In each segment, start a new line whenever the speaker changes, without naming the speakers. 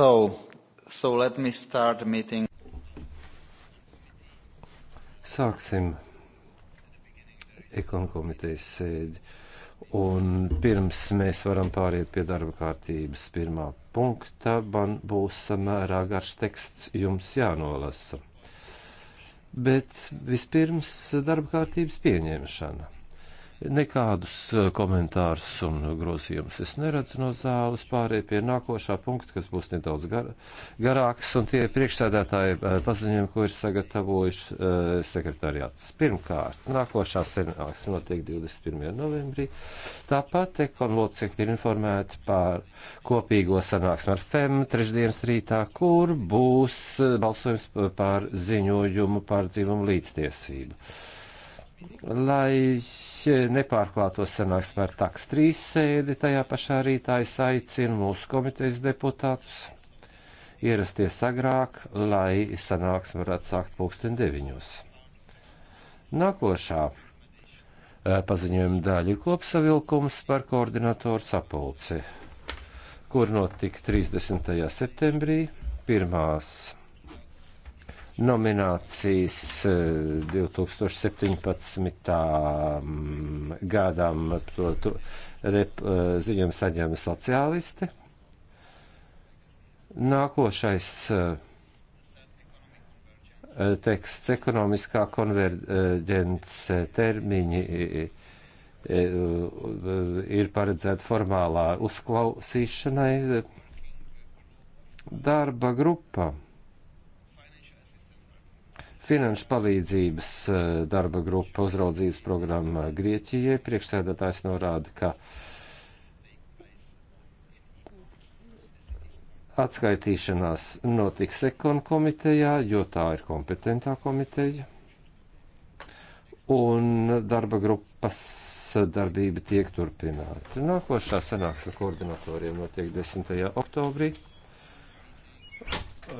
So, so let me start the meeting. Sāksim ekonomikas komitejas sēdi. Un pirms mēs varam pāriet pie darba kārtības pirmā punkta, man būs samērā garš teksts jums jānolasa. Bet vispirms darba kārtības pieņemšana. Nekādus eh, komentārus un grozījumus es neredzu no zāles. Pārējie pie nākošā punkta, kas būs nedaudz gar, garāks, un tie priekšsēdētāji eh, paziņojumi, ko ir sagatavojuši uh, sekretariāts. Pirmkārt, nākošā senāksme notiek 21. novembrī. Tāpat ekon locekļi ir informēti par kopīgo sanāksmi ar FEM trešdienas rītā, kur būs balsojums par ziņojumu par dzīvumu līdztiesību. Uh, lai nepārklātos sanāksmē ar taks trīs sēdi, tajā pašā rītā es aicinu mūsu komitejas deputātus ierasties agrāk, lai sanāksme varētu sākt pulksten deviņos. Nākošā eh, paziņojuma daļa ir kopsavilkums par koordinatoru sapulci, kur notika 30. septembrī pirmās nominācijas 2017. Eh, mm, gadam to, to rep, eh, ziņojumu saņēma sociālisti. Nākošais eh, teksts ekonomiskā konverģence termiņi ir paredzēta formālā uzklausīšanai darba grupa finanšu palīdzības eh, darba grupa uzraudzības programma Grieķijai. Priekšsēdētājs norāda, ka atskaitīšanās notiks ekonu komitejā, jo tā ir kompetentā komiteja. Un darba grupas sadarbība tiek turpināta. Nākošā sanāksme koordinatoriem notiek 10. oktobrī.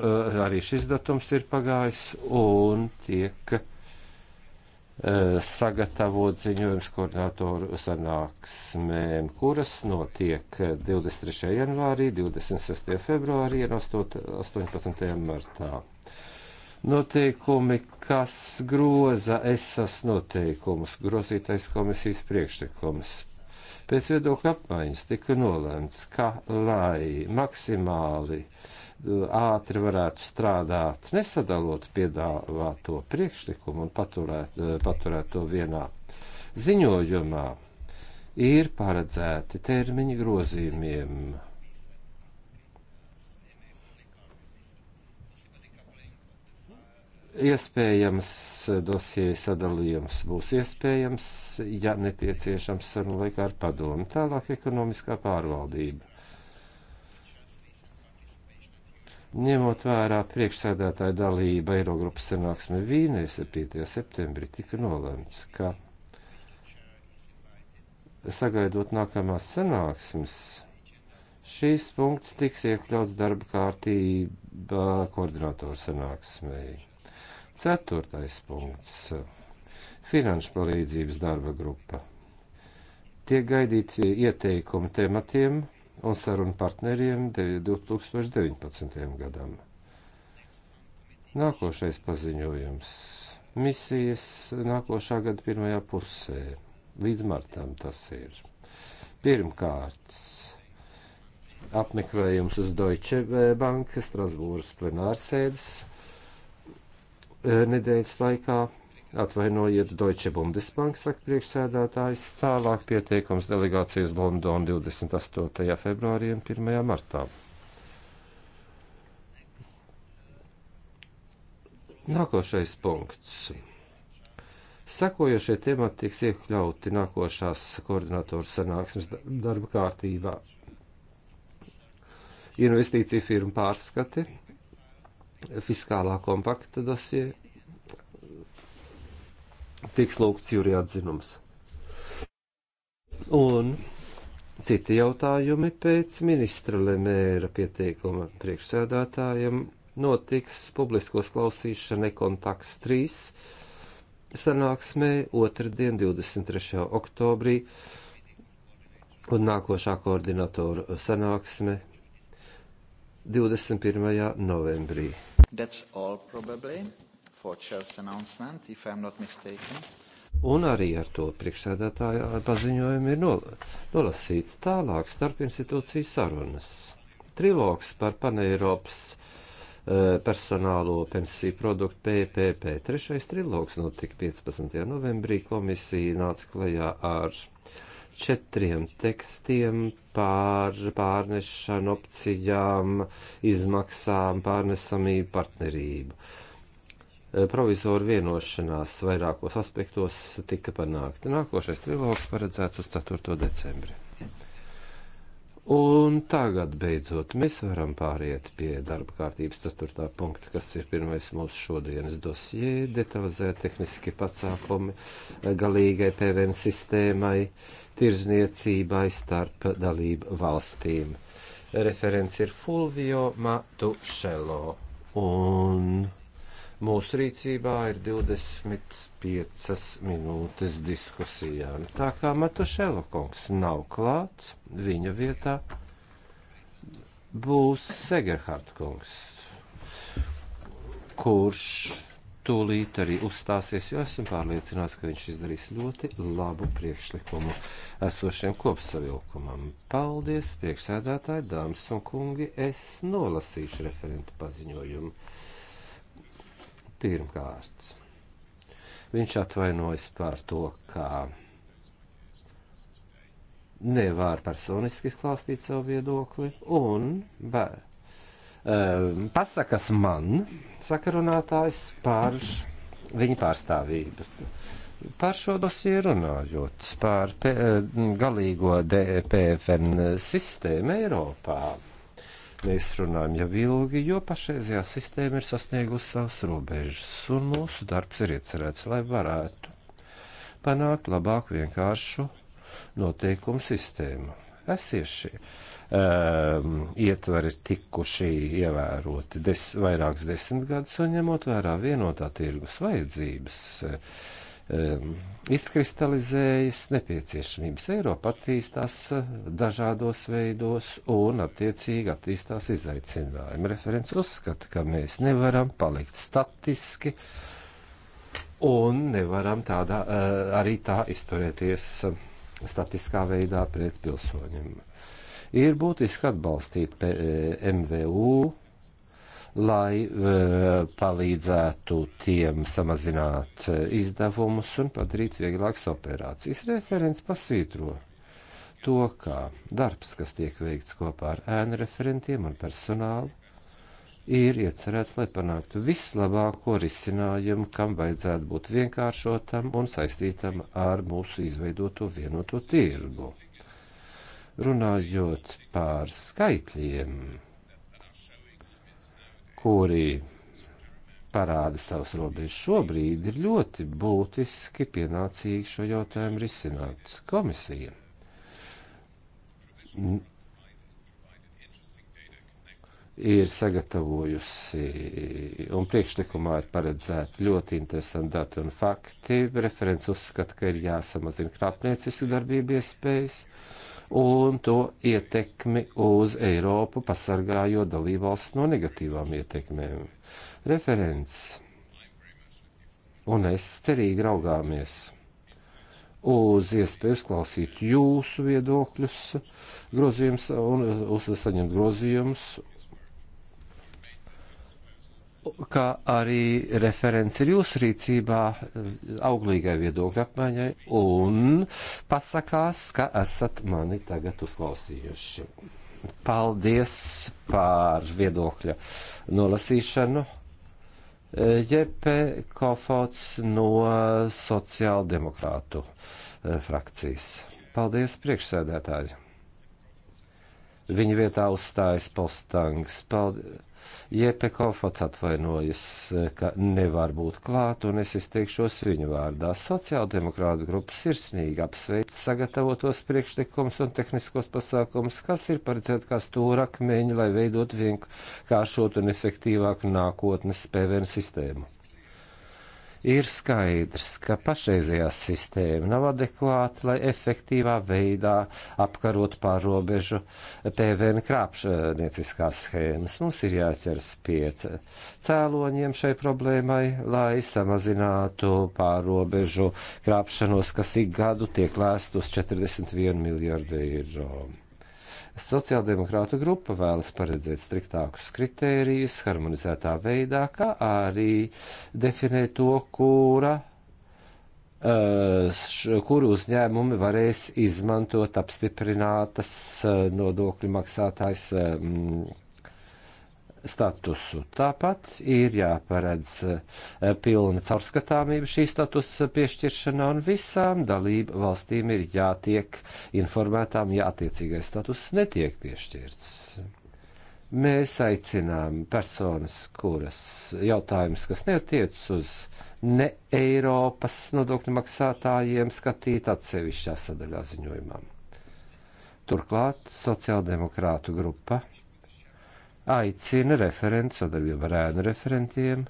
Eh, arī šis datums ir pagājis un tiek eh, sagatavot ziņojums koordinatoru sanāksmēm, kuras notiek 23. janvārī, 26. februārī un 18. martā. Noteikumi, kas groza esas noteikumus, grozītais komisijas priekšlikums. Pēc viedokļa apmaiņas tika nolēmts, ka lai maksimāli uh, ātri varētu strādāt, nesadalot piedāvāto priekšlikumu un paturēt, eh, paturēt to vienā ziņojumā, ir paredzēti termiņi grozījumiem. Iespējams, dosieja sadalījums būs iespējams, ja nepieciešams sarunu laikā ar padomu, tālāk ekonomiskā pārvaldība. Ņemot vērā priekšsēdētāja dalība Eirogrupas sanāksme Vīnē 7. septembrī tika nolemts, ka sagaidot nākamās sanāksmes, šīs punkts tiks iekļauts darba kārtībā koordinātoru sanāksmēji. Ceturtais punkts - finanšu palīdzības darba grupa. Tiek gaidīti ieteikumi tematiem un sarunu partneriem 2019. gadam. Nākošais paziņojums - misijas nākošā gada pirmajā pusē, līdz martam tas ir. Pirmkārt, apmeklējums uz Deutsche Bank Strasbūras plenārsēdes eh, nedēļas laikā Atvainojiet, Deutsche Bundesbank, saka priekšsēdētājs, tālāk pieteikums delegācijas London 28. februārī un 1. martā. Nākošais punkts. Sekojošie temati tiks iekļauti nākošās koordinatoru sanāksmes darba kārtībā. Investīcija firma pārskati, fiskālā kompakta dosie, tiks lūgts jūri atzinums. Un citi jautājumi pēc ministra Lemēra pieteikuma priekšsēdētājiem notiks publiskos klausīšana kontakts 3 sanāksmē otrdien 23. oktobrī un nākošā koordinatoru sanāksme 21. novembrī. That's all probably for chair's announcement, if I'm not mistaken. Un arī ar to priekšsēdētāja paziņojumu ir nol nolasīts tālāk starp institūciju sarunas. Trilogs par Paneiropas uh, personālo pensiju produktu PPP. Trešais trilogs notika 15. novembrī. Komisija nāca klajā ar četriem tekstiem par pārnešanu opcijām, izmaksām, pārnesamību, partnerību. Uh, Eh, provizoru vienošanās vairākos aspektos tika panākta. Nākošais trilogs paredzēts uz 4. decembri. Un tagad beidzot mēs varam pāriet pie darba kārtības 4. punkta, kas ir pirmais mūsu šodienas dosjē, detalizēt tehniski pasākumi eh, galīgai PVN sistēmai, tirzniecībai starp dalību valstīm. Referents ir Fulvio Matušelo. Un Mūsu rīcībā ir 25 minūtes diskusijām. Tā kā Matušela kungs nav klāts, viņa vietā būs Segerhard kungs, kurš tūlīt arī uzstāsies, jo esmu pārliecināts, ka viņš izdarīs ļoti labu priekšlikumu esošiem kopsavilkumam. Paldies, priekšsēdētāji, dāmas un kungi, es nolasīšu referentu paziņojumu. Pirmkārt, viņš atvainojas par to, ka nevar personiski izklāstīt savu viedokli, un be, um, pasakas man, sakarunātājs, par viņa pārstāvību. Par šo dosiju runājot, par P galīgo DPFN sistēmu Eiropā. Mēs runājam jau ilgi, jo pašreizajā sistēma ir sasniegusi savas robežas, un mūsu darbs ir iecerēts, lai varētu panākt labāku vienkāršu noteikumu sistēmu. Esieši um, ietveri tikuši ievēroti des, vairākus desmit gadus, un ņemot vērā vienotā tirgus vajadzības. Uh, izkristalizējas nepieciešamības. Eiropa attīstās eh, dažādos veidos un attiecīgi attīstās izaicinājumi. Referents uzskata, ka mēs nevaram palikt statiski un nevaram tādā, eh, arī tā izturēties eh, statiskā veidā pret pilsoņiem. Ir būtiski atbalstīt MVU lai e, palīdzētu tiem samazināt e, izdevumus un padarīt vieglākas operācijas. Referents pasvītro to, kā darbs, kas tiek veikts kopā ar ēnu referentiem un personālu, ir iecerēts, lai panāktu vislabāko risinājumu, kam vajadzētu būt vienkāršotam un saistītam ar mūsu izveidoto vienoto tirgu. Runājot par skaitļiem, kuri parāda savus robežas. Šobrīd ir ļoti būtiski pienācīgi šo jautājumu risināt komisija. Ir sagatavojusi un priekšlikumā ir paredzēti ļoti interesanti dati un fakti. Referents uzskata, ka ir jāsamazina krāpnieciski darbību iespējas. Uh, un to ietekmi uz Eiropu, pasargājot dalībvalsts no negatīvām ietekmēm. Referents un es cerīgi raugāmies uz iespēju uzklausīt jūsu viedokļus, grozījums un uz, uz saņemt grozījumus kā arī referents ir jūsu rīcībā eh, auglīgai viedokļu apmaiņai un pasakās, ka esat mani tagad uzklausījuši. Paldies par viedokļa nolasīšanu. Eh, Jepe Kofots no sociāldemokrātu eh, frakcijas. Paldies, priekšsēdētāji. Viņa vietā uzstājas Postangs. Paldies. Jepekofots atvainojas, ka nevar būt klāt, un es izteikšos viņu vārdā. Sociāldemokrāta grupa sirsnīgi apsveic sagatavotos priekšlikumus un tehniskos pasākumus, kas ir paredzēti kā stūrakmeņi, lai veidot vienkāršotu un efektīvāku nākotnes PVN sistēmu. Ir skaidrs, ka pašreizējā sistēma nav adekvāta, lai efektīvā veidā apkarotu pārobežu PVN krāpšanieciskās schēmas. Mums ir jāķeras pie cēloņiem šai problēmai, lai samazinātu pārobežu krāpšanos, kas ik gadu tiek lēst uz 41 miljardu eiro. Sociāldemokrātu grupa vēlas paredzēt striktākus kritērijus harmonizētā veidā, kā arī definēt to, kura eh, kuru uzņēmumi varēs izmantot apstiprinātas eh, nodokļu maksātājs eh, statusu. Tāpat ir jāparedz eh, pilna caurskatāmība šī statusa eh, piešķiršanā, un visām dalību valstīm ir jātiek informētām, ja attiecīgais status netiek piešķirts. Mēs aicinām personas, kuras jautājums, kas neatiec uz ne Eiropas nodokļu maksātājiem, skatīt atsevišķā sadaļā ziņojumā. Turklāt sociāldemokrātu grupa aicina referentu sadarbību ar ēnu referentiem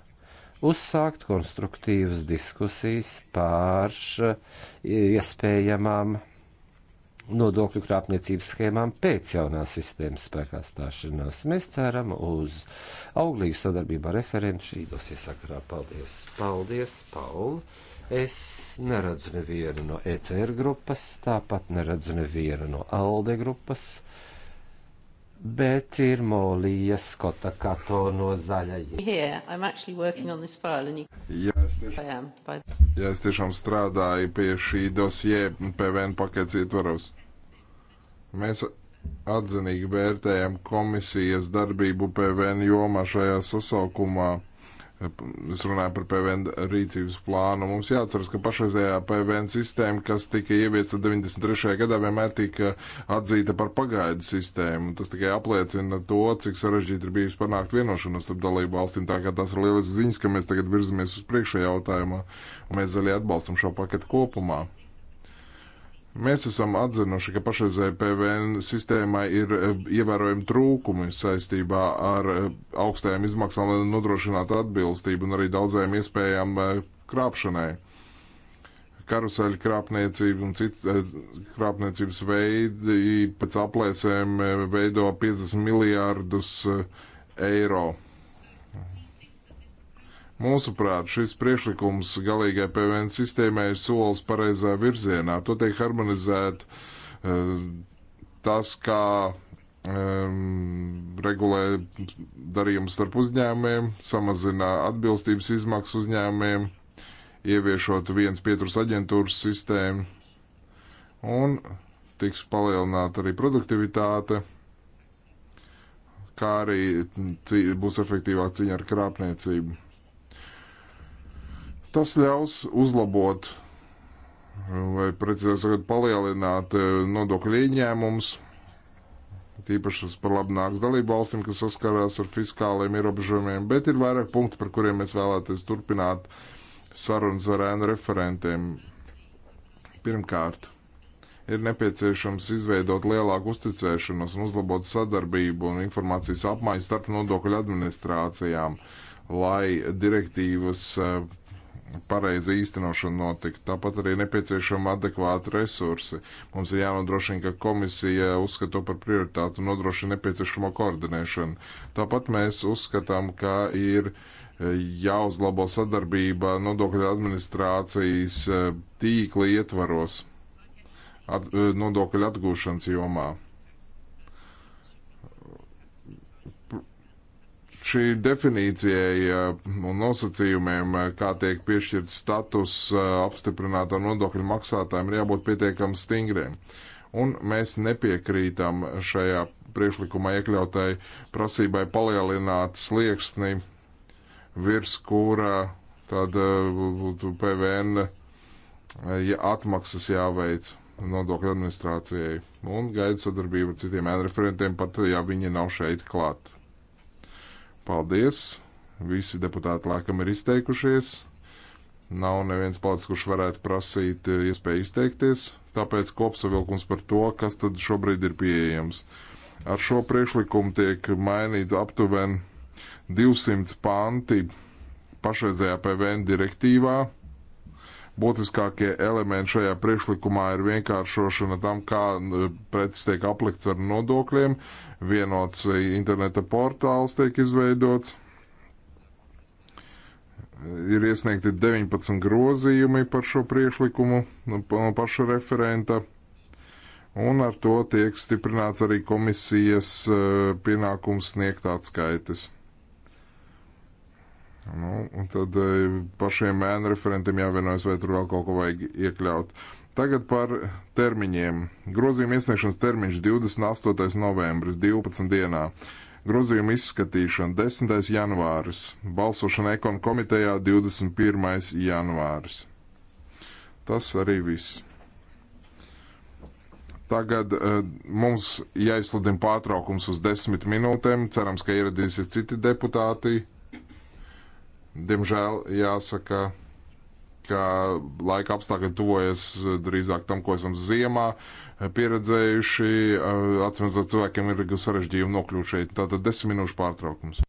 uzsākt konstruktīvas diskusijas pār e, iespējamām nodokļu krāpniecības schēmām pēc jaunās sistēmas spēkā stāšanās. Mēs ceram uz auglīgu sadarbību ar referentu šī dosie sakarā. Paldies! Paldies, Paul! Es neredzu nevienu no ECR grupas, tāpat neredzu nevienu no ALDE grupas. Uh,
bet ir Molija Skota Kato no zaļajiem.
Yeah, you... Jā, es tiešām,
but... jā, es tiešām strādāju pie šī dosie PVN pakets ietvaros. Mēs atzinīgi vērtējam komisijas darbību PVN jomā šajā sasaukumā Es runāju par PVN rīcības plānu. Mums jāatceras, ka pašreizējā PVN sistēma, kas tika ieviesta 93. gadā, vienmēr tika atzīta par pagaidu sistēmu. Tas tikai apliecina to, cik sarežģīti ir bijis panākt vienošanos starp dalību valstīm. Tā kā tas ir lielisks ziņas, ka mēs tagad virzamies uz priekšējā jautājumā, un mēs zaļie atbalstam šo paketu kopumā. Mēs esam atzinuši, ka pašreizējai PVN sistēmai ir eh, ievērojami trūkumi saistībā ar eh, augstajām izmaksām, lai nodrošinātu atbilstību un arī daudzajām iespējām eh, krāpšanai. Karuseļu krāpniecība un citas krāpniecības veidi pēc aplēsēm veido 50 miljārdus eiro Mūsuprāt, šis priekšlikums galīgai PVN sistēmai ir solis pareizā virzienā. To tiek harmonizēt eh, tas, kā um, regulē darījumus starp uzņēmumiem, samazina atbilstības izmaksas uzņēmumiem, ieviešot viens pieturas aģentūras sistēmu un tiks palielināta arī produktivitāte, kā arī būs efektīvāk cīņa ar krāpniecību. Tas ļaus uzlabot vai precīzāk sakot, palielināt eh, nodokļu ieņēmumus. Tīpaši tas par labu nāks dalību valstīm, kas saskarās ar fiskāliem ierobežojumiem, bet ir vairāk punktu, par kuriem mēs vēlēties turpināt sarunas ar ēnu referentiem. Pirmkārt, ir nepieciešams izveidot lielāku uzticēšanos un uzlabot sadarbību un informācijas apmaiņu starp nodokļu administrācijām, lai direktīvas eh, pareiza īstenošana notiktu. Tāpat arī nepieciešama adekvāta resursi. Mums ir jānodrošina, ka komisija uzskata to par prioritātu un nodrošina nepieciešamo koordinēšanu. Tāpat mēs uzskatām, ka ir e, jāuzlabo sadarbība nodokļu administrācijas e, tīkla ietvaros, at, e, nodokļu atgūšanas jomā. šī definīcijai eh, un nosacījumiem, eh, kā tiek piešķirts status eh, apstiprināto nodokļu maksātājiem, ir jābūt pietiekami stingriem. Un mēs nepiekrītam šajā priekšlikumā iekļautai prasībai palielināt slieksni, virs kura tad būtu PVN ja atmaksas jāveic nodokļu administrācijai. Un gaida sadarbību ar citiem ēnreferentiem, pat ja viņi nav šeit klāt. Paldies! Visi deputāti laikam ir izteikušies. Nav neviens palicis, kurš varētu prasīt eh, iespēju izteikties, tāpēc kopsavilkums par to, kas tad šobrīd ir pieejams. Ar šo priekšlikumu tiek mainīts aptuveni 200 panti pašreizējā PVN direktīvā būtiskākie elementi šajā priekšlikumā ir vienkāršošana tam, kā preces tiek aplikts ar nodokļiem, vienots interneta portāls tiek izveidots. Ir iesniegti 19 grozījumi par šo priekšlikumu nu, no paša referenta, un ar to tiek stiprināts arī komisijas eh, pienākums sniegt atskaites. Nu, un tad eh, pašiem ēnu referentiem jāvienojas, vai tur vēl kaut ko vajag iekļaut. Tagad par termiņiem. Grozījuma iesniegšanas termiņš 28. novembris 12. dienā. Grozījuma izskatīšana 10. janvāris. Balsošana ekon komitejā 21. janvāris. Tas arī viss. Tagad uh, mums jāizsludina pārtraukums uz desmit minūtēm. Cerams, ka ieradīsies citi deputāti. Diemžēl jāsaka, ka laika apstākļi tuvojas drīzāk tam, ko esam ziemā pieredzējuši. Atcīm redzot, cilvēkiem ir sarežģījumi nokļūt šeit. Tātad desmit minūšu pārtraukums.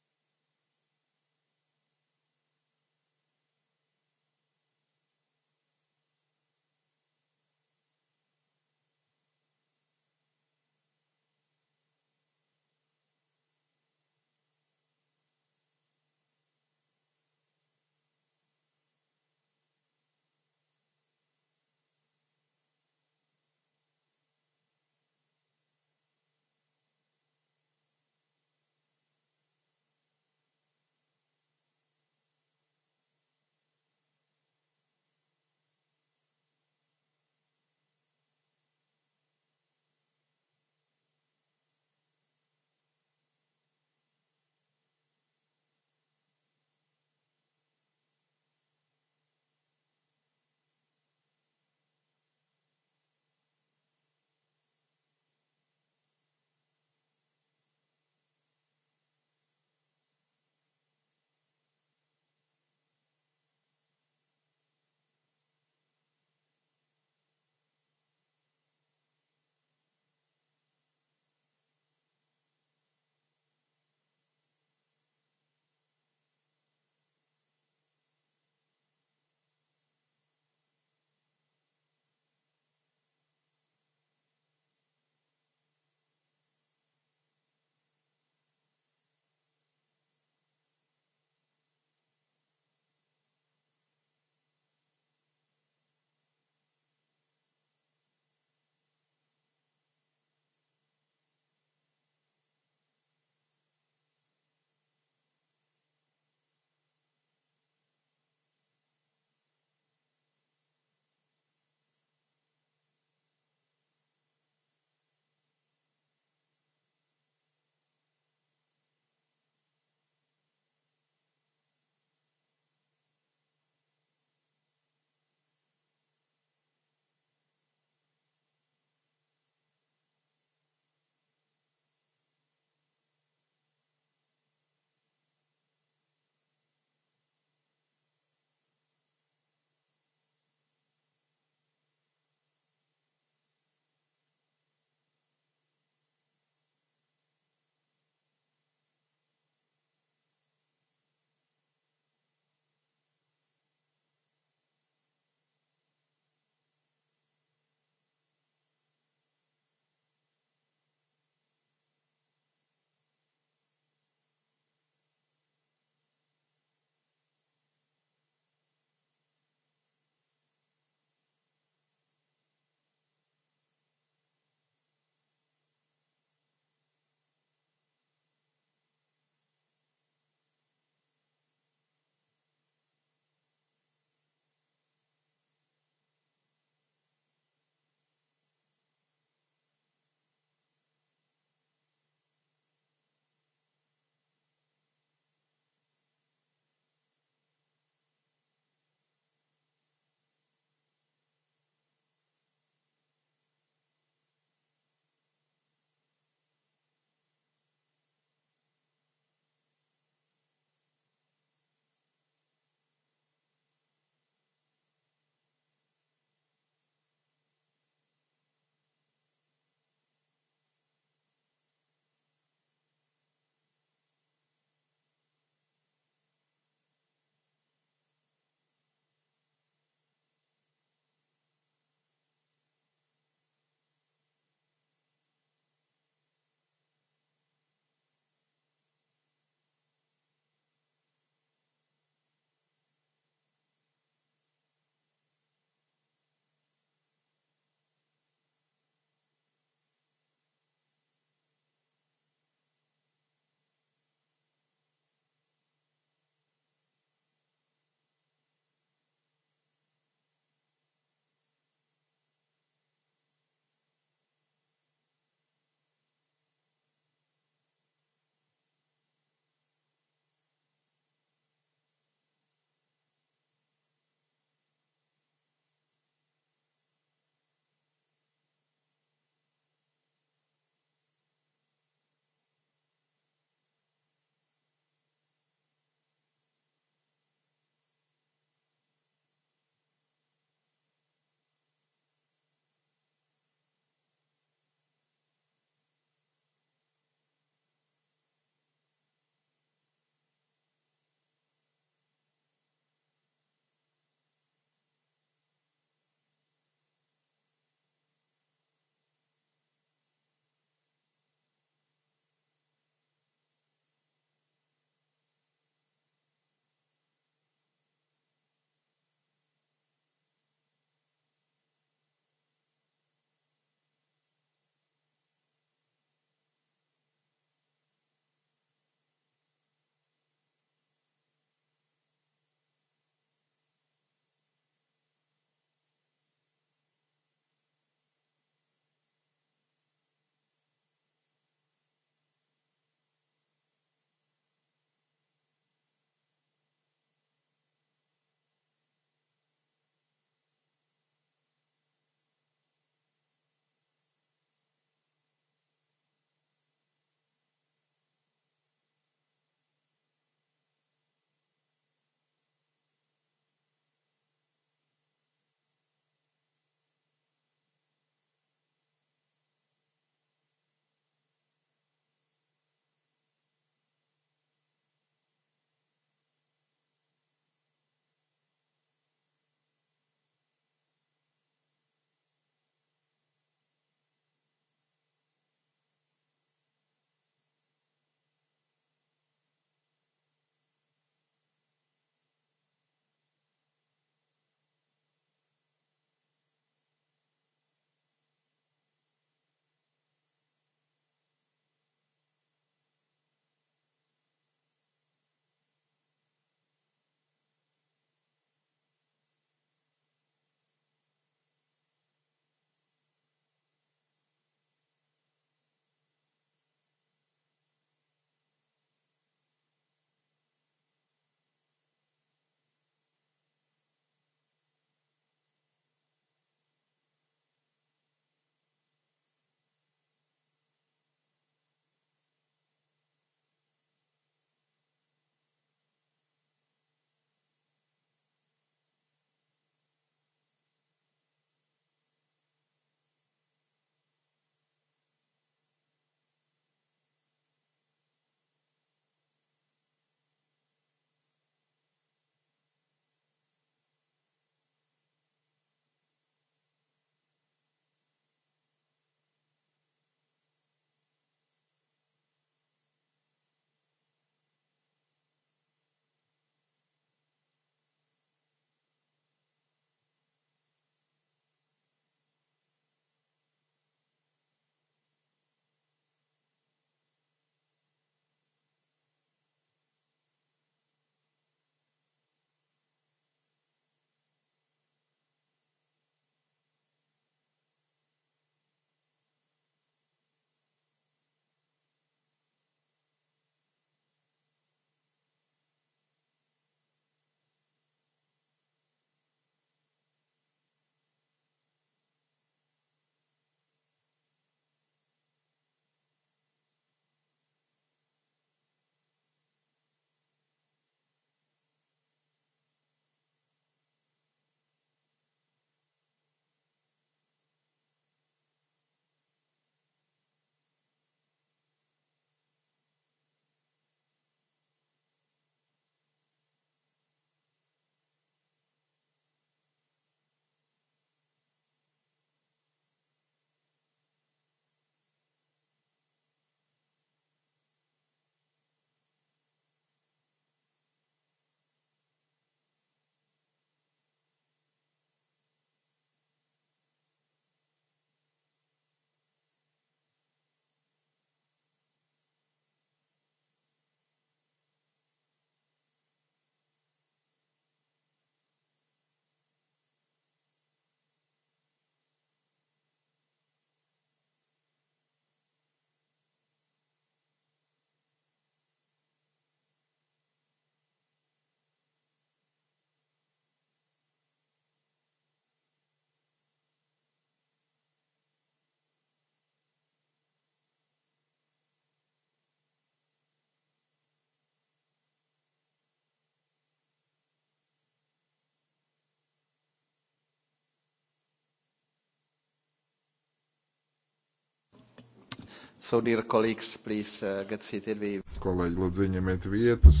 So, dear colleagues, please uh, get seated. We... Kolēģi, lūdzu, ieņemiet vietas.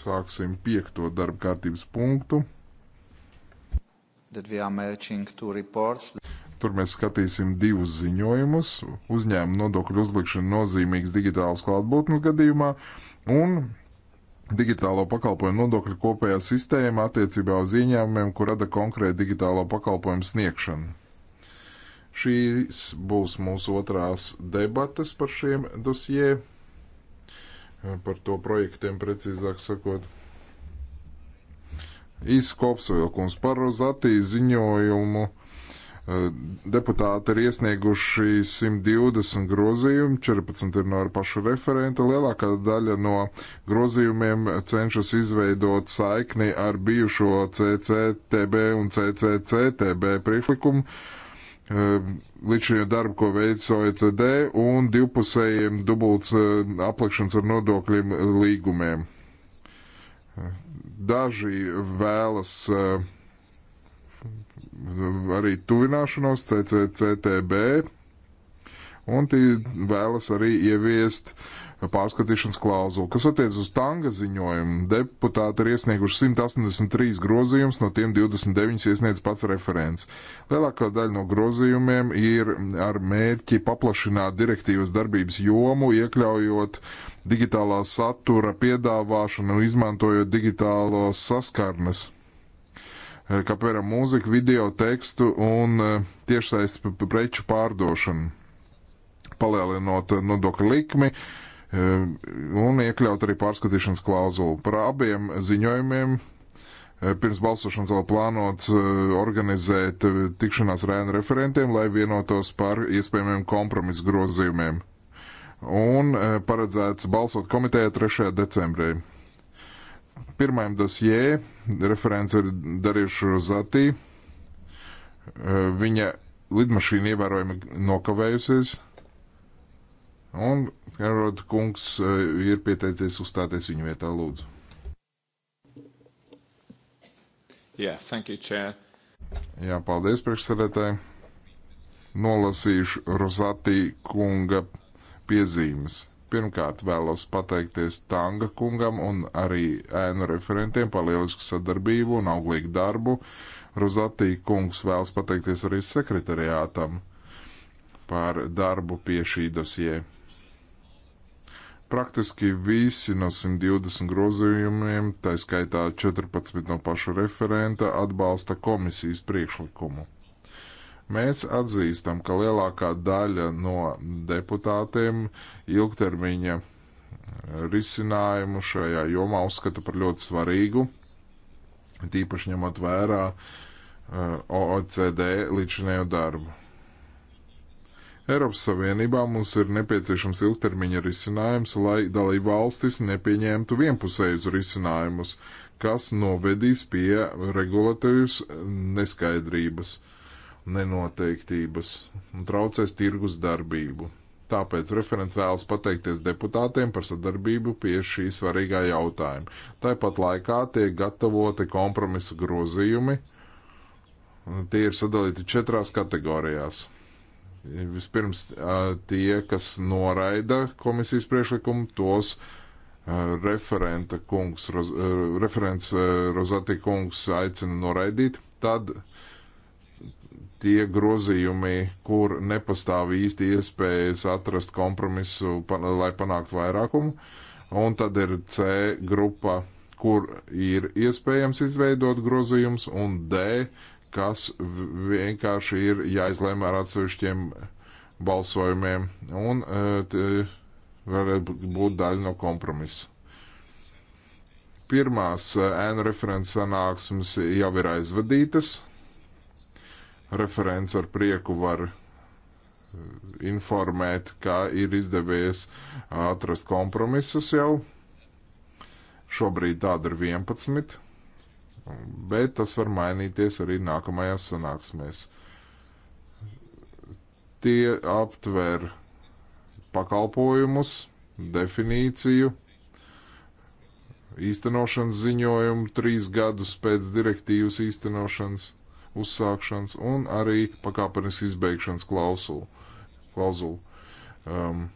Sāksim piekto darba kārtības punktu. That we are matching two reports. Tur mēs skatīsim divus ziņojumus. Uzņēmuma nodokļu uzlikšana nozīmīgs digitāls klātbūtnes gadījumā un digitālo pakalpojumu nodokļu kopējā sistēma attiecībā uz ieņēmumiem, kur rada konkrēta digitālo pakalpojumu sniegšanu. Šīs būs mūsu otrās debates par šiem dosjē, par to projektiem precīzāk sakot. Īsts kopsavilkums par Rozatī ziņojumu. Eh, deputāti ir iesnieguši 120 grozījumu, 14 ir no paša referenta. Lielākā daļa no grozījumiem cenšas izveidot saikni ar bijušo CCTB un CCCTB priekšlikumu Ehm, līdzinējo darbu, ko veids OECD un divpusējiem dubults ehm, aplikšanas ar nodokļiem eh, līgumiem. Ehm, daži vēlas arī tuvināšanos CCCTB, un tie vēlas arī ieviest uh, pārskatīšanas klauzulu. Kas attiec uz tanga ziņojumu, deputāti ir iesnieguši 183 grozījumus, no tiem 29 iesniedz pats referents. Lielākā daļa no grozījumiem ir ar mērķi paplašināt direktīvas darbības jomu, iekļaujot digitālā satura piedāvāšanu, izmantojot digitālos saskarnes eh, kā piemēram mūziku, video, tekstu un eh, tiešsaistes preču pārdošanu, palielinot nodokļu likmi, uh, Ehm, un iekļaut arī pārskatīšanas klauzulu. Par abiem ziņojumiem eh, pirms balsošanas vēl plānots eh, organizēt eh, tikšanās ar ēnu referentiem, lai vienotos par iespējamiem kompromisu grozījumiem. Un paredzēts balsot komitejā 3. decembrī. Pirmajam dosjē referents ir darījuši Rozatī. Viņa lidmašīna ievērojami nokavējusies. Un Erod kungs eh, ir pieteicies uzstāties viņa vietā, lūdzu.
Yeah, thank you, Chair.
Jā, paldies priekšsēdētāji. Nolasīšu Rozatī kunga piezīmes. Pirmkārt vēlos pateikties Tanga kungam un arī ēnu referentiem par lielisku sadarbību un auglīgu darbu. Rozatī kungs vēlas pateikties arī sekretariātam par darbu pie šī dosieja Praktiski visi no 120 grozījumiem, tā skaitā 14 no paša referenta, atbalsta komisijas priekšlikumu. Mēs atzīstam, ka lielākā daļa no deputātiem ilgtermiņa risinājumu šajā jomā uzskata par ļoti svarīgu, tīpaši ņemot vērā eh, OECD līdzinējo darbu. Eiropas Savienībā mums ir nepieciešams ilgtermiņa risinājums, lai dalību valstis nepieņemtu vienpusējus risinājumus, kas novedīs pie regulatīvas neskaidrības, nenoteiktības un traucēs tirgus darbību. Tāpēc referents vēlas pateikties deputātiem par sadarbību pie šī svarīgā jautājuma. Tāpat laikā tiek gatavoti kompromisa grozījumi. Tie ir sadalīti četrās kategorijās Vispirms tie, kas noraida komisijas priekšlikumu, tos referenta kungs, roz, referents Rozati kungs aicina noraidīt. Tad tie grozījumi, kur nepastāv īsti iespējas atrast kompromisu, lai panāktu vairākumu. Un tad ir C grupa, kur ir iespējams izveidot grozījums, un D kas vienkārši ir jāizlēma ar atsevišķiem balsojumiem, un e, varētu būt daļa no kompromisa. Pirmās e, ēnu referents sanāksmes jau ir aizvadītas. Referents ar prieku var e, informēt, ka ir izdevies atrast kompromisus jau. Šobrīd tāda ir 11 bet tas var mainīties arī nākamajās sanāksmēs. Tie aptver pakalpojumus, definīciju, īstenošanas ziņojumu trīs gadus pēc direktīvas īstenošanas uzsākšanas un arī pakāpenes izbeigšanas klausulu. klausulu. Um,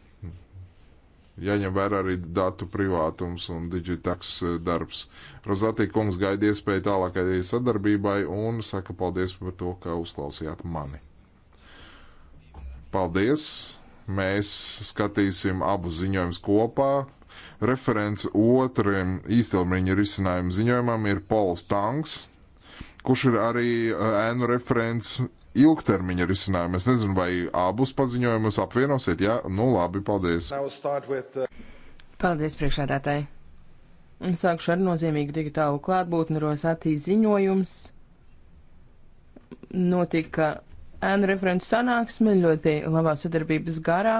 Jāņem vērā arī datu privātums un digitaks eh, darbs. Rozatī kungs gaida iespēju tālākajai sadarbībai un saka paldies par to, ka uzklausījāt mani. Paldies! Mēs skatīsim abu ziņojumus kopā. Referents otriem īstelmiņa risinājumu ziņojumam ir Pols Tanks, kurš ir arī eh, ēnu referents ilgtermiņa risinājumu. Es nezinu, vai abus paziņojumus apvienosiet. Jā, nu labi, paldies. Uh,
paldies, priekšādātāji. Un sākšu ar nozīmīgu digitālu klātbūtni Rosatī ziņojums. Notika ēnu referentu sanāksme ļoti labā sadarbības garā.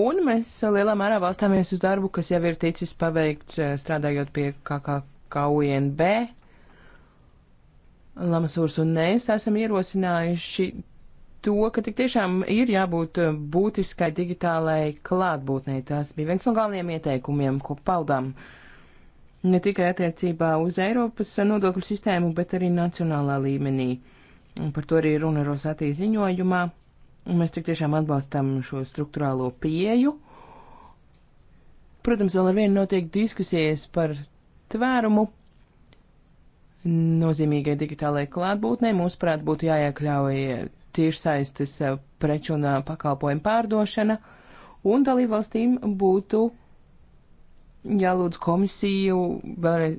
Un mēs lielā mērā balstāmies uz darbu, kas jau ir ticis paveikts eh, strādājot pie KKKUNB. Kā, kā Lamasūrs un es esam ierosinājuši to, ka tik tiešām ir jābūt eh, būtiskai digitālai klātbūtnei. Tas bija viens no galvenajiem ieteikumiem, ko paudām ne tikai attiecībā uz Eiropas nodokļu sistēmu, bet arī nacionālā līmenī. Un par to arī runa Rosatī ziņojumā. Un mēs tik tiešām atbalstam šo struktūrālo pieju. Protams, vēl ar vienu notiek diskusijas par tvērumu nozīmīgai digitālajai klātbūtnei, mūsuprāt, būtu jāiekļauj tiešsaistes eh, preču un eh, pakalpojumu pārdošana, un dalībvalstīm būtu jālūdz komisiju vēlreiz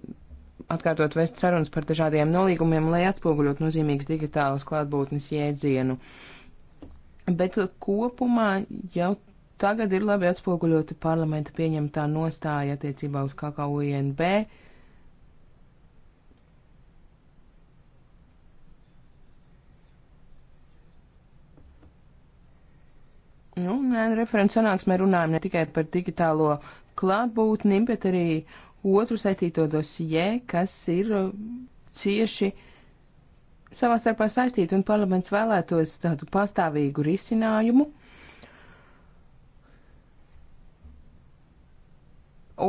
atkārtot vest sarunas par dažādiem nolīgumiem, lai atspoguļot nozīmīgas digitālas klātbūtnes jēdzienu. Bet kopumā jau tagad ir labi atspoguļota parlamenta pieņemtā nostāja attiecībā uz KKUNB. Nu, referents sanāksmē runājam ne tikai par digitālo klātbūtni, bet arī otru saistīto dosijē, kas ir uh, cieši savā starpā saistīti, un parlaments vēlētos tādu pastāvīgu risinājumu.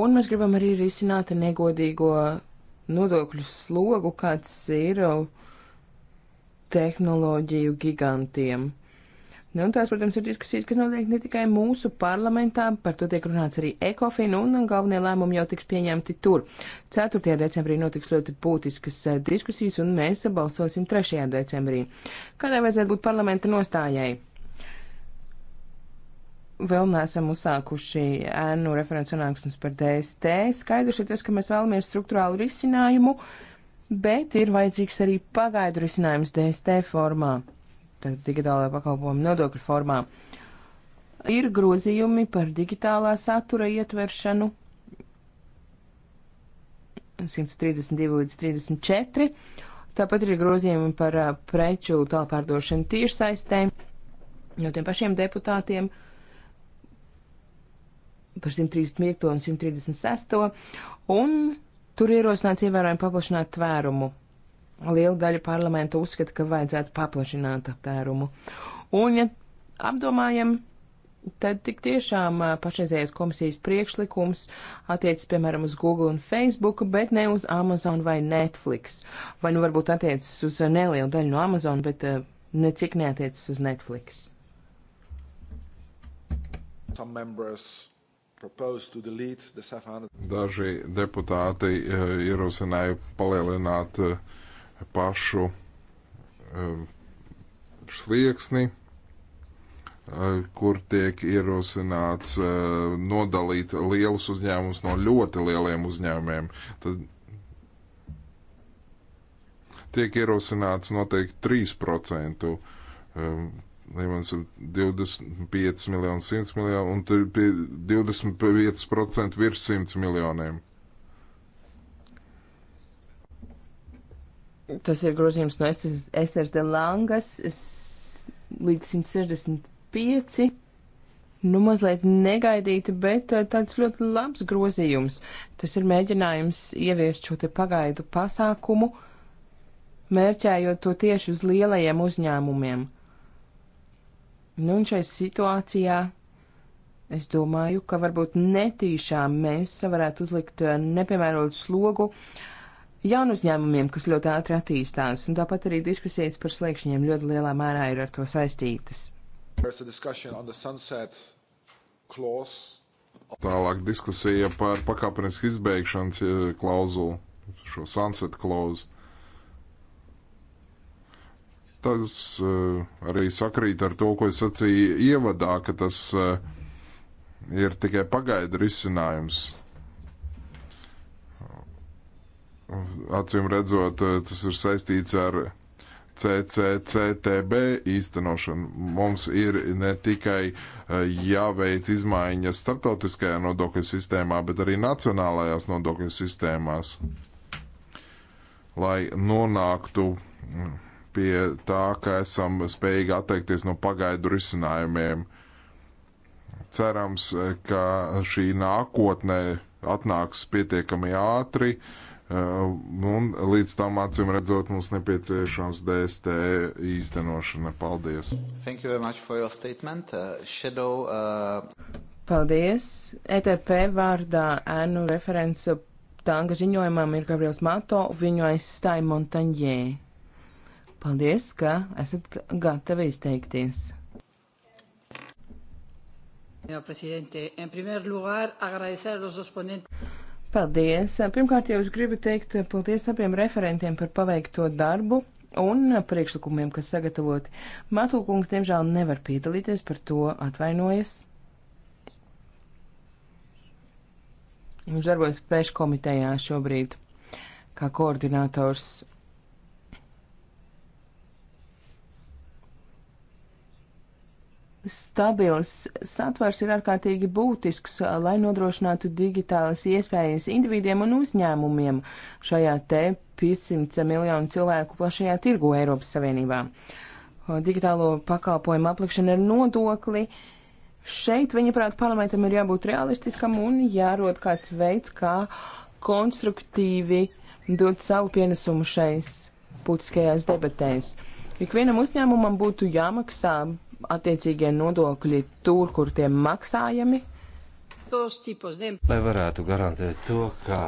Un mēs gribam arī risināt negodīgo nodokļu slogu, kāds ir uh, tehnoloģiju gigantiem. Nu, tās, protams, ir diskusijas, kas notiek ne tikai mūsu parlamentā, par to tiek runāts arī ECOFIN, un galvenie lēmumi jau tiks pieņemti tur. 4. decembrī notiks ļoti būtiskas eh, diskusijas, un mēs balsosim 3. decembrī. Kādai vajadzētu būt parlamenta nostājai? Vēl neesam uzsākuši ēnu referents sanāksmes par DST. Skaidrs ir tas, ka mēs vēlamies struktūrālu risinājumu, bet ir vajadzīgs arī pagaidu risinājums DST formā digitālajā pakalpojumu nodokļu formā. Ir grozījumi par digitālā satura ietveršanu 132 līdz 34. Tāpat ir grozījumi par preču tālpārdošanu tiešsaistē no tiem pašiem deputātiem par 135 un 136. Un tur ierosināts ievērojami paplašināt tvērumu liela daļa parlamenta uzskata, ka vajadzētu paplašināt aptērumu. Un, ja apdomājam, tad tik tiešām pašreizējais komisijas priekšlikums attiecas, piemēram, uz Google un Facebook, bet ne uz Amazon vai Netflix. Vai nu varbūt attiecas uz nelielu daļu no Amazon, bet necik neatiecas uz Netflix.
Some members Daži deputāti ierosināja palielināt uh, pašu eh, slieksni, eh, kur tiek ierosināts eh, nodalīt lielus uzņēmumus no ļoti lieliem uzņēmumiem. Tad tiek ierosināts noteikti 3% līmenis 25 miljonu, 100 miljonu un 25% virs 100 miljoniem.
Tas ir grozījums no Esteras de Langas līdz 165. Nu, mazliet negaidīti, bet eh, tāds ļoti labs grozījums. Tas ir mēģinājums ieviest šo te pagaidu pasākumu, mērķējot to tieši uz lielajiem uzņēmumiem. Nu, un šai situācijā es domāju, ka varbūt netīšām mēs varētu uzlikt eh, nepiemērotu slogu uh, jaunu uzņēmumiem, kas ļoti ātri attīstās, un tāpat arī diskusijas par slēgšņiem ļoti lielā mērā ir ar to saistītas.
Tālāk diskusija par pakāpenisku izbeigšanas eh, klauzulu, šo sunset klauzulu. Tas uh, arī sakrīt ar to, ko es sacīju ievadā, ka tas uh, ir tikai pagaidu risinājums Acīm redzot, eh, tas ir saistīts ar CCCTB īstenošanu. Mums ir ne tikai eh, jāveic izmaiņas starptautiskajā nodokļu sistēmā, bet arī nacionālajās nodokļu sistēmās, lai nonāktu mm, pie tā, ka esam spējīgi atteikties no pagaidu risinājumiem. Cerams, eh, ka šī nākotnē atnāks pietiekami ātri, uh, Uh, un līdz tam acīm redzot, mums nepieciešams DST īstenošana. Paldies! Thank you very
much for your statement. Uh, shadow, uh... Paldies! ETP vārdā ēnu referents Tanga ziņojumam ir Gabriels Mato, viņu aizstāja Montaņē. Paldies, ka esat gatavi izteikties!
Señor presidente, en primer lugar, agradecer a los dos ponentes.
Paldies! Pirmkārt, jau es gribu teikt paldies abiem referentiem par paveikto darbu un priekšlikumiem, kas sagatavoti. Matulkungs, diemžēl, nevar piedalīties, par to atvainojas. Viņš darbojas pēškomitejā šobrīd kā koordinators Stabils satvers ir ārkārtīgi būtisks, uh, lai nodrošinātu digitālas iespējas individiem un uzņēmumiem šajā te 500 miljonu cilvēku plašajā tirgu Eiropas Savienībā. Uh, digitālo pakalpojumu aplikšana ar nodokli. Šeit, viņaprāt, parlamentam ir jābūt realistiskam un jārod kāds veids, kā konstruktīvi dot savu pienesumu šais būtiskajās debatēs. Ikvienam uzņēmumam būtu jāmaksā attiecīgie nodokļi tur, kur tie maksājami.
Lai varētu garantēt to, ka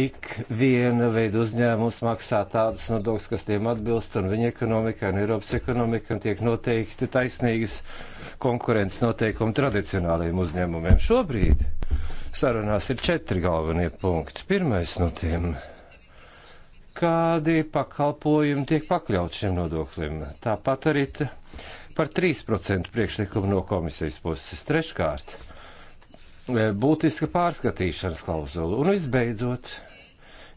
ik viena veida uzņēmums maksā tādus nodokļus, kas tiem atbilst, un viņa ekonomika un Eiropas ekonomika un tiek noteikti taisnīgas konkurences noteikumi tradicionāliem uzņēmumiem. Šobrīd sarunās ir četri galvenie punkti. Pirmais no tiem ir kādi pakalpojumi tiek pakļauti šim nodoklim. Tāpat arī par 3% priekšlikumu no komisijas puses. Treškārt, e, būtiska pārskatīšanas klauzula. Un visbeidzot,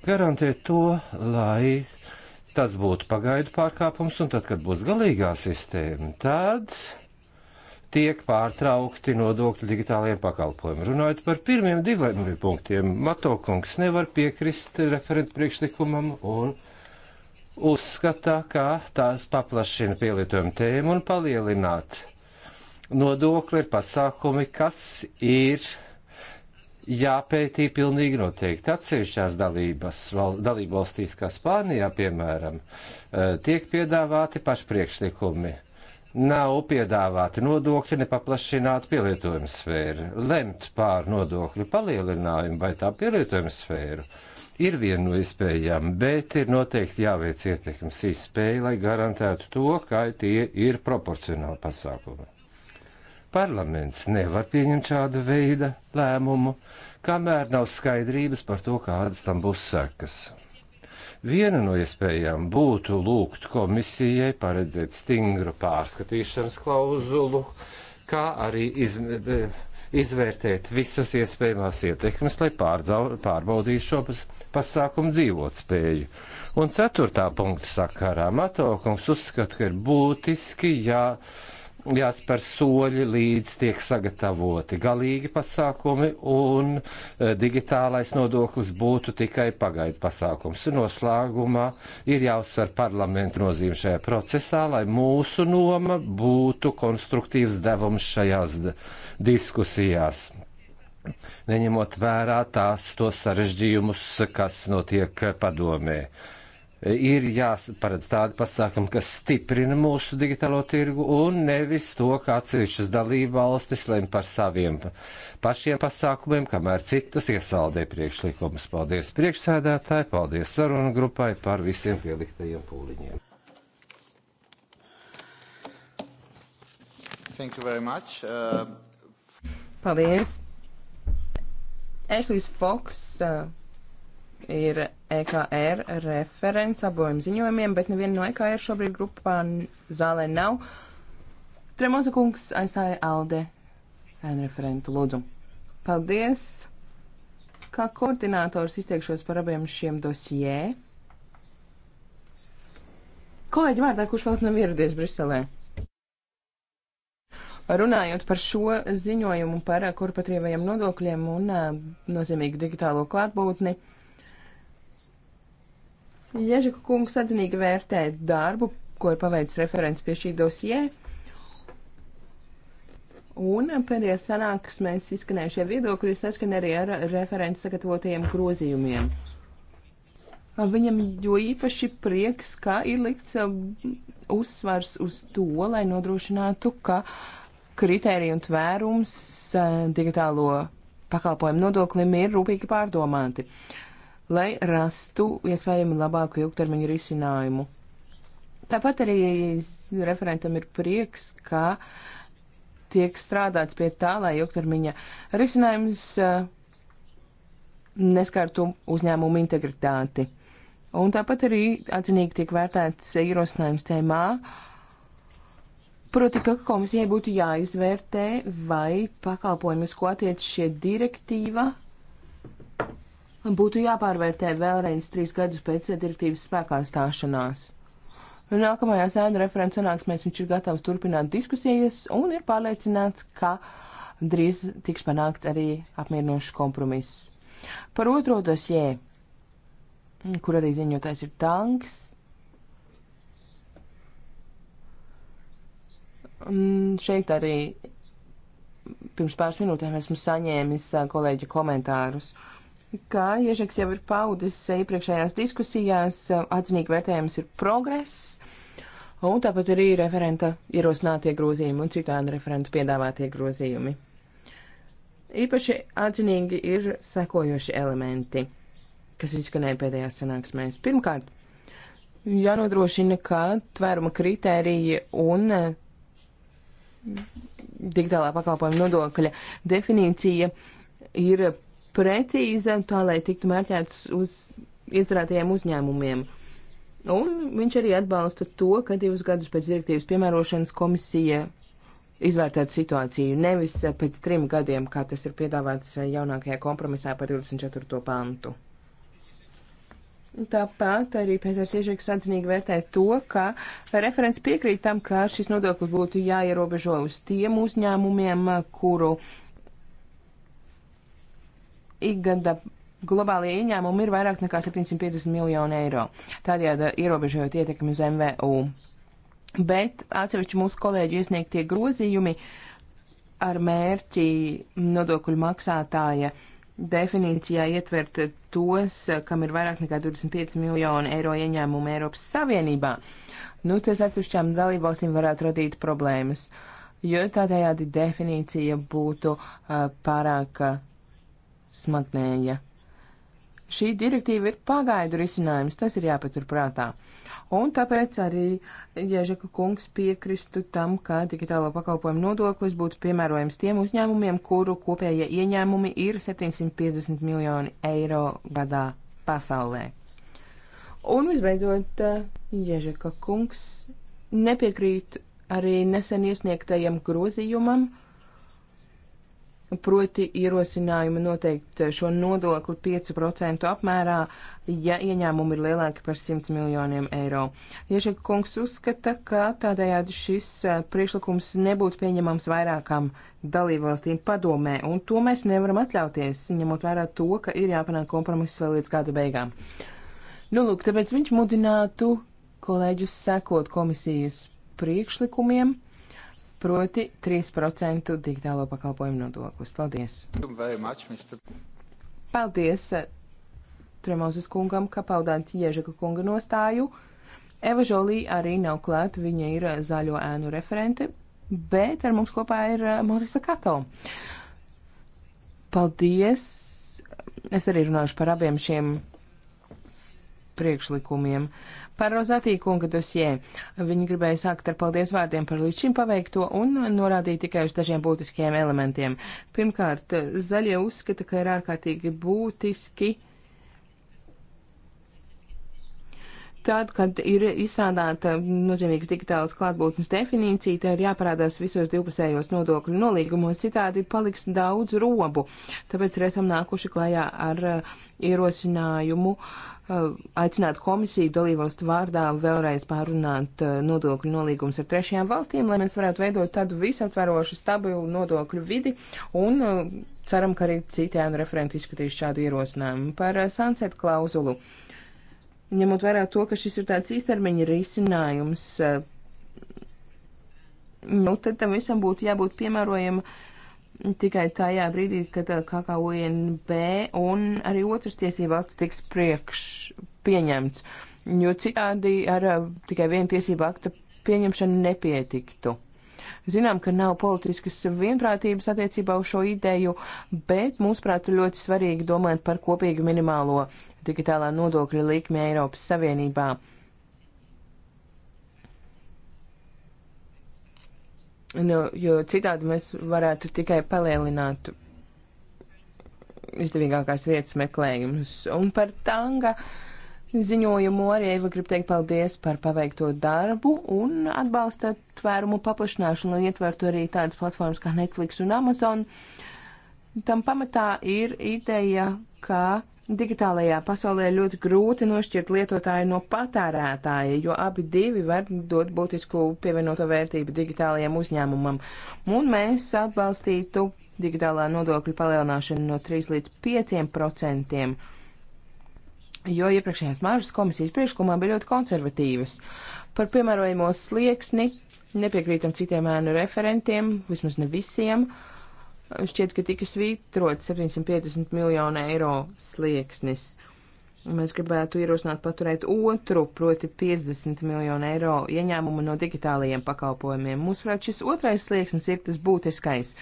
garantēt to, lai tas būtu pagaidu pārkāpums, un tad, kad būs galīgā sistēma, tāds tiek pārtraukti nodokļu digitālajiem pakalpojumiem. Runājot par pirmiem diviem punktiem, Matokungs nevar piekrist referentu priekšlikumam un uzskatā, ka tās paplašina pielietojumu tēmu un palielināt nodokli ir pasākumi, kas ir jāpētī pilnīgi noteikti. Atsevišķās dalības, val, dalību valstīs, kā Spānijā, piemēram, eh, tiek piedāvāti pašpriekšlikumi. priekšlikumi nav piedāvāti nodokļi, nepaplašināta pielietojuma sfēra. Lemt pār nodokļu palielinājumu vai tā pielietojuma sfēru ir viena no iespējām, bet ir noteikti jāveic ietekmes izspēja, lai garantētu to, ka tie ir proporcionāli pasākumi. Parlaments nevar pieņemt šāda veida lēmumu, kamēr nav skaidrības par to, kādas tam būs sekas. Viena no iespējām būtu lūgt komisijai paredzēt stingru pārskatīšanas klauzulu, kā arī iz, e, izvērtēt visas iespējamās ietekmes, lai pārdzau, pārbaudītu šo pasākumu dzīvotspēju. Un ceturtā punkta sakarā Matokungs uzskata, ka ir būtiski, ja. Jā jāspēr soļi, līdz tiek sagatavoti galīgi pasākumi, un e, digitālais nodoklis būtu tikai pagaidu pasākums. Noslēgumā ir jāuzsver parlamentu nozīme šajā procesā, lai mūsu noma būtu konstruktīvs devums šajās diskusijās. Neņemot vērā tās to sarežģījumus, kas notiek padomē ir jāparedz tādi pasākumi, kas stiprina mūsu digitālo tirgu un nevis to, kā atsevišķas dalība valstis lem par saviem pašiem pasākumiem, kamēr citas iesaldē priekšlikumus. Paldies priekšsēdētāji, paldies sarunu grupai par visiem pieliktajiem pūliņiem. Thank you very much. Uh...
Paldies. Ashley's Fox uh, ir EKR referents abiem ziņojumiem, bet neviena no EKR šobrīd grupā zālē nav. Tremoza kungs aizstāja Alde referentu lūdzu. Paldies! Kā koordinātors izteikšos par abiem šiem dosjē. Kolēģi vārdā, kurš vēl nav ieradies Briselē. Runājot par šo ziņojumu par korporatīvajiem nodokļiem un nozīmīgu digitālo klātbūtni, uh, Ježika kungs atzinīgi vērtē darbu, ko ir paveicis referents pie šī dosie. Un pēdējā sanāksmēs izskanējušie viedokļi saskan arī ar referentu sagatavotajiem grozījumiem. Viņam jo īpaši prieks, ka ir likts um, uzsvars uz to, lai nodrošinātu, ka kritērija un tvērums uh, digitālo pakalpojumu nodoklim ir rūpīgi pārdomāti. Uh, lai rastu iespējami labāku ilgtermiņu risinājumu. Tāpat arī referentam ir prieks, ka tiek strādāts pie tā, lai ilgtermiņa risinājums eh, neskartu uzņēmumu integritāti. Un tāpat arī atzinīgi tiek vērtēts ierosinājums tēmā, proti, ka komisijai būtu jāizvērtē, vai pakalpojumus, ko attiec šie direktīva, būtu jāpārvērtē vēlreiz trīs gadus pēc direktīvas spēkā stāšanās. Nākamajā sēna referents sanāksmēs viņš ir gatavs turpināt diskusijas un ir pārliecināts, ka drīz tiks panākts arī apmierinošs kompromiss. Par otro dosjē, kur arī ziņotājs ir tanks, šeit arī pirms pāris minūtēm esmu saņēmis kolēģi komentārus. Uh, kā Iežeks jau ir paudis iepriekšējās diskusijās, atzinīgi vērtējums ir progress, un tāpat arī referenta ierosinātie grozījumi un citādi referentu piedāvātie grozījumi. Īpaši atzinīgi ir sekojoši elementi, kas izskanēja pēdējās sanāksmēs. Pirmkārt, jānodrošina, ka tvēruma kritēriji un eh, digitālā pakalpojuma nodokļa definīcija ir precīza, tā lai tiktu mērķēts uz iecerētajiem uzņēmumiem. Un viņš arī atbalsta to, ka divus gadus pēc direktīvas piemērošanas komisija izvērtētu situāciju, nevis pēc trim gadiem, kā tas ir piedāvāts jaunākajā kompromisā par 24. pantu. Tāpat arī Pēters Iežeks atzinīgi vērtē to, ka referents piekrīt tam, ka šis nodoklis būtu jāierobežo uz tiem uzņēmumiem, kuru ikgada globālie ieņēmumi ir vairāk nekā 750 miljoni eiro, tādējādi ierobežojot ietekmi uz MVU. Bet atsevišķi mūsu kolēģi iesniegtie grozījumi ar mērķi nodokļu maksātāja definīcijā ietvert tos, kam ir vairāk nekā 25 miljoni eiro ieņēmumu Eiropas Savienībā. Nu, tas atsevišķām dalībvalstīm varētu radīt problēmas, jo tādējādi definīcija būtu uh, pārāk uh, smadnēja. Šī direktīva ir pagaidu risinājums, tas ir jāpaturprātā. Un tāpēc arī Ježeka kungs piekristu tam, ka digitālo pakalpojumu nodoklis būtu piemērojams tiem uzņēmumiem, kuru kopējie ieņēmumi ir 750 miljoni eiro gadā pasaulē. Un visbeidzot, Ježeka kungs nepiekrīt arī nesen iesniegtajam grozījumam proti ierosinājumu noteikt šo nodokli 5% apmērā, ja ieņēmumi ir lielāki par 100 miljoniem eiro. Iešek kungs uzskata, ka tādējādi šis eh, priekšlikums nebūtu pieņemams vairākām dalībvalstīm padomē, un to mēs nevaram atļauties, ņemot vērā to, ka ir jāpanāk kompromiss vēl līdz gada beigām. Nu, lūk, tāpēc viņš mudinātu kolēģus sekot komisijas priekšlikumiem proti 3% digitālo pakalpojumu nodoklis. Paldies! Paldies eh, Tremozes kungam, ka paudāt Ježaka kunga nostāju. Eva Žolī arī nav klāt, viņa ir eh, zaļo ēnu referente, bet ar mums kopā ir eh, Morisa Kato. Paldies! Es arī runāšu par abiem šiem priekšlikumiem. Par Rozatī kunga dosjē viņi gribēja sākt ar paldies vārdiem par līdz šim paveikto un norādīja tikai uz dažiem būtiskiem elementiem. Pirmkārt, zaļie uzskata, ka ir ārkārtīgi būtiski. Tad, kad ir izstrādāta nozīmīgas digitālas klātbūtnes definīcija, tā ir jāparādās visos divpusējos nodokļu nolīgumos, citādi paliks daudz robu. Tāpēc arī esam nākuši klajā ar uh, ierosinājumu uh, aicināt komisiju dalībvalstu vārdā vēlreiz pārunāt uh, nodokļu nolīgumus ar trešajām valstīm, lai mēs varētu veidot tādu visaptverošu, stabilu nodokļu vidi un uh, ceram, ka arī citiem referentu izskatīs šādu ierosinājumu par sunset klauzulu. Ņemot vērā to, ka šis ir tāds īstermiņa risinājums, nu tad tam visam būtu jābūt piemērojama tikai tajā brīdī, kad eh, KKUNB un arī otrs tiesība akts tiks priekš pieņemts, jo citādi ar eh, tikai vienu tiesību aktu pieņemšanu nepietiktu. Zinām, ka nav politiskas vienprātības attiecībā uz šo ideju, bet mūsuprāt ir ļoti svarīgi domāt par kopīgu minimālo digitālā nodokļa likmi Eiropas Savienībā. Nu, jo citādi mēs varētu tikai palielināt izdevīgākās vietas meklējumus. Un par tanga ziņojumu arī Eiva grib teikt paldies par paveikto darbu un atbalsta tvērumu paplašināšanu, lai ietvertu arī tādas platformas kā Netflix un Amazon. Tam pamatā ir ideja, ka Digitālajā pasaulē ir ļoti grūti nošķirt lietotāju no patērētāja, jo abi divi var dot būtisku pievienoto vērtību digitālajiem uzņēmumam. Un mēs atbalstītu digitālā nodokļa palielināšanu no 3 līdz 5 procentiem, jo iepriekšējās maržas komisijas priekšlikumā bija ļoti konservatīvas. Par piemērojamo slieksni nepiekrītam citiem ēnu referentiem, vismaz ne visiem. Uh, šķiet, ka tika svītrot 750 miljonu eiro slieksnis. Mēs gribētu ierosināt paturēt otru, proti 50 miljonu eiro ieņēmumu no digitālajiem pakalpojumiem. Mūsuprāt, šis otrais slieksnis ir tas būtiskais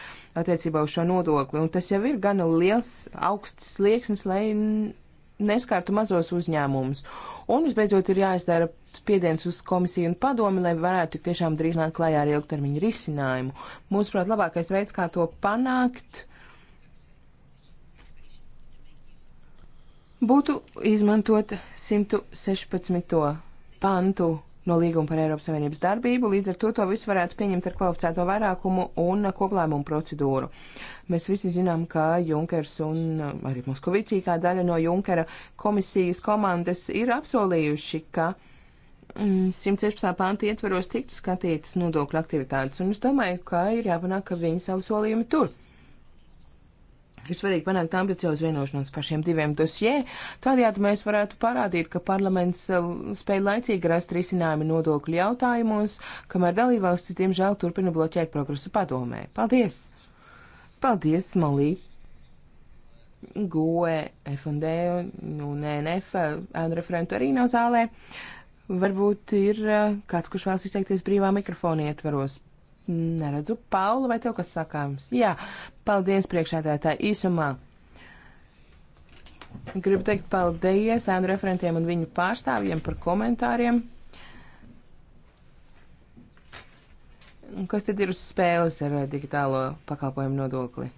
attiecībā uz šo nodokli, un tas jau ir gana liels, augsts slieksnis, lai neskārtu mazos uzņēmumus. Un visbeidzot ir jāizdara spiediens uz komisiju un padomi, lai varētu tik tiešām drīz nākt klajā ar ilgtermiņa risinājumu. Mūsuprāt, labākais veids, kā to panākt, būtu izmantot 116. pantu no līguma par Eiropas Savienības darbību, līdz ar to to visu varētu pieņemt ar kvalificēto vairākumu un koplēmumu procedūru. Mēs visi zinām, ka Junkers un uh, arī Moskovicī kā daļa no Junkera komisijas komandas ir apsolījuši, ka 116. pānta ietveros tiktu skatītas nodokļu aktivitātes, un es domāju, ka ir jāpanāk, ka viņi savu solījumu tur. Ir svarīgi panākt ambiciozu vienošanos par šiem diviem dosjē. Tādējādi mēs varētu parādīt, ka parlaments um, spēj laicīgi rast risinājumu nodokļu jautājumos, kamēr dalībvalstis, diemžēl, turpina bloķēt progresu padomē. Paldies! Paldies, Malī! GOE, FND un NF ēnu referentu arī nav zālē. Varbūt ir uh, kāds, kurš vēlas izteikties brīvā mikrofona ietvaros. Neredzu. Paula, vai tev kas sakāms? Jā, paldies priekšētātāji īsumā. Gribu teikt paldies ēnu referentiem un viņu pārstāvjiem par komentāriem. Kas tad ir uz spēles ar eh, digitālo pakalpojumu nodokli?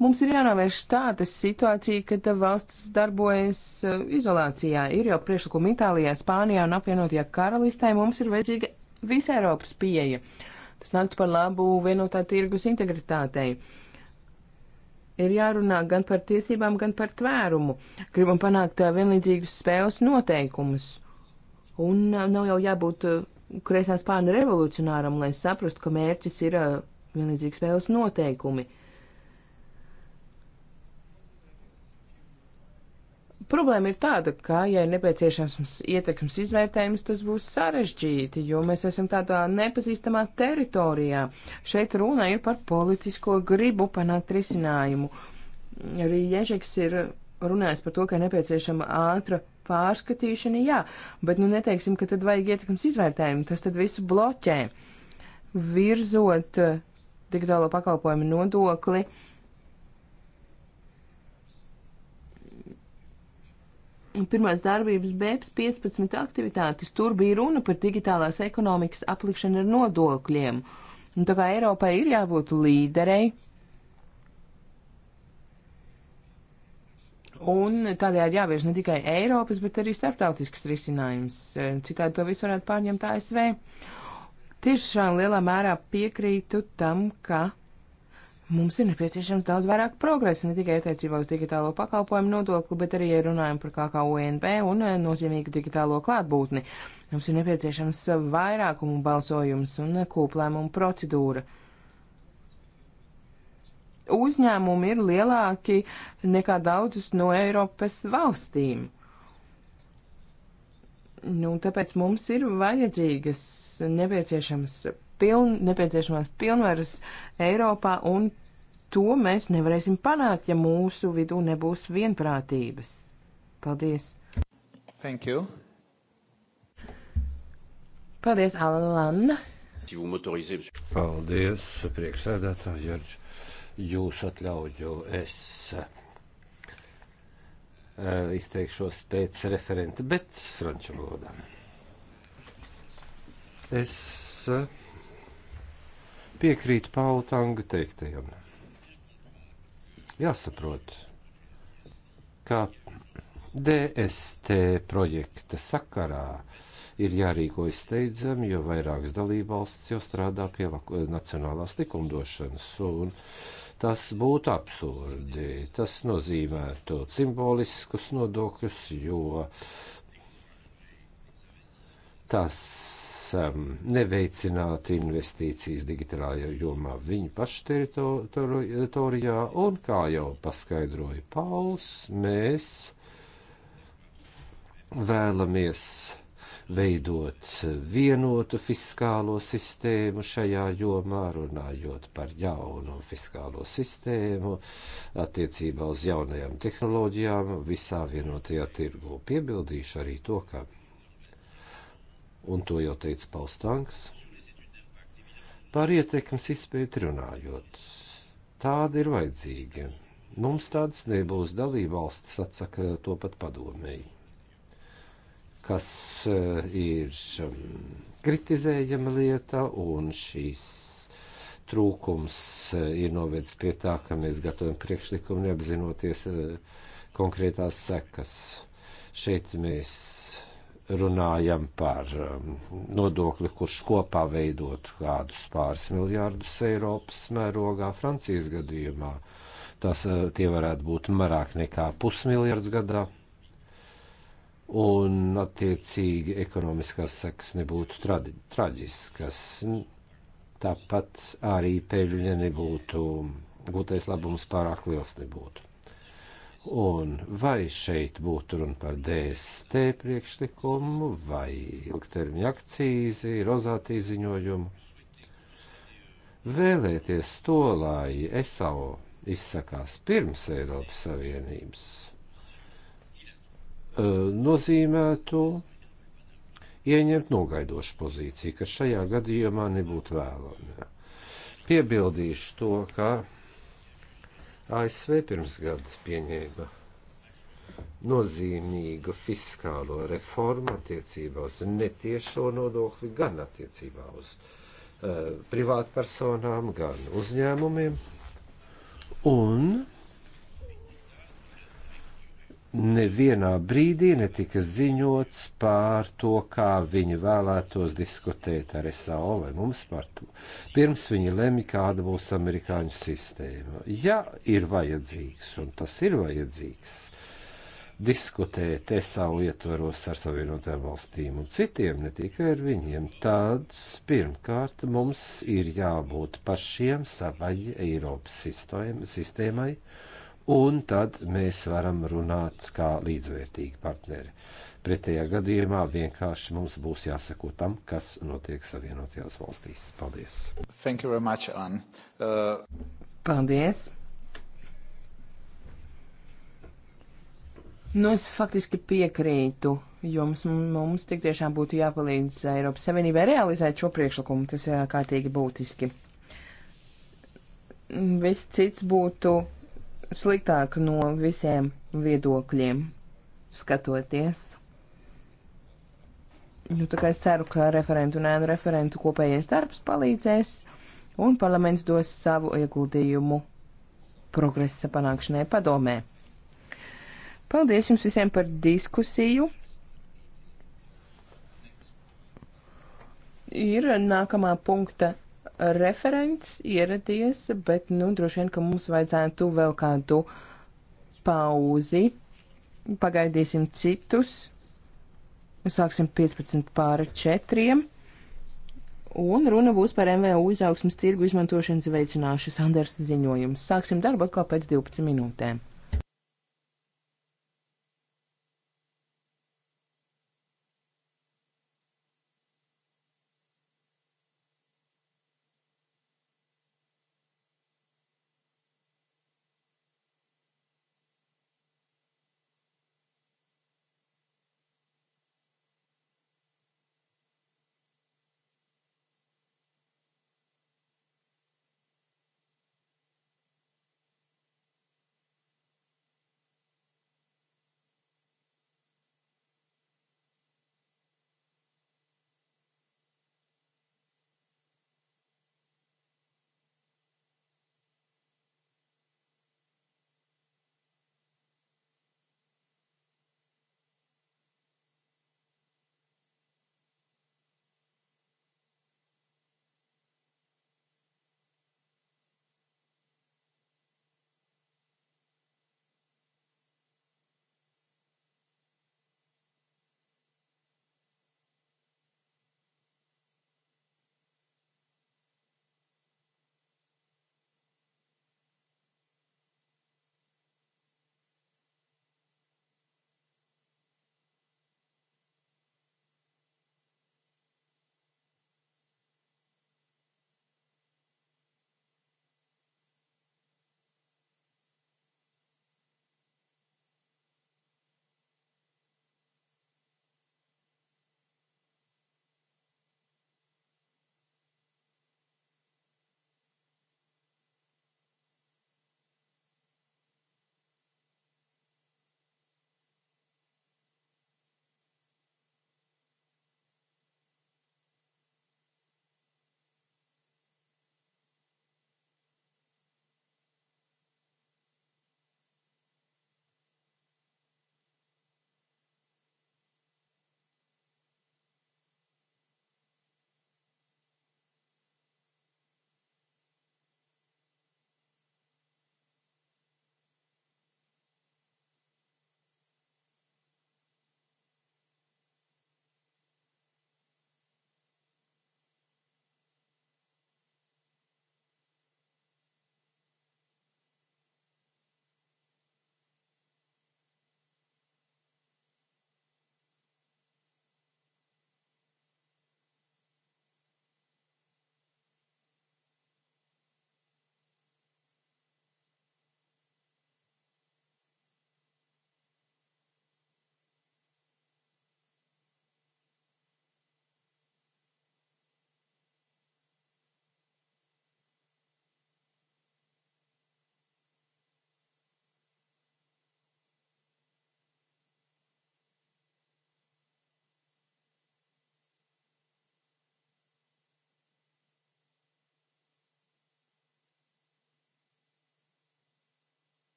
Mums ir jānovērš tāda situācija, kad valsts darbojas eh, izolācijā. Ir jau priekšlikumi Itālijā, Spānijā un apvienotajā karalistē. Mums ir vajadzīga visa Eiropas pieeja. Tas nāktu par labu vienotā tirgus integritātei. Ir jārunā gan par tiesībām, gan par tvērumu. Gribam panākt uh, vienlīdzīgus spēles noteikumus. Un uh, nav jau jābūt uh, kreisā spārna revolucionāram, lai saprastu, ka mērķis ir vienlīdzīgi spēles noteikumi. Uh, Problēma ir tāda, ka, ja ir nepieciešams ietekmes izvērtējums, tas būs sarežģīti, jo mēs esam tādā nepazīstamā teritorijā. Šeit runa ir par politisko gribu panākt risinājumu. Arī Ježeks ir runājis par to, ka ir nepieciešama ātra pārskatīšana, jā, bet nu neteiksim, ka tad vajag ietekmes izvērtējumu, tas tad visu bloķē. Virzot eh, digitālo pakalpojumu nodokli, uh, pirmās darbības BEPS 15 aktivitātes. Tur bija runa par digitālās ekonomikas aplikšanu ar nodokļiem. Un tā kā Eiropai ir jābūt līderei. Un tādējādi jāvērš ne tikai Eiropas, bet arī starptautisks risinājums. Citādi to visu varētu pārņemt ASV. Tiešām lielā mērā piekrītu tam, ka Mums ir nepieciešams daudz vairāk progresa, ne tikai attiecībā uz digitālo pakalpojumu nodokli, bet arī, ja runājam par KKONB un eh, nozīmīgu digitālo klātbūtni. Mums ir nepieciešams vairākumu balsojums un eh, kūplēmumu procedūra. Uzņēmumi ir lielāki nekā daudzas no Eiropas valstīm. Nu, tāpēc mums ir vajadzīgas, nepieciešams piln, nepieciešamās pilnvaras Eiropā, un to mēs nevarēsim panākt, ja mūsu vidū nebūs vienprātības. Paldies! Thank you! Paldies, Alan!
Paldies, priekšsēdētāji, ar jūsu atļauju es eh, izteikšos pēc referenta, bet franču valodā. Es eh, Piekrīt Paula Tanga teiktajam. Jāsaprot, ka DST projekta sakarā ir jārīkojas steidzami, jo vairākas dalībvalstis jau strādā pie nacionālās likumdošanas. Un tas būtu absurdi. Tas nozīmētu simboliskus nodokļus, jo tas um, neveicinātu investīcijas digitālajā jomā viņu pašu teritorijā, un kā jau paskaidroja Pauls, mēs vēlamies veidot vienotu fiskālo sistēmu šajā jomā, runājot par jaunu fiskālo sistēmu attiecībā uz jaunajām tehnoloģijām visā vienotajā tirgu. Piebildīšu arī to, ka un to jau teica Paustanks. Par ietekmes izpēti runājot, tāda ir vajadzīga. Mums tādas nebūs dalība valstis atsaka to pat padomēji, kas eh, ir um, kritizējama lieta un šīs trūkums eh, ir novērts pie tā, ka mēs gatavojam priekšlikumu neapzinoties eh, konkrētās sekas. Šeit mēs runājam par um, nodokli, kurš kopā veidot kādus pāris miljārdus Eiropas mērogā Francijas gadījumā. Tas uh, tie varētu būt marāk nekā pusmiljards gadā. Un, attiecīgi, ekonomiskās sekas nebūtu tradi, traģiskas. Tāpat arī peļņa nebūtu, gūtais labums pārāk liels nebūtu. Un vai šeit būtu runa par DST priekšlikumu, vai ilgtermiņa akcīzi, rozātī ziņojumu? Vēlēties to, lai ESAO izsakās pirms Eiropas Savienības, e, nozīmētu ieņemt nogaidošu pozīciju, kas šajā gadījumā nebūtu vēlama. Piebildīšu to, ka ASV pirms gada pieņēma nozīmīgu fiskālo reformu attiecībā uz netiešo nodokli, gan attiecībā uz uh, privātpersonām, gan uzņēmumiem. Un nevienā brīdī netika ziņots pār to, kā viņi vēlētos diskutēt ar SAO vai mums par to. Pirms viņi lemj, kāda būs amerikāņu sistēma. Ja ir vajadzīgs, un tas ir vajadzīgs, diskutēt SAO ietvaros ar savienotām valstīm un citiem, ne tikai ar viņiem, tad pirmkārt mums ir jābūt pašiem savai Eiropas sistēmai. sistēmai un tad mēs varam runāt kā līdzvērtīgi partneri. Pretējā gadījumā vienkārši mums būs jāsako tam, kas notiek Savienotajās valstīs. Paldies! Thank you very
much, Anne. Uh... Paldies! Nu, es faktiski piekrītu jums. Mums tik tiešām būtu jāpalīdz Eiropas Savienībai realizēt šo priekšlikumu. Tas ir kārtīgi būtiski. Viss cits būtu sliktāk no visiem viedokļiem skatoties. Nu, tā kā es ceru, ka referentu un ēnu referentu kopējais darbs palīdzēs un parlaments dos savu ieguldījumu progresa panākšanai padomē. Paldies jums visiem par diskusiju. Ir nākamā punkta referents ieradies, bet, nu, droši vien, ka mums vajadzētu vēl kādu pauzi. Pagaidīsim citus. Sāksim 15 pāri 4. Un runa būs par MVU izaugsmas tirgu izmantošanas veicināšanas Anders ziņojumu. Sāksim darbu atkal pēc 12 minūtēm.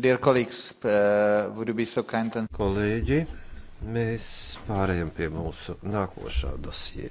Dear colleagues, uh, would you be so kind and... Kolēģi, mēs pārējām pie mūsu nākošā dosija.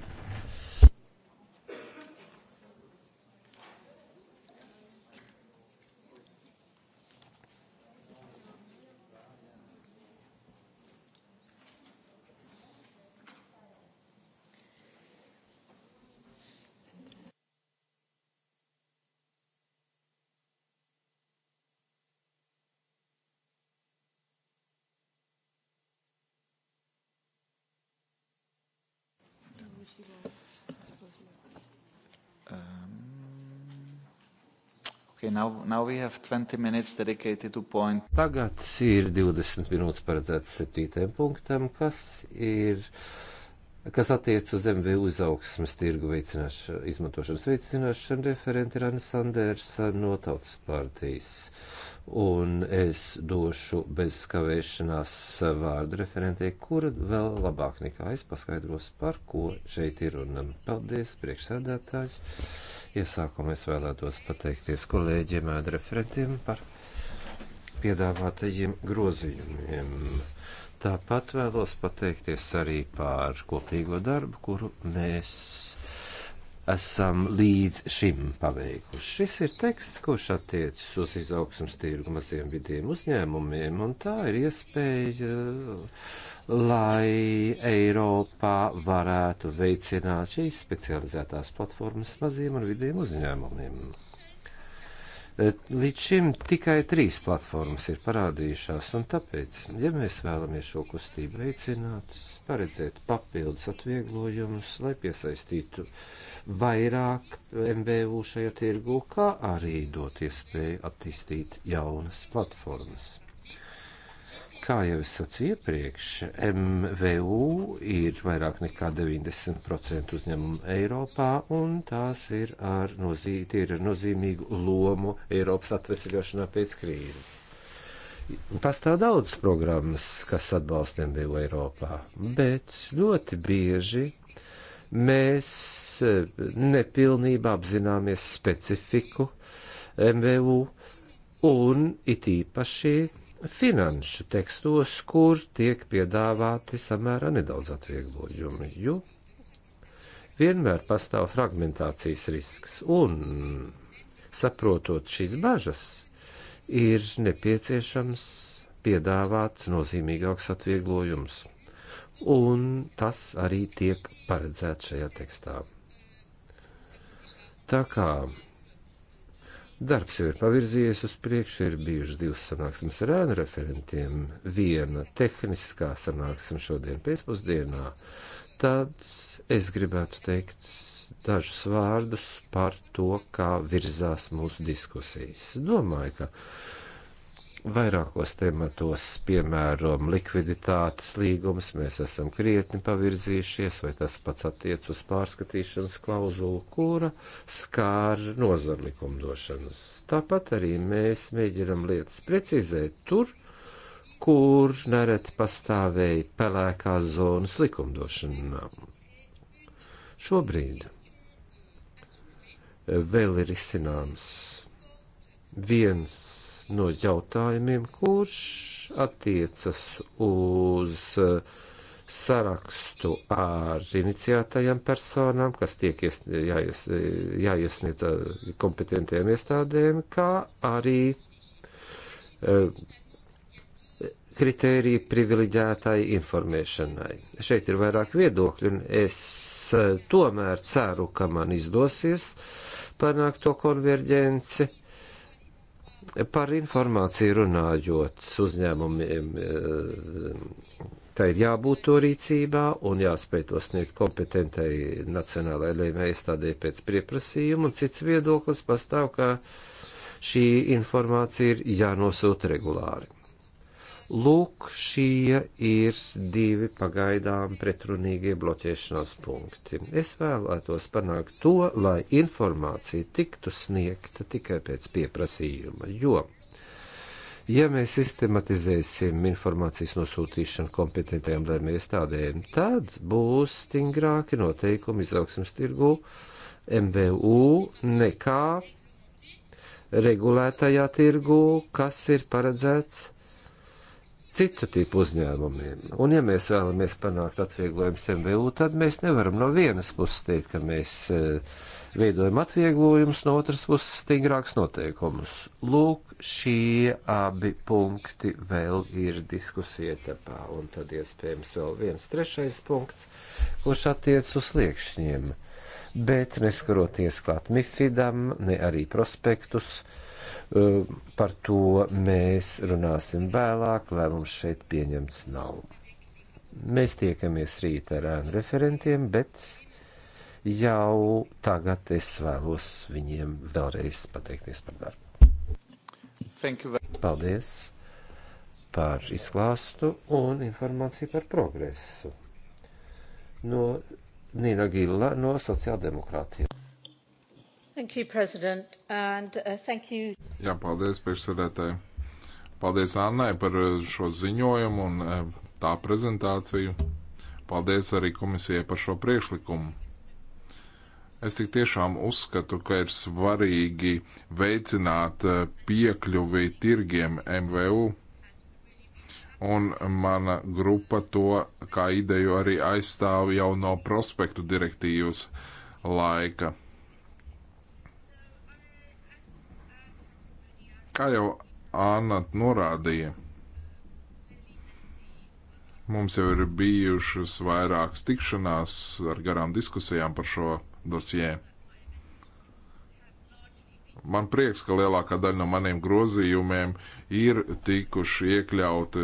Tagad ir 20 minūtes paredzētas septītajam punktam, kas ir kas attiec uz MVU izaugsmas tirgu veicināšanu, izmantošanas veicināšanu, referenti Rani Sanders no Tautas partijas. Un es došu bez kavēšanās vārdu referentē, kura vēl labāk nekā es paskaidros, par ko šeit ir runa. Paldies, priekšsēdētājs! Iesākumā es vēlētos pateikties kolēģiem, ēd referentiem par piedāvātajiem grozījumiem. Tāpat vēlos pateikties arī par kopīgo darbu, kuru mēs esam līdz šim paveikuši. Šis ir teksts, kurš attiecas uz izaugsmas tirgu maziem vidiem uzņēmumiem, un tā ir iespēja, lai Eiropā varētu veicināt šīs specializētās platformas maziem un vidiem uzņēmumiem. Līdz šim tikai trīs platformas ir parādījušās, un tāpēc, ja mēs vēlamies šo kustību veicināt, paredzēt papildus atvieglojumus, lai piesaistītu vairāk MBU šajā tirgū, kā arī dot iespēju attīstīt jaunas platformas. Kā jau es sacīju iepriekš, MVU ir vairāk nekā 90% uzņēmumu Eiropā, un tās ir ar, nozī, ir ar nozīmīgu lomu Eiropas atvesaļošanā pēc krīzes. Pastāv daudz programmas, kas atbalsta MVU Eiropā, bet ļoti bieži mēs e, nepilnībā apzināmies specifiku MVU un it īpaši finanšu tekstos, kur tiek piedāvāti samērā nedaudz atvieglojumi, jo vienmēr pastāv fragmentācijas risks un, saprotot šīs bažas, ir nepieciešams piedāvāt nozīmīgāks atvieglojums, un tas arī tiek paredzēts šajā tekstā. Tā kā Darbs jau ir pavirzījies uz priekšu, ir bijušas divas sanāksmes ar ēnu referentiem, viena tehniskā sanāksme šodien pēcpusdienā. Tad es gribētu teikt dažus vārdus par to, kā virzās mūsu diskusijas. Domāju, ka vairākos tematos, piemēram, likviditātes līgums, mēs esam krietni pavirzījušies, vai tas pats attiec uz pārskatīšanas klauzulu, kura skār nozar likumdošanas. Tāpat arī mēs mēģinam lietas precizēt tur, kur nereti pastāvēja pelēkās zonas likumdošanā. Šobrīd vēl ir izcināms viens no jautājumiem, kurš attiecas uz eh, sarakstu ar iniciētajām personām, kas tiek ies, jāies, eh, jāiesniedz eh, kompetentiem iestādēm, kā arī kritērija privileģētai informēšanai. Šeit ir vairāk viedokļu, un es tomēr ceru, ka man izdosies panākt to konverģenci. Uh, Par informāciju runājot, uzņēmumiem eh, tā ir jābūt to rīcībā un jāspēj to sniegt kompetentai nacionālajai lēmēji stādē pēc pieprasījuma, un cits viedoklis pastāv, ka šī informācija ir jānosūta regulāri. Lūk, šie ir divi pagaidām pretrunīgie bloķēšanās punkti. Es vēlētos panākt to, lai informācija tiktu sniegta tikai pēc pieprasījuma, jo Ja mēs sistematizēsim informācijas nosūtīšanu kompetentajām lēmēju iestādēm, tad būs stingrāki noteikumi izaugsmas tirgu MBU nekā regulētajā tirgu, kas ir paredzēts citu tipu uzņēmumiem. Un ja mēs vēlamies panākt atvieglojumus MVU, tad mēs nevaram no vienas puses teikt, ka mēs eh, veidojam atvieglojumus, no otras puses stingrāks noteikumus. Lūk, šie abi punkti vēl ir diskusija etapā. Un tad iespējams vēl viens trešais punkts, kurš attiec uz sliekšņiem. Bet neskaroties klāt Mifidam, ne arī prospektus, uh, Par to mēs runāsim vēlāk, lēmums šeit pieņemts nav. Mēs tiekamies rīt ar ēnu referentiem, bet jau tagad es vēlos viņiem vēlreiz pateikties par darbu. Paldies par izklāstu un informāciju par progresu. No Nīna
Gilla no sociāldemokrātiem.
Thank you, President, and uh, thank you.
Jā, paldies, priekšsēdētāji. Paldies Annai par uh, šo ziņojumu un uh, tā prezentāciju. Paldies arī komisijai par šo priekšlikumu. Es tik tiešām uzskatu, ka ir svarīgi veicināt uh, piekļuvi tirgiem MVU, un mana grupa to kā ideju arī aizstāv jau no prospektu direktīvas laika. Kā jau Anna norādīja, mums jau ir bijušas vairākas tikšanās ar garām diskusijām par šo dosjē. Man prieks, ka lielākā daļa no maniem grozījumiem ir tikuši iekļauti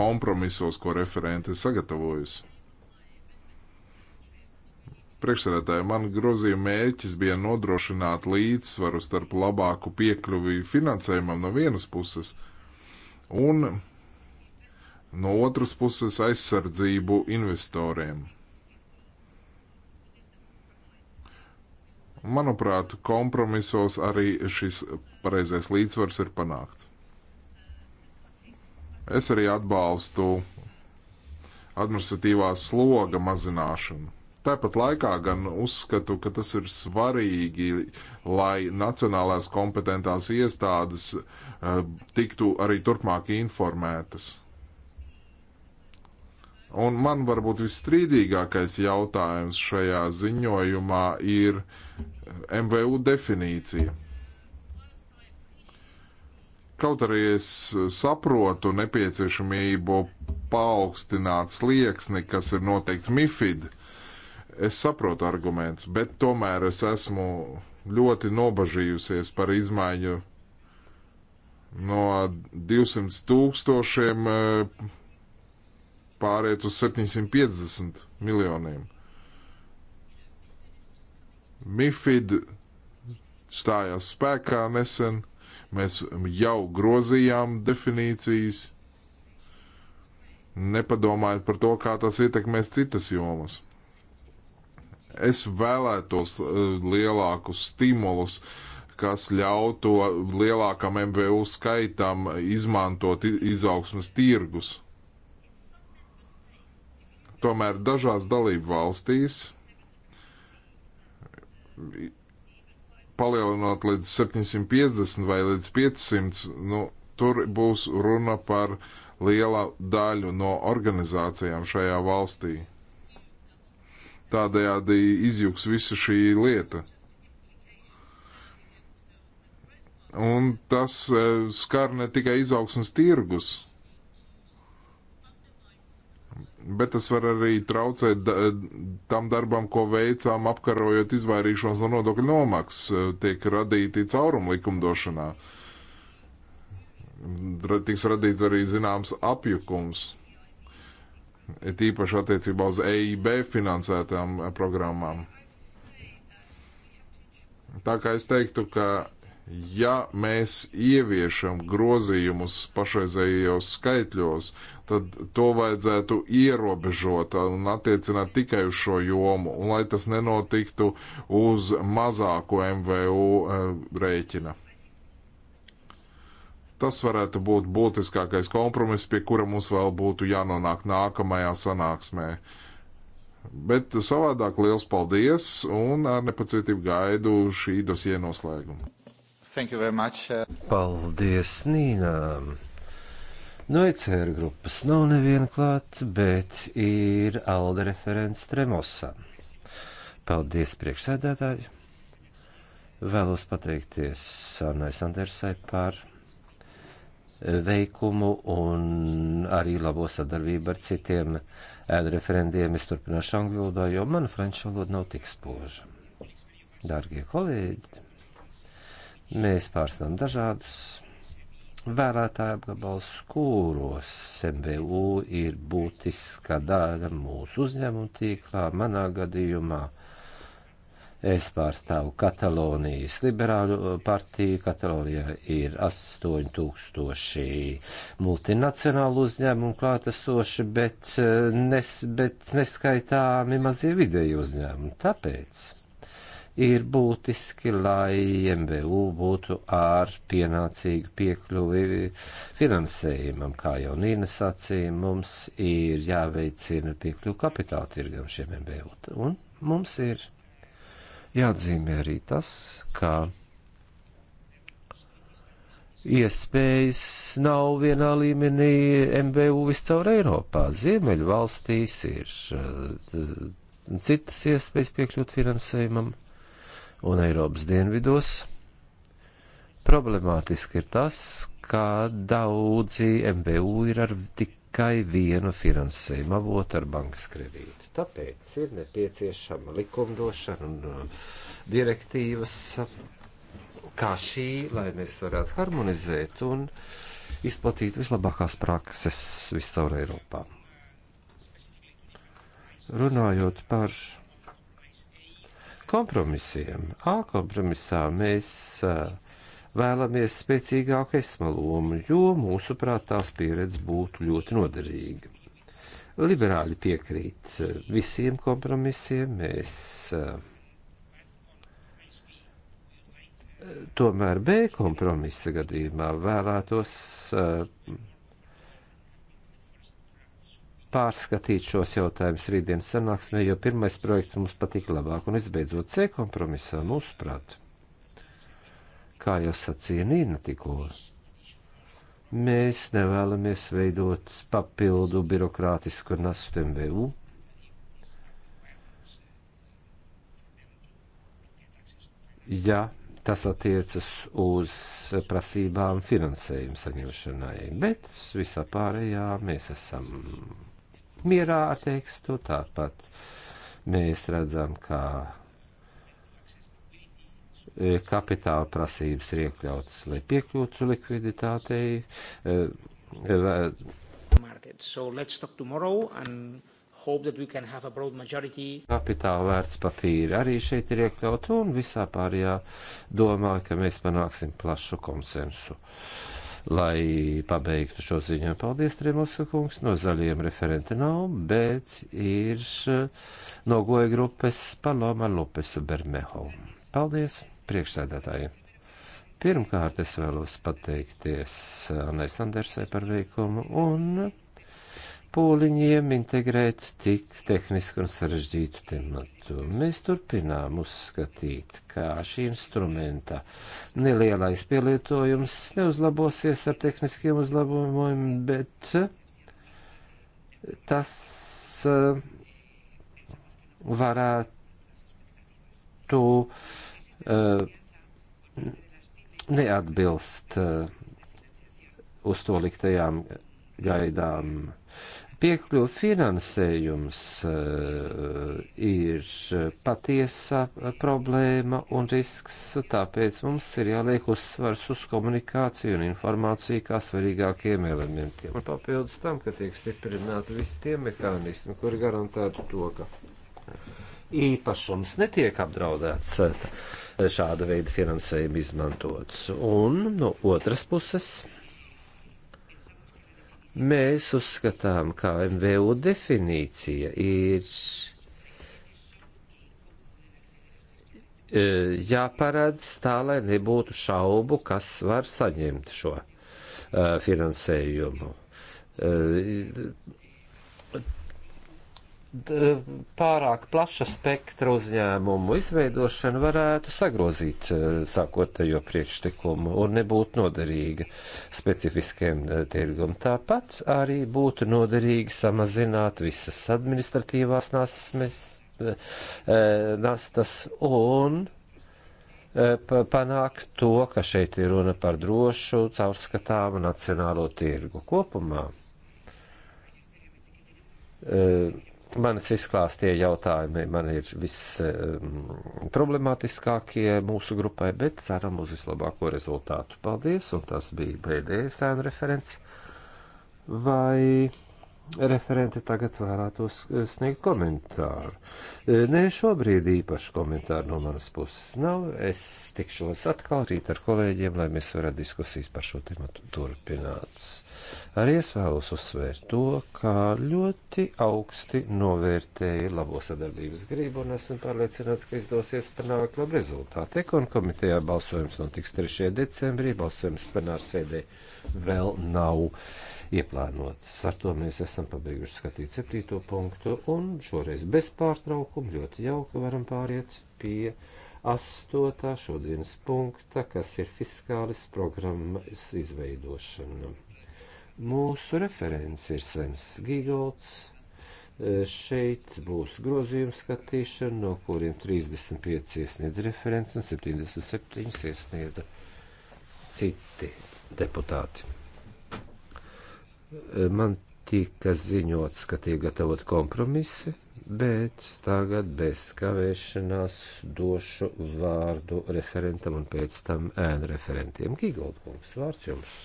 kompromisos, ko referenti sagatavojusi. Priekšsēdētāji, man grozījuma mērķis bija nodrošināt līdzsvaru starp labāku piekļuvi finansējumam no vienas puses un no otras puses aizsardzību investoriem. Manuprāt, kompromisos arī šis pareizais līdzsvars ir panākts. Es arī atbalstu administratīvā sloga mazināšanu Tāpat laikā gan uzskatu, ka tas ir svarīgi, lai nacionālās kompetentās iestādes uh, tiktu arī turpmāk informētas. Un man varbūt visstrīdīgākais jautājums šajā ziņojumā ir eh, MVU definīcija. Kaut arī es saprotu nepieciešamību paaugstināt slieksni, kas ir noteikts MIFID, uh, Es saprotu arguments, bet tomēr es esmu ļoti nobažījusies par izmaiņu no 200 tūkstošiem eh, pāriet uz 750 miljoniem. MIFID stājās spēkā nesen, mēs jau grozījām definīcijas, nepadomājot par to, kā tas ietekmēs citas jomas. Es vēlētos eh, lielākus stimulus, kas ļautu lielākam MVU skaitam izmantot izaugsmas tirgus. Tomēr dažās dalību valstīs palielinot līdz 750 vai līdz 500, nu, tur būs runa par liela daļu no organizācijām šajā valstī. Tādējādi izjūgs visa šī lieta. Un tas e, skar ne tikai izaugsmas tirgus, bet tas var arī traucēt e, tam darbam, ko veicām apkarojot izvairīšanos no nodokļu nomaksas, e, tiek radīti caurumi likumdošanā. Tiks radīts arī zināms apjukums it īpaši attiecībā uz EIB finansētām eh, programmām. Tā kā es teiktu, ka ja mēs ieviešam grozījumus pašreizējos skaitļos, tad to vajadzētu ierobežot un attiecināt tikai uz šo jomu, un lai tas nenotiktu uz mazāko MVU eh, rēķina. Tas varētu būt būtiskākais kompromiss, pie kura mums vēl būtu jānonāk nākamajā sanāksmē. Bet savādāk liels paldies un ar nepacietību gaidu šī dosie noslēgumu. Uh, paldies, Nīnā! No ECR grupas
nav neviena klāt, bet ir Alde referents Tremosa. Paldies, priekšsēdētāji! Vēlos pateikties Sārnai Sandersai par veikumu un arī labo sadarbību ar citiem ēdu referendiem. Es turpināšu angļu valodā, jo mana franču valoda nav tik spoža. Dārgie kolēģi, mēs pārstāvam dažādus vēlētāju apgabals, kuros MBU ir būtiska daļa mūsu uzņēmuma tīklā, manā gadījumā Es pārstāvu Katalonijas liberāļu uh, partiju. Katalonijā ir 8000 multinacionālu uzņēmumu klātesoši, bet, uh, nes, bet neskaitāmi mazie vidēji uzņēmumi. Tāpēc ir būtiski, lai MBU būtu ar pienācīgu piekļuvi finansējumam, kā jau Nīna sacīja, mums ir jāveicina piekļuvi kapitāla tirgam šiem MBU. Un mums ir Jāatzīmē arī tas, ka iespējas nav vienā līmenī MBU viscaur Eiropā. Ziemeļu valstīs ir eh, citas iespējas piekļūt finansējumam un Eiropas dienvidos. Problemātiski ir tas, ka daudzi MBU ir ar tikai vienu finansējumu avotu ar bankas kredītu. Tāpēc ir nepieciešama likumdošana un uh, direktīvas kā šī, lai mēs varētu harmonizēt un izplatīt vislabākās prakses viscaur Eiropā. Runājot par kompromisiem, A kompromisā mēs uh, vēlamies spēcīgāku esmalomu, jo mūsuprāt tās pieredze būtu ļoti noderīga. Liberāļi piekrīt eh, visiem kompromisiem. Mēs eh, tomēr B kompromisa gadījumā vēlētos eh, pārskatīt šos jautājumus rītdienas sanāksmē, jo pirmais projekts mums patika labāk un izbeidzot C kompromisā, mūsuprāt, kā jau sacīja Nīna tikko. Mēs nevēlamies veidot papildu birokrātisku nastu MVU. Ja tas attiecas uz prasībām finansējuma saņemšanai, bet visā pārējā mēs esam mierā ar tekstu, tāpat mēs redzam, ka Eh, kapitāla prasības ir iekļautas, lai piekļūtu likviditātei. Eh, eh, kapitāla vērts papīri arī šeit ir iekļauti, un visā pārējā domāju, ka mēs panāksim plašu konsensu. Lai pabeigtu šo ziņu, paldies Tremosa kungs, no zaļiem referenti nav, bet ir no goja grupas Paloma Lopesa Bermeho. Paldies! priekšsēdētāji. Pirmkārt, es vēlos pateikties eh, Anai Sandersai par veikumu un pūliņiem integrēt tik tehnisku un sarežģītu tematu. Mēs turpinām uzskatīt, ka šī instrumenta nelielais pielietojums neuzlabosies ar tehniskiem uzlabojumiem, bet eh, tas eh, varētu Eh, neatbilst eh, uz to liktajām gaidām. Piekļuvu finansējums eh, ir patiesa problēma un risks, tāpēc mums ir jāliek uzsvars uz komunikāciju un informāciju kā svarīgākiem elementiem. Un papildus tam, ka tiek stiprināti visi tie mehānismi, kuri garantētu to, ka īpašums netiek apdraudēts šāda veida finansējumu izmantots. Un no otras puses. Mēs uzskatām, ka MVU definīcija ir e, jāparedz tā, lai nebūtu šaubu, kas var saņemt šo e, finansējumu. E, pārāk plaša spektra uzņēmumu izveidošana varētu sagrozīt e, sākotnējo priekšlikumu un nebūt noderīga specifiskiem e, tirgum. Tāpat arī būtu noderīgi samazināt visas administratīvās nasmes, e, nastas un panākt to, ka šeit ir runa par drošu, caurskatāmu nacionālo tirgu kopumā. Uh, manas izklāstie jautājumi man ir viss problemātiskākie mūsu grupai, bet ceram uz vislabāko rezultātu. Paldies, un tas bija pēdējais sēnu referents. Vai referenti tagad vēlētos eh, sniegt komentāru. Eh, nē, šobrīd īpaši komentāru no manas puses nav. Es tikšos atkal rīt ar kolēģiem, lai mēs varētu diskusijas par šo tematu turpināt. Arī es vēlos uzsvērt to, ka ļoti augsti novērtēju labo sadarbības gribu un esmu pārliecināts, ka izdosies panākt labu rezultātu. Ekonu komitejā balsojums notiks 3. decembrī, balsojums plenāra sēdē vēl nav ieplānots. Ar to mēs esam pabeiguši skatīt 7. punktu un šoreiz bez pārtraukuma ļoti jauki varam pāriet pie astotā šodienas punkta, kas ir fiskālis programmas izveidošana. Mūsu referents ir Svens Gigolds. E, šeit būs grozījuma skatīšana, no kuriem 35 iesniedz referents un 77 iesniedza citi deputāti. E, man tika ziņots, ka tiek gatavot kompromisi, bet tagad bez kavēšanās došu vārdu referentam un pēc tam ēnu referentiem. Gigolds, vārds jums!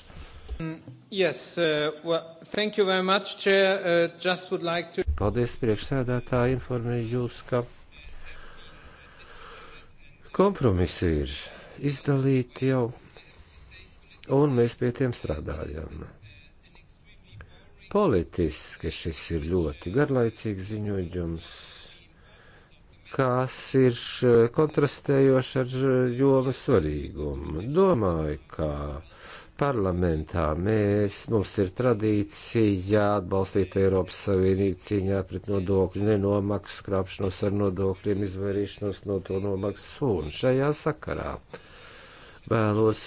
Mm, yes, uh, well, thank you very much, Chair. Uh, just would like to... Paldies, priekšsēdētāji, informēju jūs, ka kompromisi ir izdalīti jau, un mēs pie tiem strādājam. Politiski šis ir ļoti garlaicīgs ziņojums, kas ir uh, kontrastējoši ar uh, jomas svarīgumu. Domāju, ka parlamentā. Mēs, mums ir tradīcija atbalstīt Eiropas Savienību cīņā pret nodokļu nenomaksu, krāpšanos ar nodokļiem, izvairīšanos no to nomaksas un šajā sakarā. Vēlos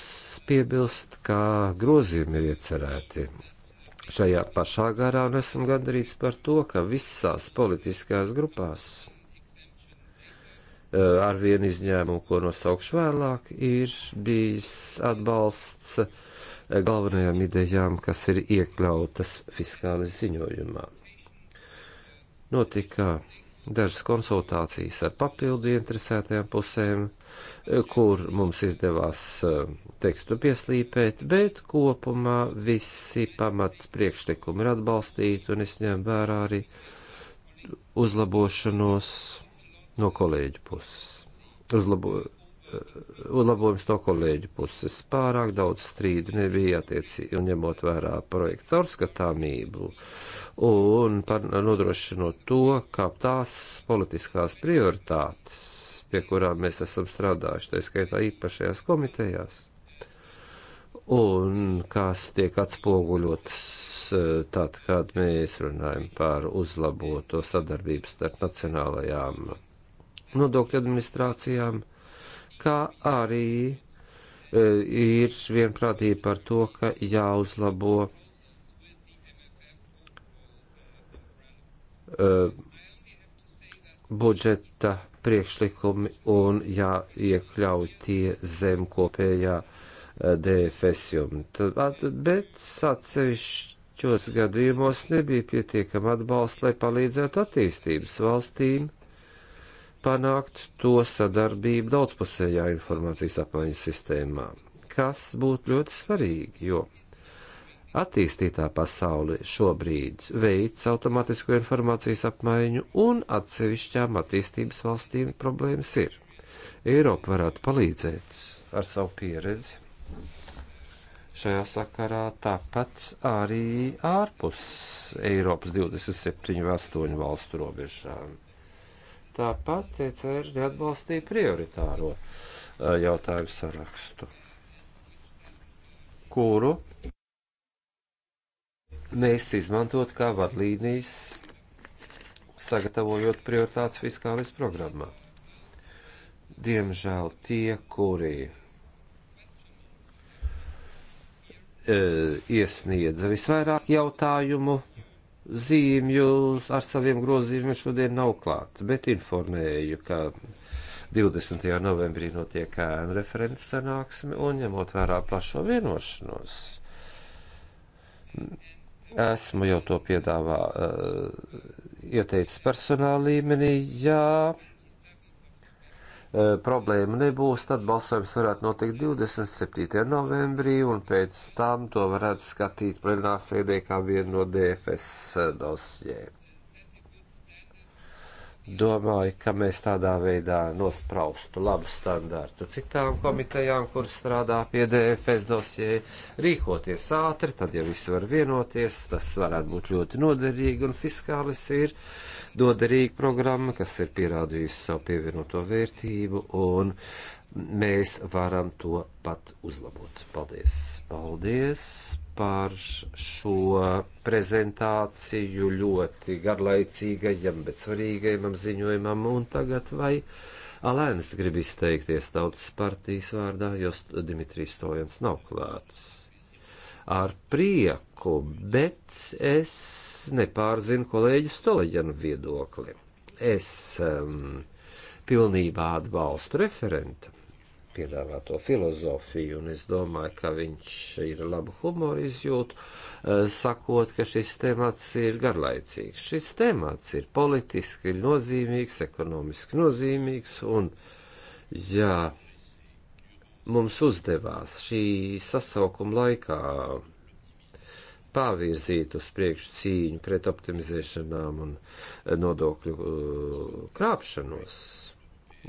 piebilst, kā grozījumi ir iecerēti. Šajā pašā garā un esam gandarīts par to, ka visās politiskās grupās eh, ar vienu izņēmumu, ko nosaukšu vēlāk, ir bijis atbalsts uh, galvenajām idejām, kas ir iekļautas fiskālis ziņojumā. Notika dažas konsultācijas ar papildu interesētajām pusēm, kur mums izdevās eh, tekstu pieslīpēt, bet kopumā visi pamats priekšlikumi ir atbalstīti un es ņemu vērā arī uzlabošanos no kolēģu puses. Uzlabošanos uzlabojums no kolēģu puses. Pārāk daudz strīdu nebija attiecīgi, un ņemot vērā projekts caurskatāmību un par, nodrošinot to, kā tās politiskās prioritātes, pie kurām mēs esam strādājuši, tā skaitā īpašajās komitejās, un kas tiek atspoguļotas eh, tad, kad mēs runājam par uzlaboto sadarbību starp nacionālajām nodokļu administrācijām, uh, kā arī e, ir vienprātība par to, ka jāuzlabo e, budžeta priekšlikumi un jāiekļauj tie zem kopējā e, DFS jumta. Bet atsevišķos gadījumos nebija pietiekama atbalsta, lai palīdzētu attīstības valstīm panākt to sadarbību daudzpusējā informācijas apmaiņas sistēmā, kas būtu ļoti svarīgi, jo attīstītā pasaule šobrīd veids automātisko informācijas apmaiņu un atsevišķām attīstības valstīm problēmas ir. Eiropa varētu palīdzēt ar savu pieredzi šajā sakarā, tāpat arī ārpus Eiropas 27 vai 8 valstu robežām. Tāpat ECR neatbalstīja prioritāro jautājumu sarakstu, kuru mēs izmantot kā vadlīnijas, sagatavojot prioritātes fiskālijas programmā. Diemžēl tie, kuri iesniedza visvairāk jautājumu, zīmju ar saviem grozījumiem šodien nav klāts, bet informēju, ka 20. novembrī notiek ēnu referents sanāksme un ņemot vērā plašo vienošanos. Esmu jau to piedāvā, uh, ieteicis personāla līmenī, jā. Ja Eh, problēma nebūs, tad balsojums varētu notikt 27. novembrī, un pēc tam to varētu skatīt plenārā sēdē kā vienu no DFS eh, dosjiem. Domāju, ka mēs tādā veidā nospraustu labu standārtu citām komitejām, kuras strādā pie DFS dosjē, rīkoties ātri, tad, ja visi var vienoties, tas varētu būt ļoti noderīgi, un fiskālis ir doderīga programma, kas ir pierādījusi savu pievienoto vērtību, un mēs varam to pat uzlabot. Paldies! Paldies par šo prezentāciju ļoti garlaicīgajam, bet svarīgajam ziņojumam, un tagad vai. Alēns grib izteikties tautas partijas vārdā, jo Dimitrijs Stojans nav klāts ar prieku, bet es nepārzinu kolēģi Stolaģenu viedokli. Es um, pilnībā atbalstu referentu piedāvāto filozofiju, un es domāju, ka viņš ir labu humoru izjūtu, uh, sakot, ka šis temats ir garlaicīgs. Šis temats ir politiski nozīmīgs, ekonomiski nozīmīgs, un jā. Ja mums uzdevās šī sasaukuma laikā pavirzīt uz priekšu cīņu pret optimizēšanām un nodokļu uh, krāpšanos,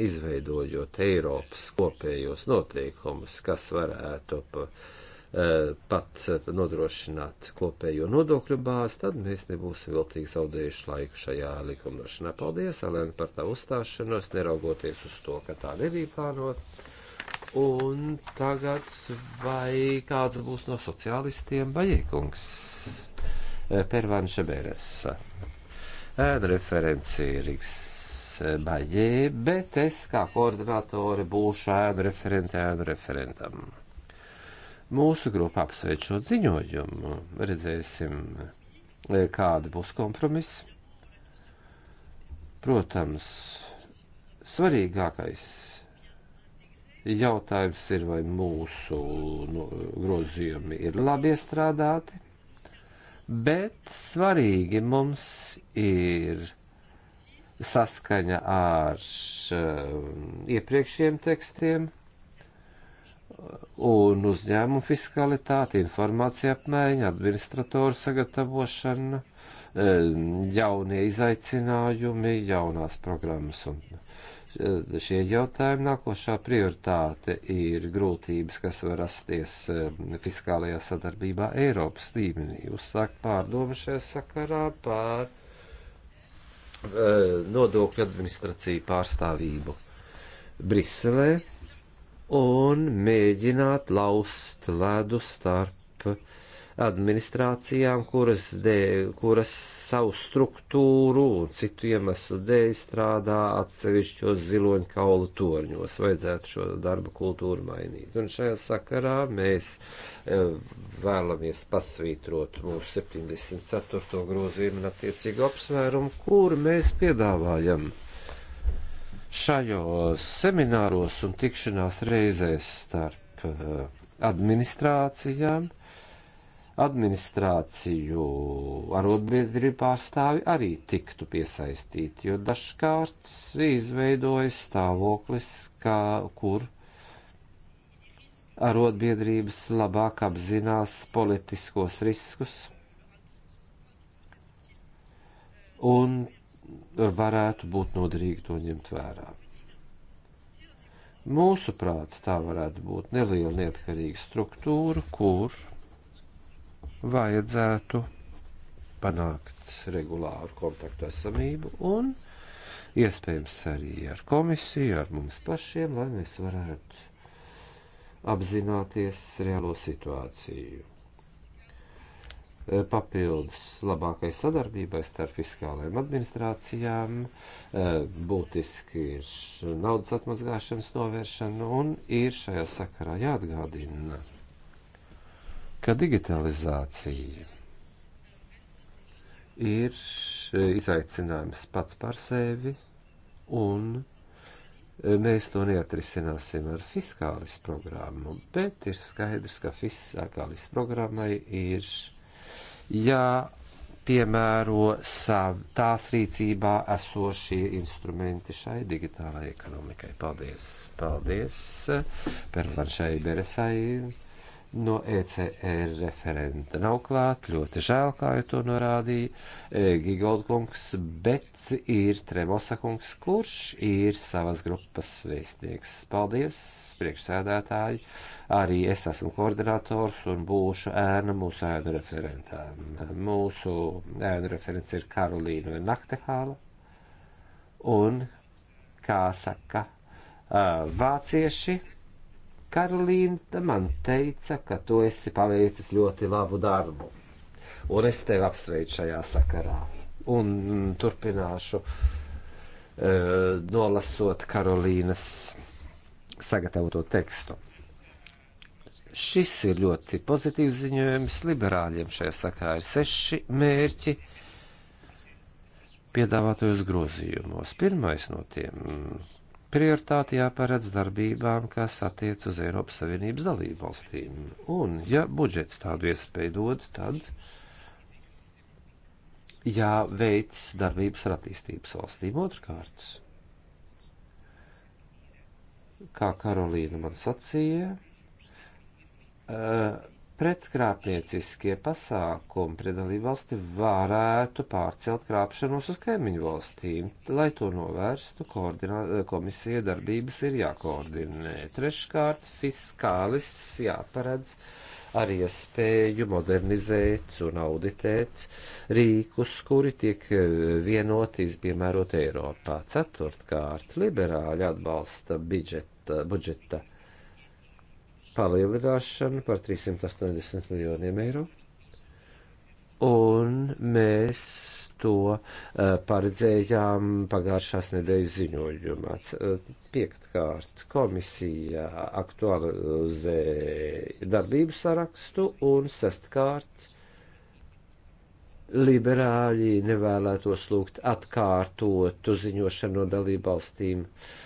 izveidojot Eiropas kopējos noteikumus, kas varētu pa, uh, pat nodrošināt kopējo nodokļu bāzi, tad mēs nebūsim viltīgi zaudējuši laiku šajā likumdošanā. Paldies, Alēna, par tā uzstāšanos, neraugoties uz to, ka tā nebija plānota Un tagad vai kāds būs no sociālistiem, vai iekungs eh, Pervāns Šeberes. Ēna referencija Rīgas eh, Baļē, bet es kā koordinātori būšu ēnu referenti ēnu referentam. Mūsu grupa apsveic šo ziņojumu. Redzēsim, eh, kāda būs kompromisa. Protams, svarīgākais Jautājums ir, vai mūsu nu, grozījumi ir labi iestrādāti, bet svarīgi mums ir saskaņa ar um, iepriekšējiem tekstiem un uzņēmumu fiskalitāti, informācija apmaiņa, administratoru sagatavošana, um, jaunie izaicinājumi, jaunās programmas un šie jautājumi. Nākošā prioritāte ir grūtības, kas var rasties eh, fiskālajā sadarbībā Eiropas līmenī. Uzsāk pārdomu šajā sakarā pār eh, nodokļu administrāciju pārstāvību Briselē un mēģināt laust ledu starp administrācijām, kuras, dēļ, kuras savu struktūru un citu iemeslu dēļ strādā atsevišķos ziloņu kaulu torņos. Vajadzētu šo darba kultūru mainīt. Un šajā sakarā mēs e, vēlamies pasvītrot mūsu 74. grozījumu un attiecīgu apsvērumu, kur mēs piedāvājam šajos semināros un tikšanās reizēs starp e, administrācijām administrāciju arotbiedrību pārstāvi arī tiktu piesaistīti, jo dažkārt izveidojas stāvoklis, kā, kur arotbiedrības labāk apzinās politiskos riskus un varētu būt noderīgi to ņemt vērā. Mūsuprāt, tā varētu būt neliela neatkarīga struktūra, kur vajadzētu panākt regulāru kontaktu esamību un iespējams arī ar komisiju, ar mums pašiem, lai mēs varētu apzināties reālo situāciju. Papildus labākai sadarbībai starp fiskālajām administrācijām e, būtiski ir naudas atmazgāšanas novēršana un ir šajā sakarā jāatgādina ka digitalizācija ir e, izaicinājums pats par sevi, un e, mēs to neatrisināsim ar fiskālis programmu, bet ir skaidrs, ka fiskālis programmai ir jāpiemēro sav, tās rīcībā esošie instrumenti šai digitālajai ekonomikai. Paldies! Paldies! Pervanšai Beresai! no ECR referenta nav klāt, ļoti žēl, kā jau to norādīja e, Gigoldkungs, bet ir Tremosakungs, kurš ir savas grupas vēstnieks. Paldies, priekšsēdētāji, arī es esmu koordinators un būšu ēna mūsu ēnu referentām. Mūsu ēnu referents ir Karolīna Naktehāla un, kā saka, vācieši Karolīna man teica, ka tu esi paveicis ļoti labu darbu. Un es tevi apsveicu šajā sakarā. Un mm, turpināšu uh, nolasot Karolīnas sagatavoto tekstu. Šis ir ļoti pozitīvs ziņojums. Liberāļiem šajā sakarā ir seši mērķi piedāvātojos grozījumos. Pirmais no tiem Prioritāte jāparedz darbībām, kas attiec uz Eiropas Savienības dalību valstīm. Un, ja budžets tādu iespēju dod, tad jāveic darbības ar attīstības valstīm otrkārt. Kā Karolīna man sacīja, eh, pretkrāpnieciskie pasākumi pret dalībvalsti varētu pārcelt krāpšanos uz kaimiņu valstīm. Lai to novērstu, komisija darbības ir jākoordinē. Treškārt, fiskālis jāparedz ar iespēju modernizēt un auditēt rīkus, kuri tiek vienoti piemērot Eiropā. Ceturtkārt, liberāļi atbalsta budžeta, budžeta palielināšanu par 380 miljoniem eiro. Un mēs to uh, paredzējām pagājušās nedēļas ziņojumā. Eh, piektkārt, komisija aktualizē darbību sarakstu un sestkārt, liberāļi nevēlētos lūgt atkārtotu ziņošanu no dalību valstīm. Uh,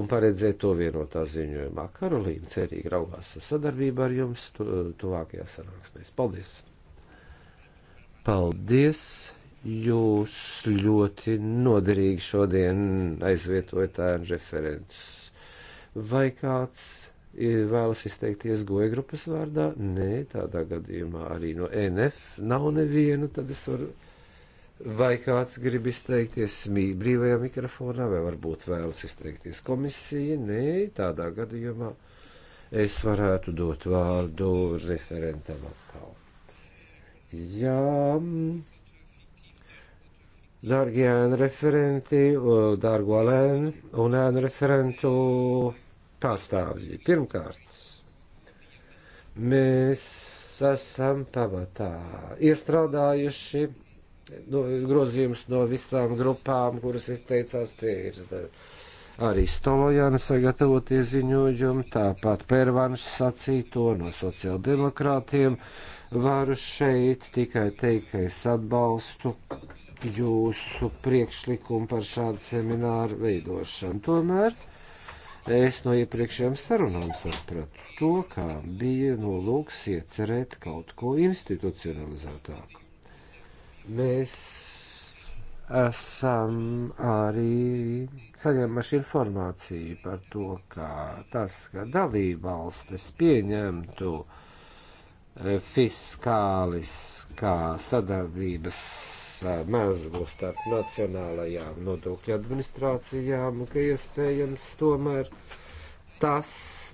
un paredzēt to vienotā ziņojumā. Karolīna cerīgi raugās uz sadarbību ar jums tu, tuvākajā sanāksmēs. Paldies! Paldies! Jūs ļoti noderīgi šodien aizvietojat ēnu referentus. Vai kāds vēlas izteikties goja grupas vārdā? Nē, tādā gadījumā arī no NF nav nevienu, tad es varu. Vai kāds grib izteikties smīgi brīvajā mikrofonā, vai varbūt vēlas izteikties komisija? Nē, tādā gadījumā es varētu dot vārdu referentam atkal. Jā, mm, dārgie ēnu referenti, dārgo alēnu un ēnu referentu pārstāvji. Pirmkārt, mēs esam pamatā iestrādājuši no, nu, grozījums no visām grupām, kuras izteicās, tie ir eh, arī Stolojana sagatavotie ziņojumi, tāpat Pērvanš sacīto no sociāldemokrātiem. Varu šeit tikai teikt, ka es atbalstu jūsu priekšlikumu par šādu semināru veidošanu. Tomēr es no iepriekšējām sarunām sapratu to, kā bija nolūks iecerēt kaut ko institucionalizētāku. Mēs esam arī saņēmuši informāciju par to, ka tas, ka dalībvalstis pieņemtu e, fiskāliskā sadarbības e, mezglu starp nacionālajām nodokļu administrācijām, ka iespējams tomēr uh, tas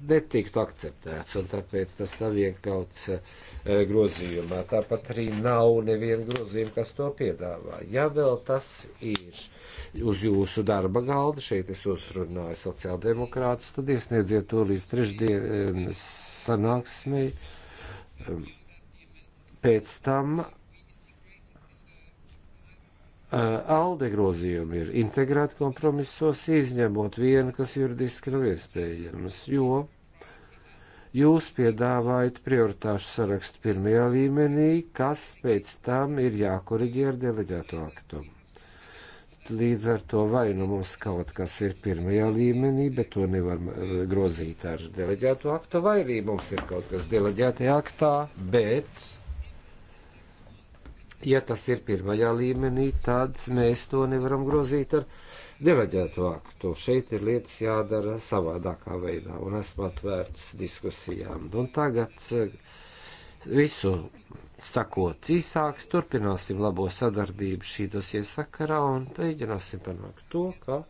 netiktu akceptēts, un tāpēc tas nav iekļauts e, eh, grozījumā. Tāpat arī nav neviena grozījuma, kas to piedāvā. Ja vēl tas ir uz jūsu darba galda, šeit es uzrunāju sociāldemokrātus, tad iesniedziet to līdz trešdienas eh, sanāksmei. Ehm, pēc tam Alde grozījumi ir integrēti kompromisos, izņemot vienu, kas juridiski nav iespējams, jo jūs piedāvājat prioritāšu sarakstu pirmajā līmenī, kas pēc tam ir jākoriģē ar deleģēto aktu. Līdz ar to vai nu mums kaut kas ir pirmajā līmenī, bet to nevar grozīt ar deleģēto aktu, vai arī mums ir kaut kas deleģētajā aktā, bet Ja tas ir pirmajā līmenī, tad mēs to nevaram grozīt ar devaģētu aktu. Šeit ir lietas jādara savādākā veidā, un esmu atvērts diskusijām. Un tagad eh, visu sakot īsāks, turpināsim labo sadarbību šī dosie sakarā un mēģināsim panākt to, ka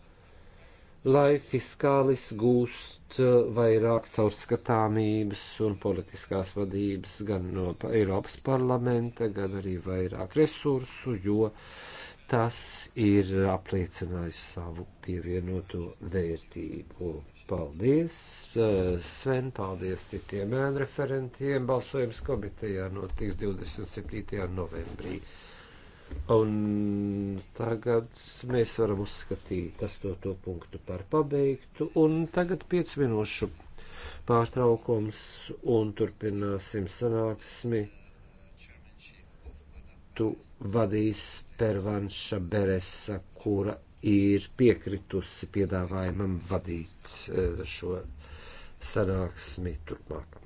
lai fiskālis gūst uh, vairāk caurskatāmības un politiskās vadības gan no Eiropas parlamenta, gan arī vairāk resursu, jo tas ir apliecinājis savu pievienoto vērtību. Paldies, uh, Sven, paldies citiem ēnreferentiem. Balsojums komitejā notiks 27. novembrī. Un tagad mēs varam uzskatīt 8. punktu par pabeigtu, un tagad 5 minūšu pārtraukums, un turpināsim sanāksmi. Tu vadīs Pervanša Beresa, kura ir piekritusi piedāvājumam vadīt eh, šo sanāksmi turpmāk.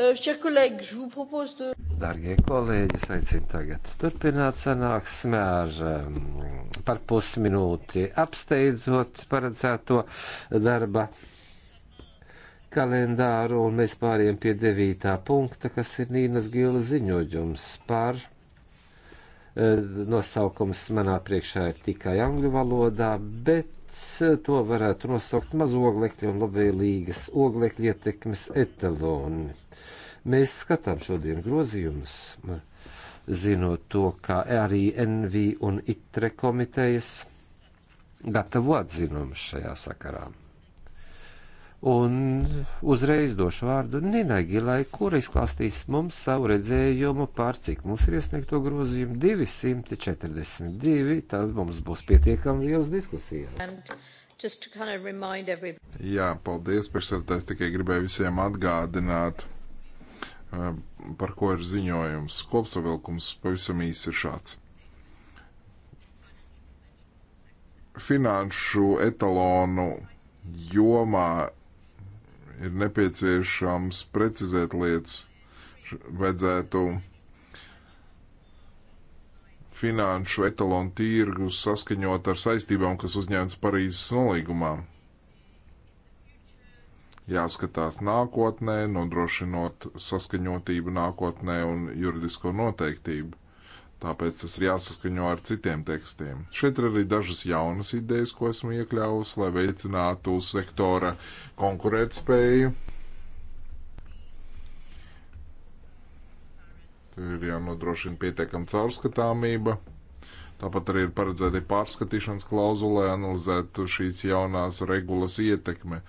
Euh, Darbie kolēģi, aicinu tagad turpināt sanāksmē ar um, par pusminūti apsteidzot paredzēto darba kalendāru, un mēs pāriem pie devītā punkta, kas ir Nīnas Gila ziņojums par E, nosaukums manā priekšā ir tikai angļu valodā, bet e, to varētu nosaukt mazoglekļa un labvēlīgas oglekļa ietekmes etaloni. Mēs skatām šodien grozījumus, zinot to, ka arī NV un ITRE komitejas gatavo atzinumus šajā sakarā. Un uzreiz došu vārdu Ninai Gilai, kura izklāstīs mums savu redzējumu par cik mums ir iesniegto grozījumu
242. Tad mums būs pietiekami liels diskusijas.
Kind of everybody...
Jā, paldies, priekšsēdētājs. Tikai gribēju visiem atgādināt, eh, par ko ir ziņojums. Kopsavilkums pavisam īsi ir šāds. Finanšu etalonu jomā ir nepieciešams precizēt lietas, vajadzētu finanšu etalonu tirgu saskaņot ar saistībām, kas uzņēmts Parīzes nolīgumā. Jāskatās nākotnē, nodrošinot saskaņotību nākotnē un juridisko noteiktību tāpēc tas ir jāsaskaņo ar citiem tekstiem. Šeit ir arī dažas jaunas idejas, ko esmu iekļāvusi, lai veicinātu sektora konkurētspēju. Tur ir jānodrošina pietiekama caurskatāmība. Tāpat arī ir paredzēta pārskatīšanas klauzula, lai analizētu šīs jaunās regulas ietekme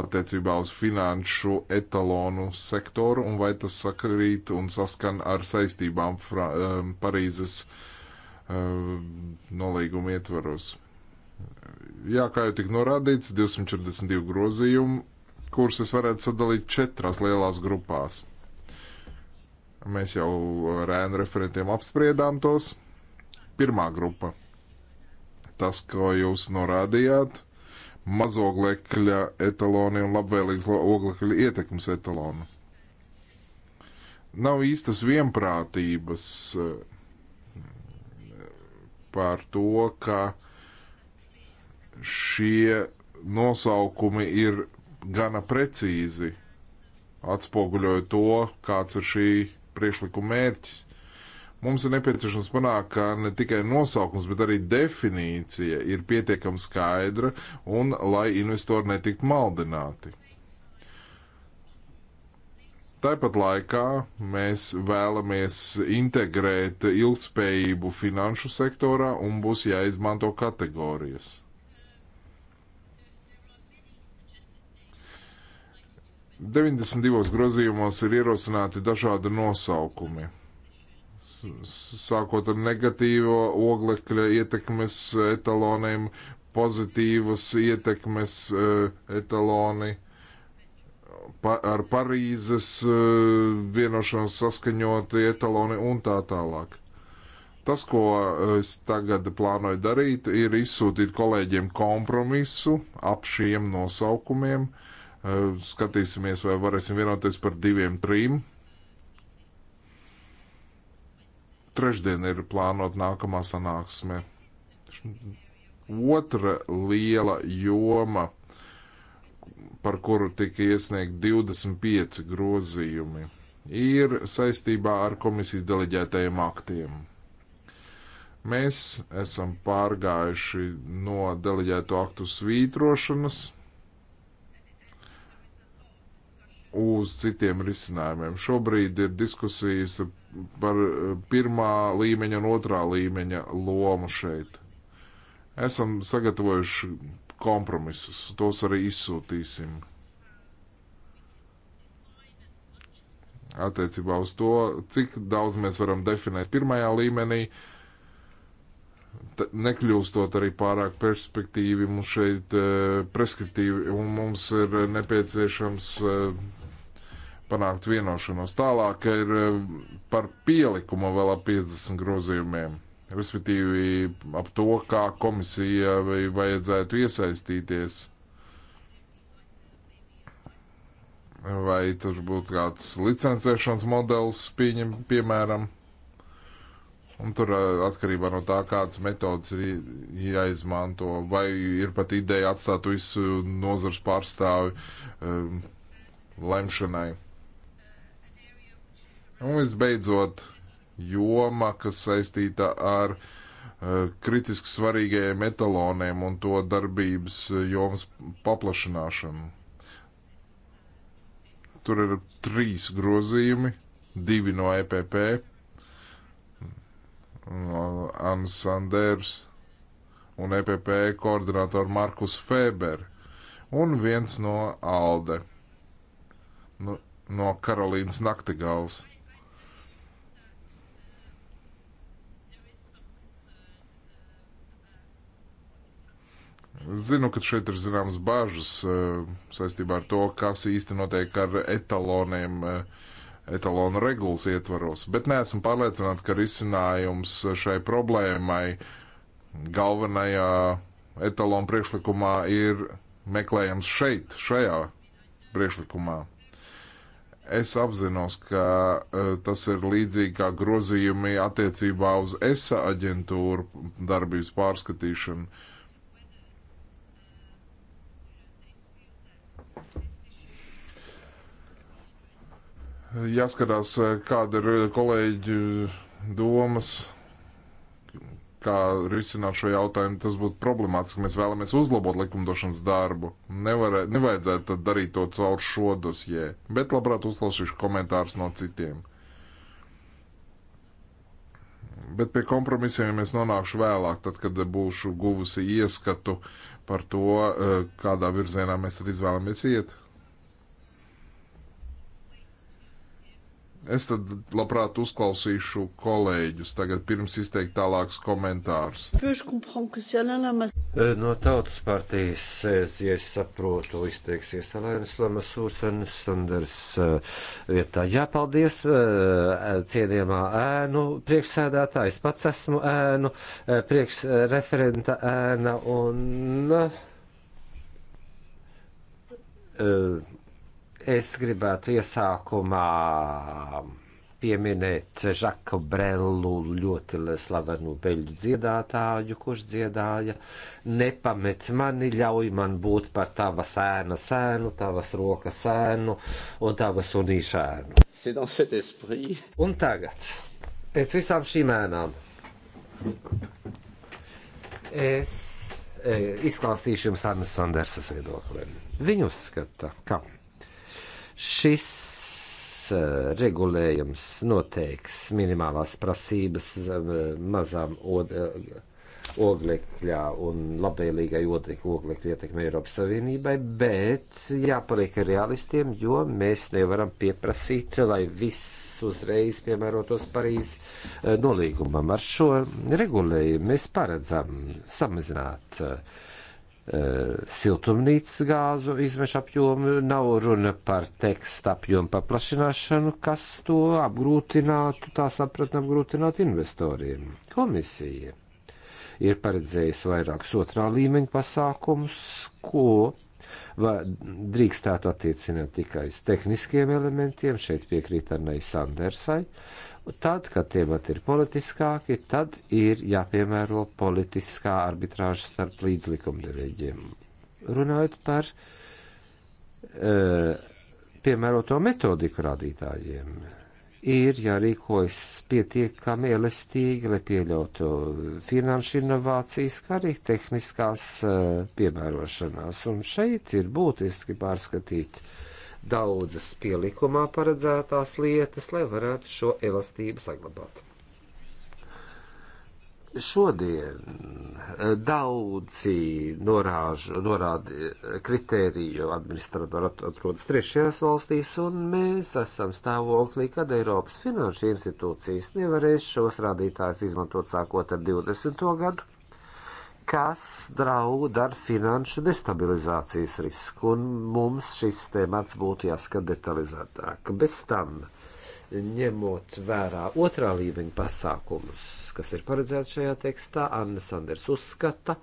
attiecībā uz finanšu etalonu sektoru un vai tas sakrīt un saskan ar saistībām Fra um, Parīzes uh, nolīguma ietvaros. Jā, kā jau tik norādīts, 242 grozījumu, kurus es varētu sadalīt četrās lielās grupās. Mēs jau ar ēnu referentiem apspriedām tos. Pirmā grupa. Tas, ko jūs norādījāt, mazoglekļa etaloni un labvēlīgas oglekļa ietekmes etalonu. Nav īstas vienprātības eh, par to, ka šie nosaukumi ir gana precīzi atspoguļoja to, kāds ir šī priekšlikuma mērķis. Mums ir nepieciešams panākt, ka ne tikai nosaukums, bet arī definīcija ir pietiekami skaidra un lai investori netiktu maldināti. Tāpat laikā mēs vēlamies integrēt ilgspējību finanšu sektorā un būs jāizmanto kategorijas. Deviņdesmit divos grozījumos ir ierosināti dažādi nosaukumi sākot ar negatīvo oglekļa ietekmes etaloniem, pozitīvas ietekmes eh, etaloni pa, ar Parīzes eh, vienošanos saskaņoti etaloni un tā tālāk. Tas, ko eh, es tagad plānoju darīt, ir izsūtīt kolēģiem kompromisu ap šiem nosaukumiem. Skatīsimies, vai varēsim vienoties par diviem, trim trešdien ir plānot nākamā sanāksme. Otra liela joma, par kuru tika iesniegt 25 grozījumi, ir saistībā ar komisijas deleģētajiem aktiem. Mēs esam pārgājuši no deleģēto aktu svītrošanas uz citiem risinājumiem. Šobrīd ir diskusijas par eh, pirmā līmeņa un otrā līmeņa lomu šeit. Esam sagatavojuši kompromisus, tos arī izsūtīsim. Attiecībā uz to, cik daudz mēs varam definēt pirmajā līmenī, nekļūstot arī pārāk perspektīvi, mums šeit eh, preskriptīvi, un mums ir nepieciešams eh, panākt vienošanos. Tālāk ir eh, par pielikumu vēl ap 50 grozījumiem. Respektīvi, ap to, kā komisija vajadzētu iesaistīties. Vai tur būtu kāds licencēšanas modelis, pieņem, piemēram. Un tur eh, atkarībā no tā, kādas metodas ir jāizmanto, vai ir pat ideja atstāt visu nozars pārstāvi um, lemšanai. Un visbeidzot, joma, kas saistīta ar uh, kritiski svarīgajiem etaloniem un to darbības eh, jomas paplašināšanu. Tur ir trīs grozījumi, divi no EPP, no Anna Sanders un EPP koordinātori Markus Feber un viens no Alde, no, nu, no Karolīnas Naktigāls. Zinu, ka šeit ir zināmas bažas eh, saistībā ar to, kas īsti notiek ar etaloniem, eh, etalonu regulas ietvaros, bet neesmu pārliecināti, ka risinājums šai problēmai galvenajā etalonu priekšlikumā ir meklējams šeit, šajā priekšlikumā. Es apzinos, ka uh, tas ir līdzīgi kā grozījumi attiecībā uz ESA aģentūru darbības pārskatīšanu. Uh, jāskatās, eh, kāda ir eh, kolēģu domas, kā risināt šo jautājumu. Tas būtu problemātiski. Mēs vēlamies uzlabot likumdošanas darbu. Nevarē, nevajadzētu darīt to caur šo dosjē, bet labprāt uzklausīšu komentārus no citiem. Bet pie kompromisiem es nonākšu vēlāk, tad, kad būšu guvusi ieskatu par to, eh, kādā virzienā mēs tad izvēlamies iet. Es tad labprāt uzklausīšu kolēģus tagad pirms izteikt tālākus komentārus.
Eh,
no tautas partijas, ja
es saprotu, izteiksies Alēnas Lamas Ūrsenes, Sanders eh, vietā. Jā, paldies, eh, cienījamā ēnu priekšsēdētāja. Es pats esmu ēnu priekšreferenta ēna un. Uh, Es gribētu iesākumā pieminēt Žaku Brellu, ļoti slavenu beļģu dziedātāju, kurš dziedāja: Nepamet mani, ļauj man būt par tava sēna sēnu, tavas rokas sēnu un tavas unīšēnu. Un tagad, pēc visām šīm ēnām, es e, izklāstīšu jums Arnes Sandersas viedokli. Viņu uzskata, ka Šis eh, regulējums noteiks minimālās prasības eh, mazām eh, oglekļā un labvēlīgai oglekļa ietekme Eiropas Savienībai, bet jāpaliek realistiem, jo mēs nevaram pieprasīt, lai viss uzreiz piemērotos Parīzes nolīgumam. Ar šo regulējumu mēs paredzam samazināt uh, Eh, siltumnīcas gāzu izmešu apjomu, nav runa par teksta apjomu paplašināšanu, kas to apgrūtinātu, tā sapratni apgrūtinātu investoriem. Komisija ir paredzējusi vairākus otrā līmeņa pasākumus, ko drīkstētu attiecināt tikai uz tehniskiem elementiem, šeit piekrīt Arnai Sandersai, tad, kad temati ir politiskāki, tad ir jāpiemēro politiskā arbitrāža starp līdzlikumdevēģiem. Runājot par e, piemēroto metodiku rādītājiem, ir jārīkojas pietiekami elastīgi, lai pieļautu finanšu inovācijas, kā arī tehniskās eh, piemērošanās. Un šeit ir būtiski pārskatīt daudzas pielikumā paredzētās lietas, lai varētu šo elastību saglabāt. Šodien eh, daudzi norāž, norāda eh, kritēriju administratori atrodas trešajās valstīs, un mēs esam stāvoklī, kad Eiropas finanšu institūcijas nevarēs šos rādītājus izmantot sākot ar 20. gadu, kas draud ar finanšu destabilizācijas risku, un mums šis temats būtu jāskat detalizētāk. Bez tam ņemot vērā otrā līmeņa pasākumus, kas ir paredzēti šajā tekstā, Anna Sanders uzskata,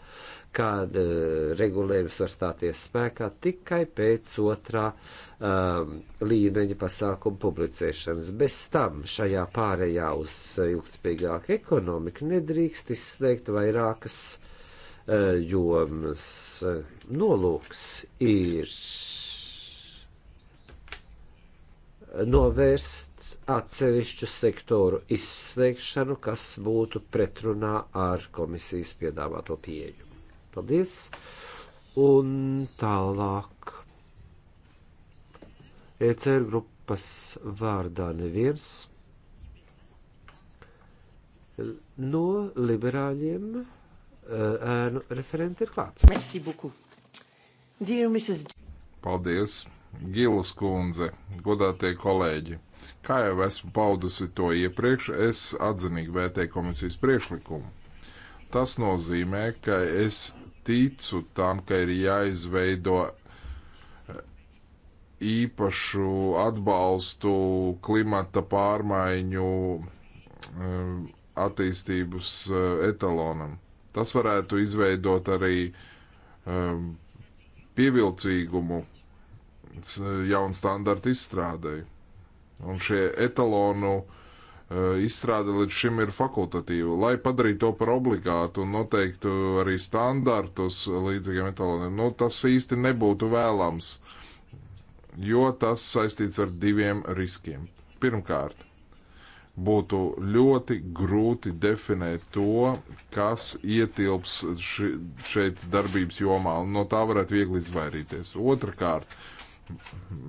ka uh, regulējums var stāties spēkā tikai pēc otrā um, līmeņa pasākuma publicēšanas. Bez tam šajā pārējā uz ilgspējīgāku ekonomiku nedrīkst izsniegt vairākas uh, jomas. Nolūks ir novērst atsevišķu sektoru izslēgšanu, kas būtu pretrunā ar komisijas piedāvāto pieeju. Paldies! Un tālāk. ECR grupas vārdā neviens. No liberāļiem e, ēnu referenti ir klāts. Merci beaucoup.
Dear Mrs. Paldies, Gilas kundze, godātie kolēģi. Kā jau esmu paudusi to iepriekš, es atzinīgi vērtēju komisijas priekšlikumu. Tas nozīmē, ka es ticu tam, ka ir jāizveido eh, īpašu atbalstu klimata pārmaiņu eh, attīstības eh, etalonam. Tas varētu izveidot arī pievilcīgumu jaunu standartu izstrādēju. Un šie etalonu e, izstrāde līdz šim ir fakultatīva. Lai padarītu to par obligātu un noteiktu arī standartus līdzīgiem etaloniem, nu, tas īsti nebūtu vēlams, jo tas saistīts ar diviem riskiem. Pirmkārt, būtu ļoti grūti definēt to, kas ietilps šeit darbības jomā, un no tā varētu viegli izvairīties. Otrakārt,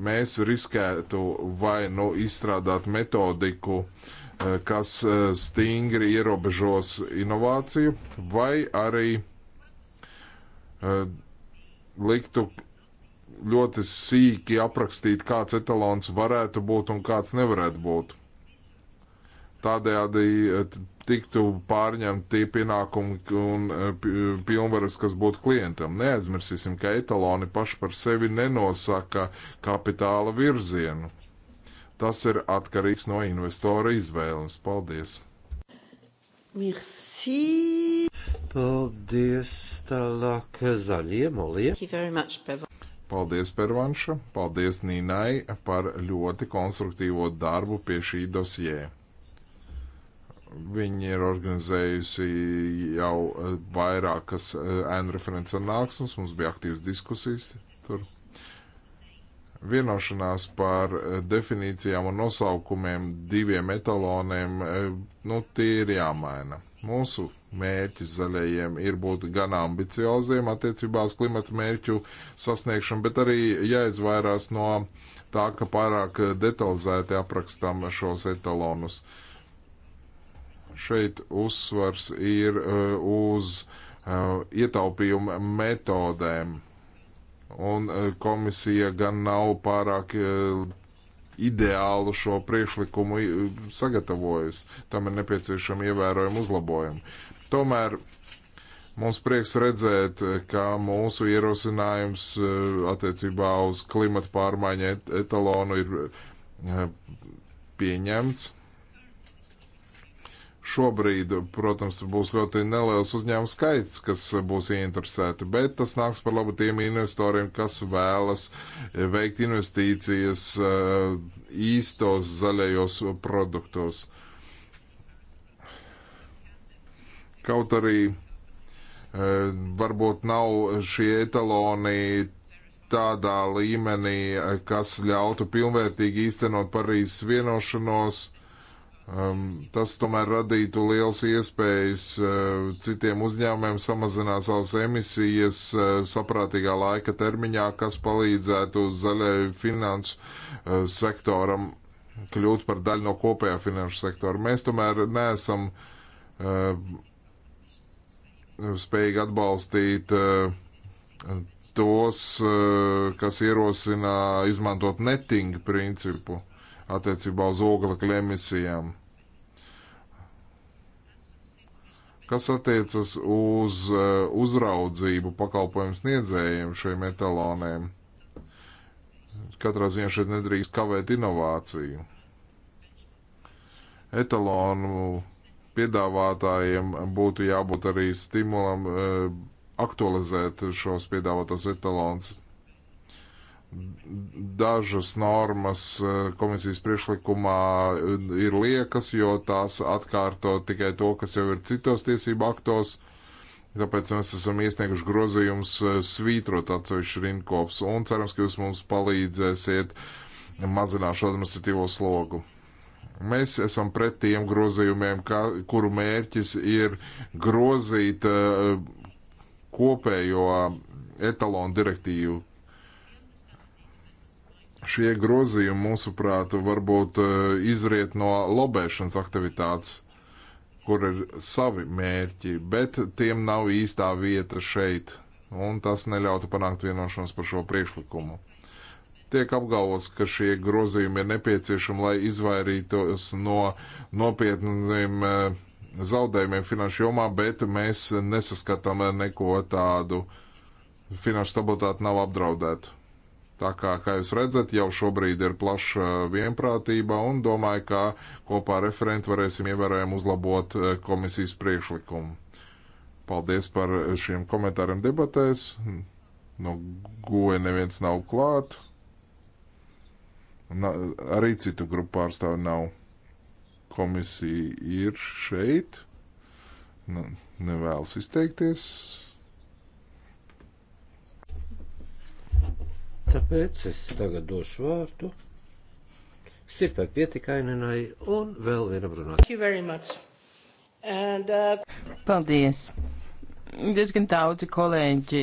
mēs riskētu vai nu izstrādāt metodiku, eh, kas eh, stingri ierobežos inovāciju, vai arī eh, liktu ļoti sīki aprakstīt, kāds etalons varētu būt un kāds nevarētu būt. Tādējādi tiktu pārņemti pienākumi un e, pilnvaras, kas būtu klientam. Neaizmirsīsim, ka etaloni paši par sevi nenosaka kapitāla virzienu. Tas ir atkarīgs no investora izvēles. Paldies!
Merci.
Paldies, tālāk zaļie molie. Paldies, Pervanša. Paldies Nīnai par ļoti konstruktīvo darbu pie šī dosjē. Viņi ir organizējusi jau eh, vairākas eh, ēnu referents sanāksmes, mums bija aktīvas diskusijas tur. Vienošanās par eh, definīcijām un nosaukumiem diviem etaloniem, nu, tie ir jāmaina. Mūsu mērķis zaļajiem ir būt gan ambicioziem attiecībā uz klimata mērķu sasniegšanu, bet arī jāizvairās no tā, ka pārāk detalizēti aprakstām šos etalonus. Uh, šeit uzsvars ir uh, uz uh, ietaupījumu metodēm. Un uh, komisija gan nav pārāk ideālu šo priekšlikumu sagatavojusi. Tam ir nepieciešama ievērojama uzlabojuma. Tomēr mums prieks redzēt, ka mūsu ierosinājums attiecībā uz klimata pārmaiņu etalonu ir pieņemts Šobrīd, protams, būs ļoti neliels uzņēmumu skaits, kas būs ieinteresēti, bet tas nāks par labu tiem investoriem, kas vēlas veikt investīcijas eh, īstos zaļajos produktos. Kaut arī eh, varbūt nav šie etaloni tādā līmenī, kas ļautu pilnvērtīgi īstenot Parīzes vienošanos Um, tas tomēr radītu liels iespējas uh, citiem uzņēmumiem samazināt savas emisijas uh, saprātīgā laika termiņā, kas palīdzētu zaļai finanšu uh, sektoram kļūt par daļu no kopējā finanšu sektora. Mēs tomēr neesam uh, spējīgi atbalstīt uh, tos, uh, kas ierosina izmantot netingu principu attiecībā uz oglekļa emisijām Kas attiecas uz eh, uzraudzību pakalpojumu sniedzējiem šiem etaloniem? Katrā ziņā šeit nedrīkst kavēt inovāciju. Etalonu piedāvātājiem būtu jābūt arī stimulam eh, aktualizēt šos piedāvātos etalons dažas normas e, komisijas priekšlikumā e, ir liekas, jo tās atkārto tikai to, kas jau ir citos tiesību aktos. Tāpēc mēs esam iesnieguši grozījumus e, svītrot atsevišķu rinkops un cerams, ka jūs mums palīdzēsiet mazināt šo administratīvo slogu. Mēs esam pret tiem grozījumiem, kā, kuru mērķis ir grozīt uh, kopējo etalonu direktīvu, Šie grozījumi, mūsuprāt, varbūt eh, izriet no lobēšanas aktivitātes, kur ir savi mērķi, bet tiem nav īstā vieta šeit, un tas neļautu panākt vienošanos par šo priekšlikumu. Tiek apgalvots, ka šie grozījumi ir nepieciešami, lai izvairītos no nopietniem eh, zaudējumiem finanšu jomā, bet mēs nesaskatām neko tādu. Finanšu stabilitāte nav apdraudēta. Tā kā, kā jūs redzat, jau šobrīd ir plaša vienprātība un domāju, ka kopā ar referentu varēsim ievērojami uzlabot eh, komisijas priekšlikumu. Paldies par šiem komentāriem debatēs. No nu, goja neviens nav klāt. Na, arī citu grupu pārstāvi nav. Komisija ir šeit. Nu, nevēlas izteikties.
Tāpēc es tagad došu vārdu Sirpai
Pietikainenai un vēl vienam runātājam. Uh... Paldies! Diezgan daudzi kolēģi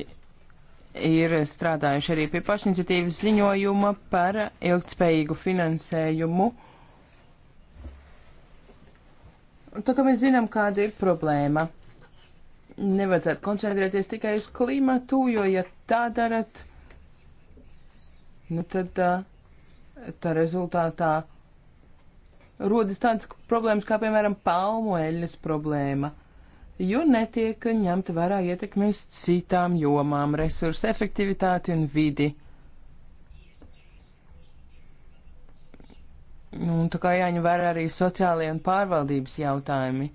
ir strādājuši arī pie pašiniciatīvas ziņojuma par ilgtspējīgu finansējumu. Tā kā mēs zinām, kāda ir problēma, nevajadzētu koncentrēties tikai uz klimatu, jo, ja tā darat, nu tad tā rezultātā rodas tādas problēmas kā, piemēram, palmu eļļas problēma, jo netiek ņemta vērā ietekmes citām jomām - resursu efektivitāti un vidi. Nu, tā kā jāņem vērā arī sociālie un pārvaldības jautājumi.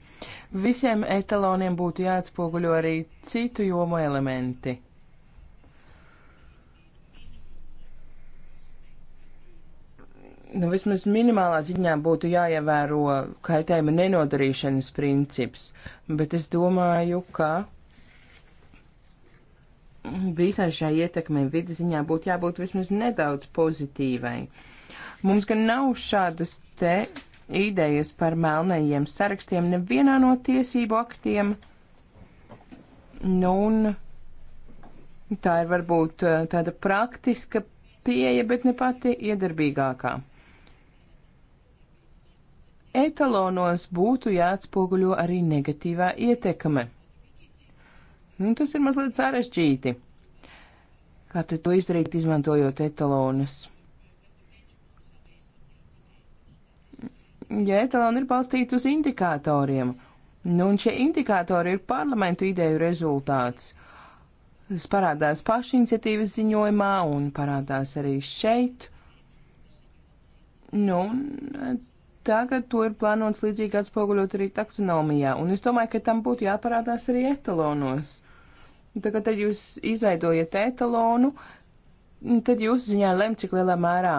Visiem etaloniem būtu jāatspoguļo arī citu jomu elementi. Nu, vismaz minimālā ziņā būtu jāievēro kaitējuma nenodarīšanas princips, bet es domāju, ka visai šai ietekmei vidas ziņā būtu jābūt vismaz nedaudz pozitīvai. Mums gan nav šādas te idejas par melnējiem sarakstiem nevienā no tiesību aktiem. Nu, un tā ir varbūt eh, tāda praktiska pieeja, bet ne pati iedarbīgākā etalonos būtu jāatspoguļo arī negatīvā ietekme. Nu, tas ir mazliet sarežģīti. Kā te to izdarīt, izmantojot etalonus? Ja etaloni ir balstīti uz indikatoriem, nu un šie indikatori ir parlamentu ideju rezultāts. Tas parādās pašiniciatīvas ziņojumā un parādās arī šeit. Nu, tagad to ir plānots līdzīgi atspoguļot arī taksonomijā, un es domāju, ka tam būtu jāparādās arī etalonos. Tagad, kad jūs izveidojat etalonu, tad jūsu ziņā lemt, cik lielā mērā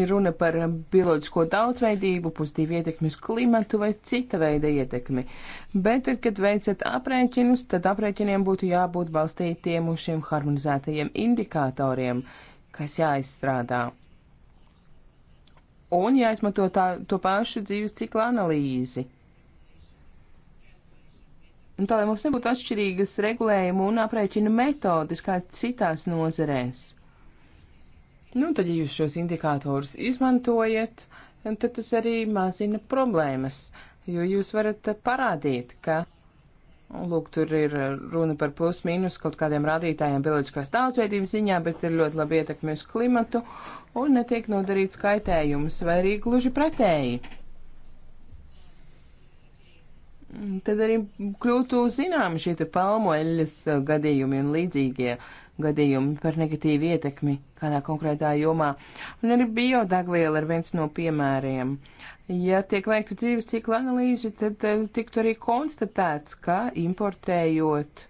ir runa par bioloģisko daudzveidību, pozitīvu ietekmi uz klimatu vai cita veida ietekmi. Bet, tad, kad veicat aprēķinus, tad aprēķiniem būtu jābūt balstītiem uz šiem harmonizētajiem indikatoriem, kas jāizstrādā un jāizmanto tā, to pašu dzīves cikla analīzi. Un tā lai mums nebūtu atšķirīgas regulējuma un aprēķina metodes kā citās nozerēs. Nu, tad, ja jūs šos indikātorus izmantojat, tad tas arī mazina problēmas, jo jūs varat parādīt, ka Lūk, tur ir eh, runa par plus-mínus kaut kādiem rādītājiem bioloģiskās daudzveidības ziņā, bet ir ļoti labi ietekmi uz klimatu un netiek nodarīts kaitējums vai arī gluži pretēji. Mm, tad arī kļūtu zinām šie te palmu eļas eh, gadījumi un līdzīgie gadījumi par negatīvu ietekmi kādā konkrētā jomā. Un arī biodegviela ir viens no piemēriem. Uh, Ja tiek veikta dzīves cikla analīze, tad eh, tiktu arī konstatēts, ka importējot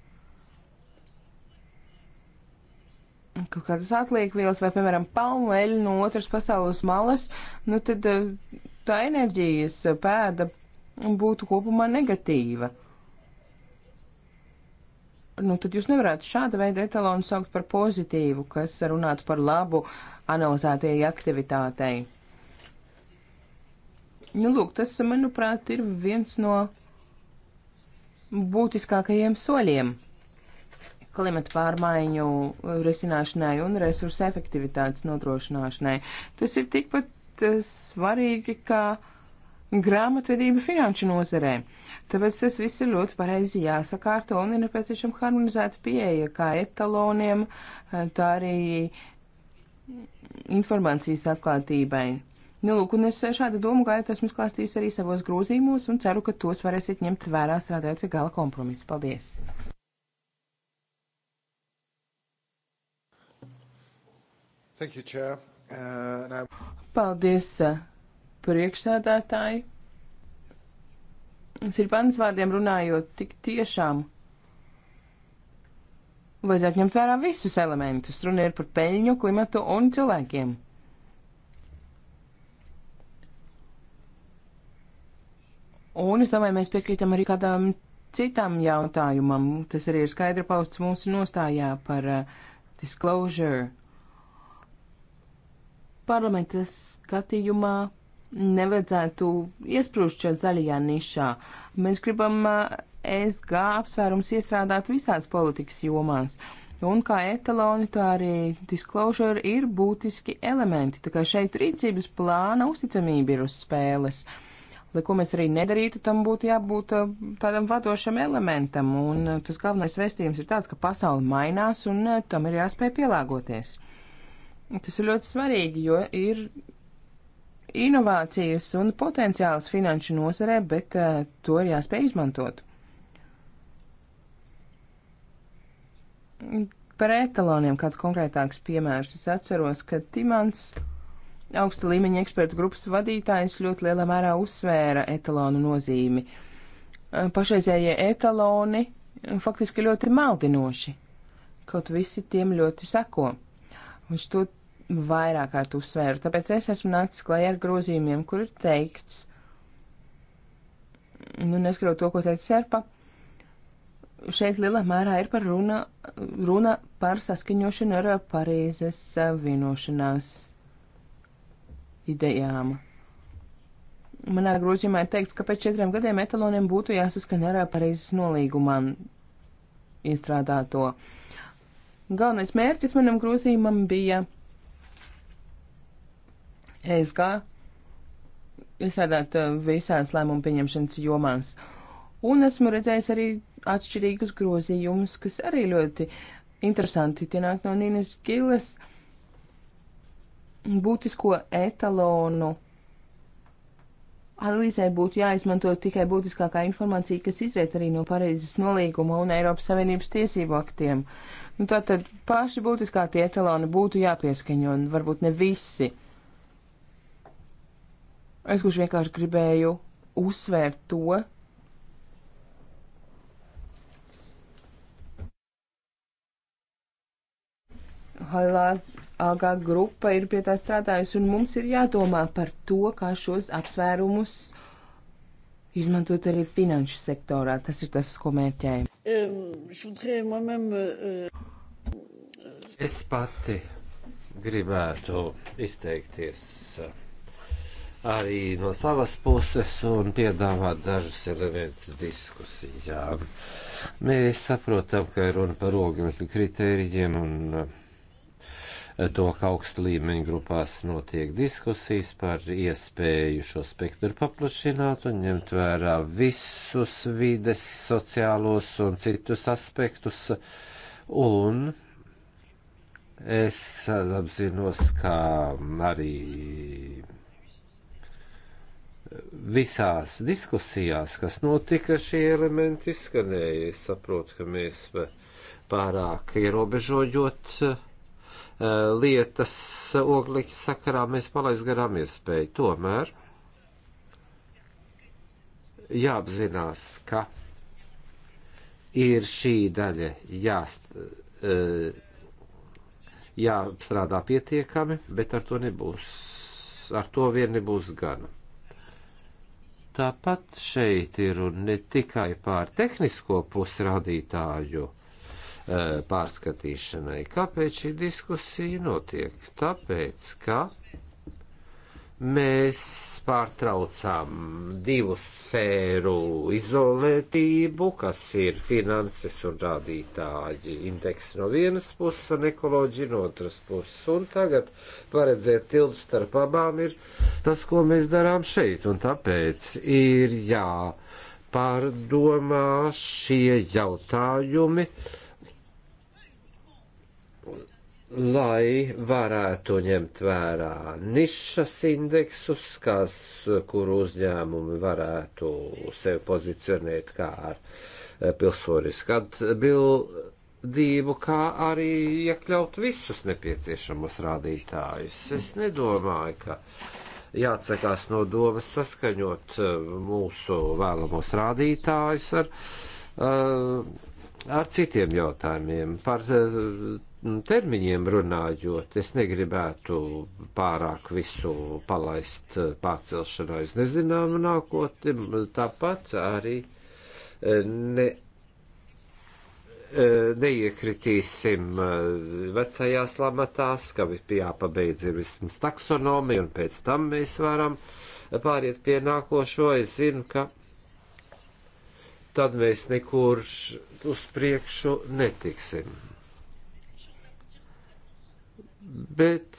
kaut kādas atliekvielas vai, piemēram, palmeļu no otras pasaules malas, nu tad eh, tā enerģijas pēda būtu kopumā negatīva. Nu, tad jūs nevarētu šāda veida etalonu saukt par pozitīvu, kas runātu par labu analizētajai aktivitātei. Nu, lūk, tas, manuprāt, ir viens no būtiskākajiem soļiem klimata pārmaiņu risināšanai un resursu efektivitātes nodrošināšanai. Tas ir tikpat eh, svarīgi, kā grāmatvedība finanšu nozarē. Tāpēc tas viss ir ļoti pareizi jāsakārto un ir nepieciešama harmonizēta pieeja kā etaloniem, eh, tā arī informācijas atklātībai. Nu, lūk, un es šādu domu gaitu esmu klāstījis arī savos grozījumos un ceru, ka tos varēsiet ņemt vērā strādājot pie gala kompromisa. Paldies!
Thank you, Chair. Uh, now...
Paldies, uh, priekšsēdētāji. Sirpānas vārdiem runājot, tik tiešām vajadzētu ņemt vērā visus elementus. Runa ir par peļņu, klimatu un cilvēkiem. Un es domāju, mēs piekrītam arī kādām citām jautājumam. Tas arī ir skaidri pausts mūsu nostājā par uh, disclosure. Parlamenta skatījumā nevajadzētu iesprūst šajā zaļajā nišā. Mēs gribam uh, SG apsvērums iestrādāt visās politikas jomās. Un kā etaloni, tā arī disclosure ir būtiski elementi. Tā kā šeit rīcības plāna uzticamība ir uz spēles. Uh, lai ko mēs arī nedarītu, tam būtu jābūt eh, tādam vadošam elementam. Un eh, tas galvenais vēstījums ir tāds, ka pasaule mainās un eh, tam ir jāspēj pielāgoties. Tas ir ļoti svarīgi, jo ir inovācijas un potenciāls finanšu nozarē, bet to ir jāspēj izmantot. Par etaloniem kāds konkrētāks piemērs. Es atceros, ka Timants augsta līmeņa ekspertu grupas vadītājs ļoti lielā mērā uzsvēra etalonu nozīmi. Eh, pašreizējie etaloni eh, faktiski ļoti maldinoši, kaut visi tiem ļoti seko. Viņš to vairāk kārt uzsvēra, tāpēc es esmu nācis klajā ar grozījumiem, kur ir teikts, nu, neskarot to, ko teica Serpa, šeit lielā mērā ir par runa, runa par saskaņošanu ar Parīzes vienošanās idejām. Manā grozījumā ir teikts, ka pēc četriem gadiem etaloniem būtu jāsaskan ar Parīzes nolīgumā iestrādāto. Galvenais mērķis manam grozījumam bija ESG iestrādāt uh, visās lēmumu pieņemšanas jomās. Un esmu redzējis arī atšķirīgus grozījumus, kas arī ļoti interesanti tie nāk no Nīnes Giles. Uh, būtisko etalonu analīzē būtu jāizmanto tikai būtiskākā informācija, kas izriet arī no Parīzes nolīguma un Eiropas Savienības tiesību aktiem. Nu, tātad paši būtiskākie etaloni būtu jāpieskaņo, un varbūt ne visi. Es kurš vienkārši gribēju uzsvērt to, lai algā grupa ir pie tā strādājusi, un mums ir jādomā par to, kā šos apsvērumus izmantot arī finanšu sektorā. Tas ir tas, ko mērķējam.
Euh,
es pati gribētu izteikties euh, arī no savas puses un piedāvāt dažus elementus diskusijām. Mēs saprotam, ka ir runa par oglekļu kritērijiem un uh, to, ka augsta līmeņa grupās notiek diskusijas par iespēju šo spektru paplašināt un ņemt vērā visus vides, sociālos un citus aspektus. Un es apzinos, ka arī visās diskusijās, kas notika, šie elementi izskanēja. Es saprotu, ka mēs pārāk ierobežojot uh, Eh, lietas oglekļa sakarā mēs palaist garām iespēju. Tomēr jāapzinās, ka ir šī daļa jāst, eh, jāstrādā pietiekami, bet ar to nebūs, ar to vien nebūs gana. Tāpat šeit ir un ne tikai pār tehnisko pusrādītāju E, pārskatīšanai. Kāpēc šī diskusija notiek? Tāpēc, ka mēs pārtraucām divu sfēru izolētību, kas ir finanses un rādītāji indeks no vienas puses un ekoloģija no otras puses. Un tagad paredzēt tiltu starp abām ir tas, ko mēs darām šeit. Un tāpēc ir jāpārdomā šie jautājumi. Uh, lai varētu ņemt vērā nišas indeksus, kas, kur uzņēmumi varētu sevi pozicionēt kā ar eh, pilsonisku atbildību, kā arī iekļaut visus nepieciešamos rādītājus. Es nedomāju, ka jāatsakās no domas saskaņot eh, mūsu vēlamos rādītājus ar. Uh, ar citiem jautājumiem par Mm, termiņiem runājot, es negribētu pārāk visu palaist eh, pārcelšanā uz nezināmu nākotni, tāpat arī eh, ne, eh, neiekritīsim vecajās lamatās, ka jāpabeidz ir vismaz taksonomija, un pēc tam mēs varam pāriet pie nākošo. Es zinu, ka tad mēs nekur uz priekšu netiksim bet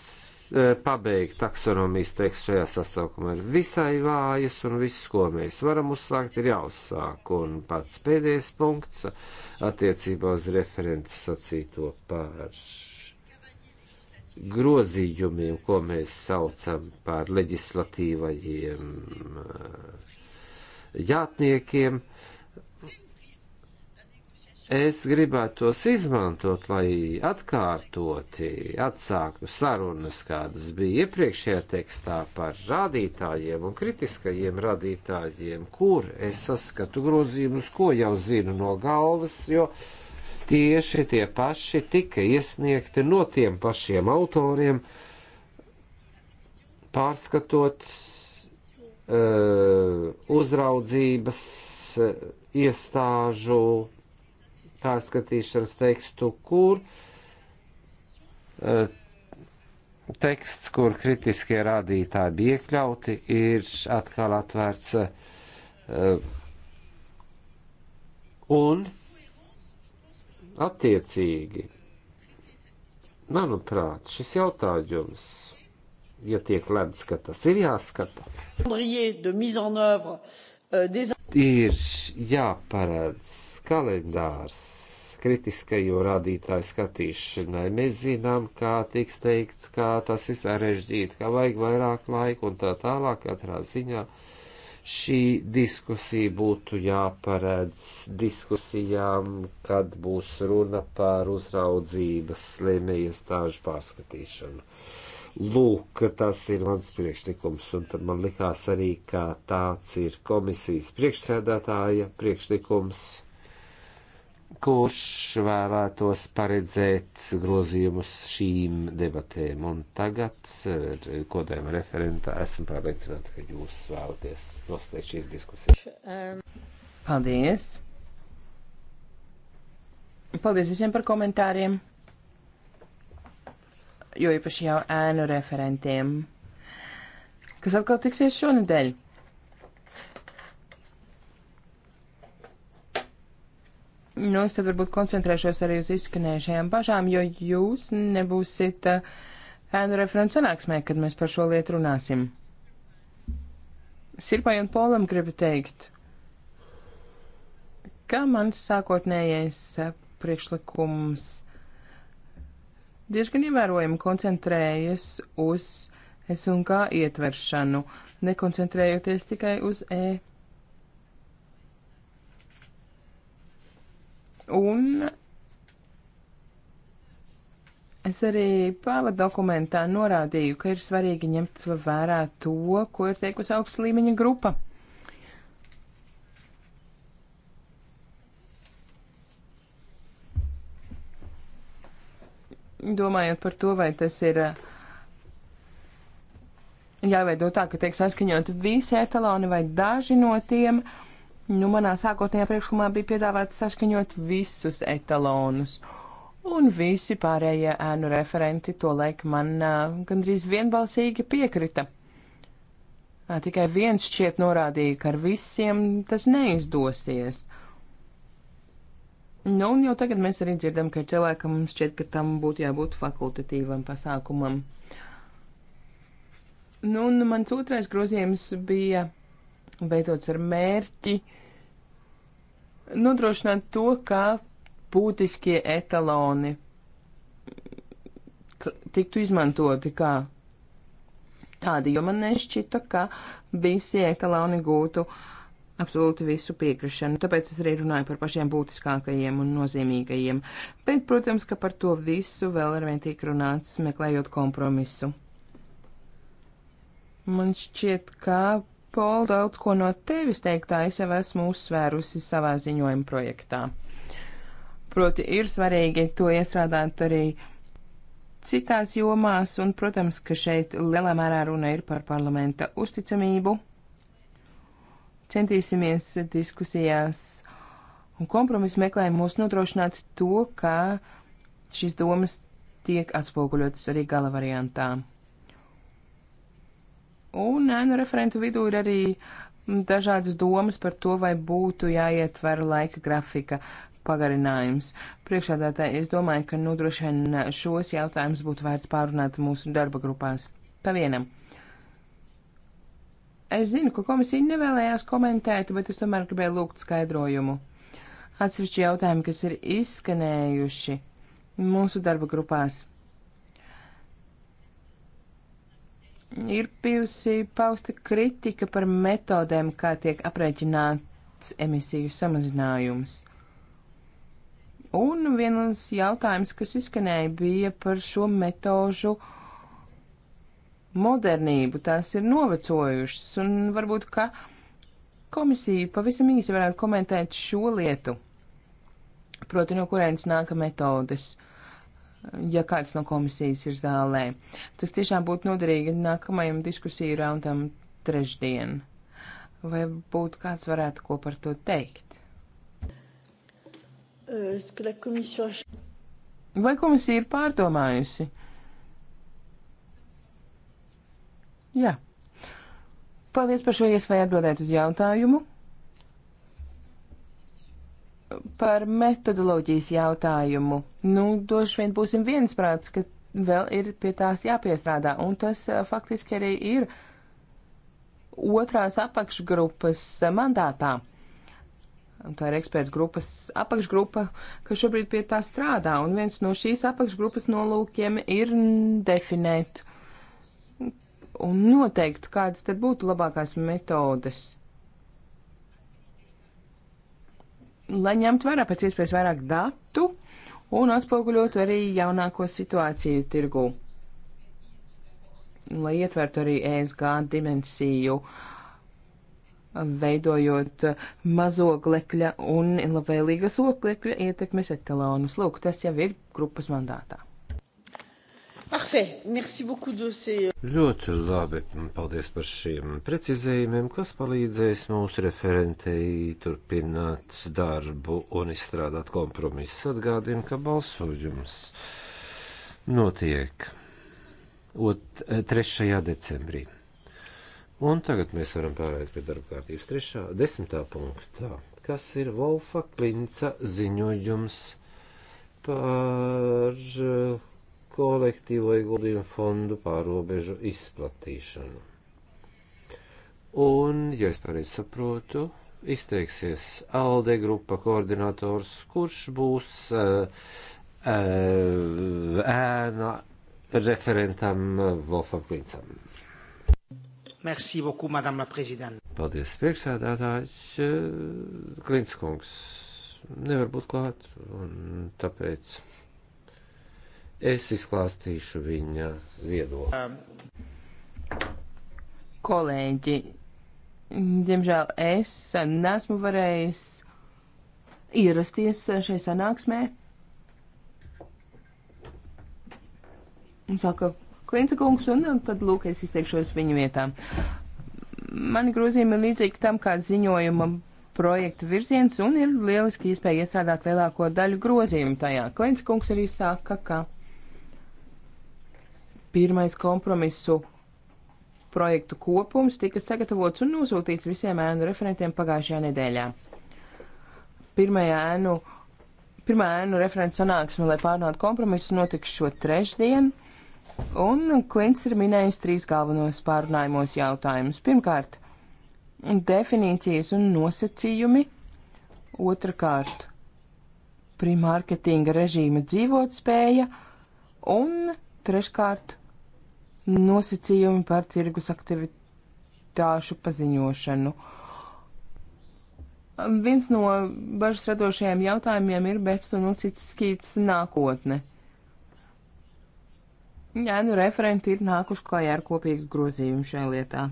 eh, pabeigt taksonomijas tekstu šajā sasaukumā ir visai vājas, un viss, ko mēs varam uzsākt, ir jāuzsāk. Un pats pēdējais punkts attiecībā uz referents sacīto par grozījumiem, ko mēs saucam par leģislatīvajiem eh, jātniekiem. Uh, es gribētu tos izmantot, lai atkārtoti atsāktu sarunas, kādas bija iepriekšējā tekstā par rādītājiem un kritiskajiem rādītājiem, kur es saskatu grozījumus, ko jau zinu no galvas, jo tieši tie paši tika iesniegti no tiem pašiem autoriem, pārskatot uh, uzraudzības uh, iestāžu pārskatīšanas tekstu, kur uh, teksts, kur kritiskie rādītāji bija iekļauti, ir atkal atvērts. Uh, un attiecīgi, manuprāt, šis jautājums, ja tiek lemts, ka tas ir jāskata, euh, ir jāparedz kalendārs kritiskajo rādītāju skatīšanai. Mēs zinām, kā tiks teikts, kā tas ir sarežģīti, kā vajag vairāk laika un tā tālāk katrā ziņā. Šī diskusija būtu jāparedz diskusijām, kad būs runa par uzraudzības lēmējiestāžu pārskatīšanu. Lūk, tas ir mans priekšlikums, un tad man likās arī, ka tāds ir komisijas priekšsēdētāja priekšlikums kurš vēlētos paredzēt grozījumus šīm debatēm. Un tagad, eh, kodējuma referentā, esmu pārliecināta, ka jūs vēlaties noslēgt šīs diskusijas.
Um, Paldies! Paldies visiem par komentāriem, jo īpaši jau ēnu referentiem, kas atkal tiksies šonedēļ. Nu, es tad varbūt koncentrēšos arī uz izskanējušajām bažām, jo jūs nebūsiet eh, ēnu referents sanāksmē, kad mēs par šo lietu runāsim. Sirpai un Polam gribu teikt, ka mans sākotnējais eh, priekšlikums diezgan ievērojami koncentrējas uz S un K ietveršanu, nekoncentrējoties tikai uz E Un Es arī pavadokumentā norādīju, ka ir svarīgi ņemt vērā to, ko ir teikusi augsta līmeņa grupa. Domājot par to, vai tas ir eh, jāveido tā, ka tiek saskaņot visi etaloni vai daži no tiem. Uh, Nu, manā sākotnējā priekšlikumā bija piedāvāts saskaņot visus etalonus, un visi pārējie ēnu referenti to laik man uh, gandrīz vienbalsīgi piekrita. Uh, tikai viens šķiet norādīja, ka ar visiem tas neizdosies. Nu, un jau tagad mēs arī dzirdam, ka cilvēkam šķiet, ka tam būtu jābūt fakultatīvam pasākumam. Nu, un mans otrais grozījums bija veidots ar mērķi nodrošināt to, ka būtiskie etaloni tiktu izmantoti kā tādi, jo man nešķita, ka visi etaloni gūtu absolūti visu piekrišanu. Tāpēc es arī runāju par pašiem būtiskākajiem un nozīmīgajiem. Bet, protams, ka par to visu vēl ar vien tiek runāts, meklējot kompromisu. Man šķiet, ka Pol, daudz ko no tevis teiktā es jau esmu uzsvērusi savā ziņojuma projektā. Proti ir svarīgi to iestrādāt arī citās jomās, un, protams, ka šeit lielā mērā runa ir par parlamenta uzticamību. Centīsimies diskusijās un kompromisu meklējumos nodrošināt to, ka šīs domas tiek atspoguļotas arī gala variantām. Un ēnu referentu vidū ir arī mm, dažādas domas par to, vai būtu jāietver laika grafika pagarinājums. Priekšādātāji, es domāju, ka nu droši vien šos jautājumus būtu vērts pārunāt mūsu darba grupās pa vienam. Es zinu, ka komisija nevēlējās komentēt, bet es tomēr gribēju lūgt skaidrojumu. Atsevišķi jautājumi, kas ir izskanējuši mūsu darba grupās ir bijusi pausta kritika par metodēm, kā tiek aprēķināts emisiju samazinājums. Un viens jautājums, kas izskanēja, bija par šo metožu modernību. Tās ir novecojušas, un varbūt, ka komisija pavisam īsi varētu komentēt šo lietu. Proti, no kurienes nāka metodes. Uh, ja kāds no komisijas ir zālē. Tas tiešām būtu noderīgi nākamajam diskusiju raundam trešdien. Vai būtu kāds varētu ko par to teikt?
Euh,
Vai komisija ir pārdomājusi? Jā. Paldies par šo iespēju atbildēt uz jautājumu par metodoloģijas jautājumu. Nu, doši vien būsim viensprāts, ka vēl ir pie tās jāpiestrādā, un tas eh, faktiski arī ir otrās apakšgrupas eh, mandātā. Un tā ir eksperta grupas apakšgrupa, kas šobrīd pie tā strādā, un viens no šīs apakšgrupas nolūkiem ir definēt un noteikt, kādas tad būtu labākās metodes lai ņemtu vērā pēc iespējas vairāk datu un atspoguļotu arī jaunāko situāciju tirgu, lai ietvertu arī ESG dimensiju, veidojot mazoglekļa un labvēlīgas oglekļa ietekmes etalonus. Lūk, tas jau ir grupas mandātā.
Parfait. Merci beaucoup de ces. Euh,
Ļoti labi. Paldies par šiem precizējumiem, kas palīdzēs mūsu referentei turpināt darbu un izstrādāt kompromisus. Atgādinu, ka balsojums notiek 3. Eh, decembrī. Un tagad mēs varam pārēt pie darba kārtības 3. desmitā punktā, kas ir Volfa Klinca ziņojums par uh, kolektīvo ieguldījumu fondu pārobežu izplatīšanu. Un, ja es pareizi saprotu, izteiksies ALDE grupa koordinators, kurš būs uh, uh, ēna referentam Wolfam Klincam.
Merci beaucoup, madame la présidente.
Paldies, priekšsēdētājs eh, Klinskungs. Nevar būt klāt, un tāpēc. Es izklāstīšu viņa
viedokli. Um, Kolēģi, diemžēl es nesmu varējis ierasties šai sanāksmē. Un saka Klinca kungs, un tad lūk, es izteikšos viņa vietā. Mani grozījumi ir līdzīgi tam, kā ziņojuma projekta virziens, un ir lieliski iespēja iestrādāt lielāko daļu grozījumu tajā. Klinca kungs arī saka, ka. Pirmais kompromisu projektu kopums tika sagatavots un nosūtīts visiem ēnu referentiem pagājušajā nedēļā. Pirmajā ēnu, pirmā ēnu referenta sanāksme, lai pārnātu kompromisu, notiks šo trešdienu. Un Klints ir minējis trīs galvenos pārunājumos jautājumus. Pirmkārt, definīcijas un nosacījumi. Otrakārt, primārketinga režīma dzīvotspēja. Un treškārt, nosacījumi par tirgus aktivitāšu paziņošanu. Viens no bažas radošajiem jautājumiem ir BEPS un UCITS skīts nākotne. Jā, nu referenti ir nākuši klajā ar kopīgu grozījumu šajā lietā.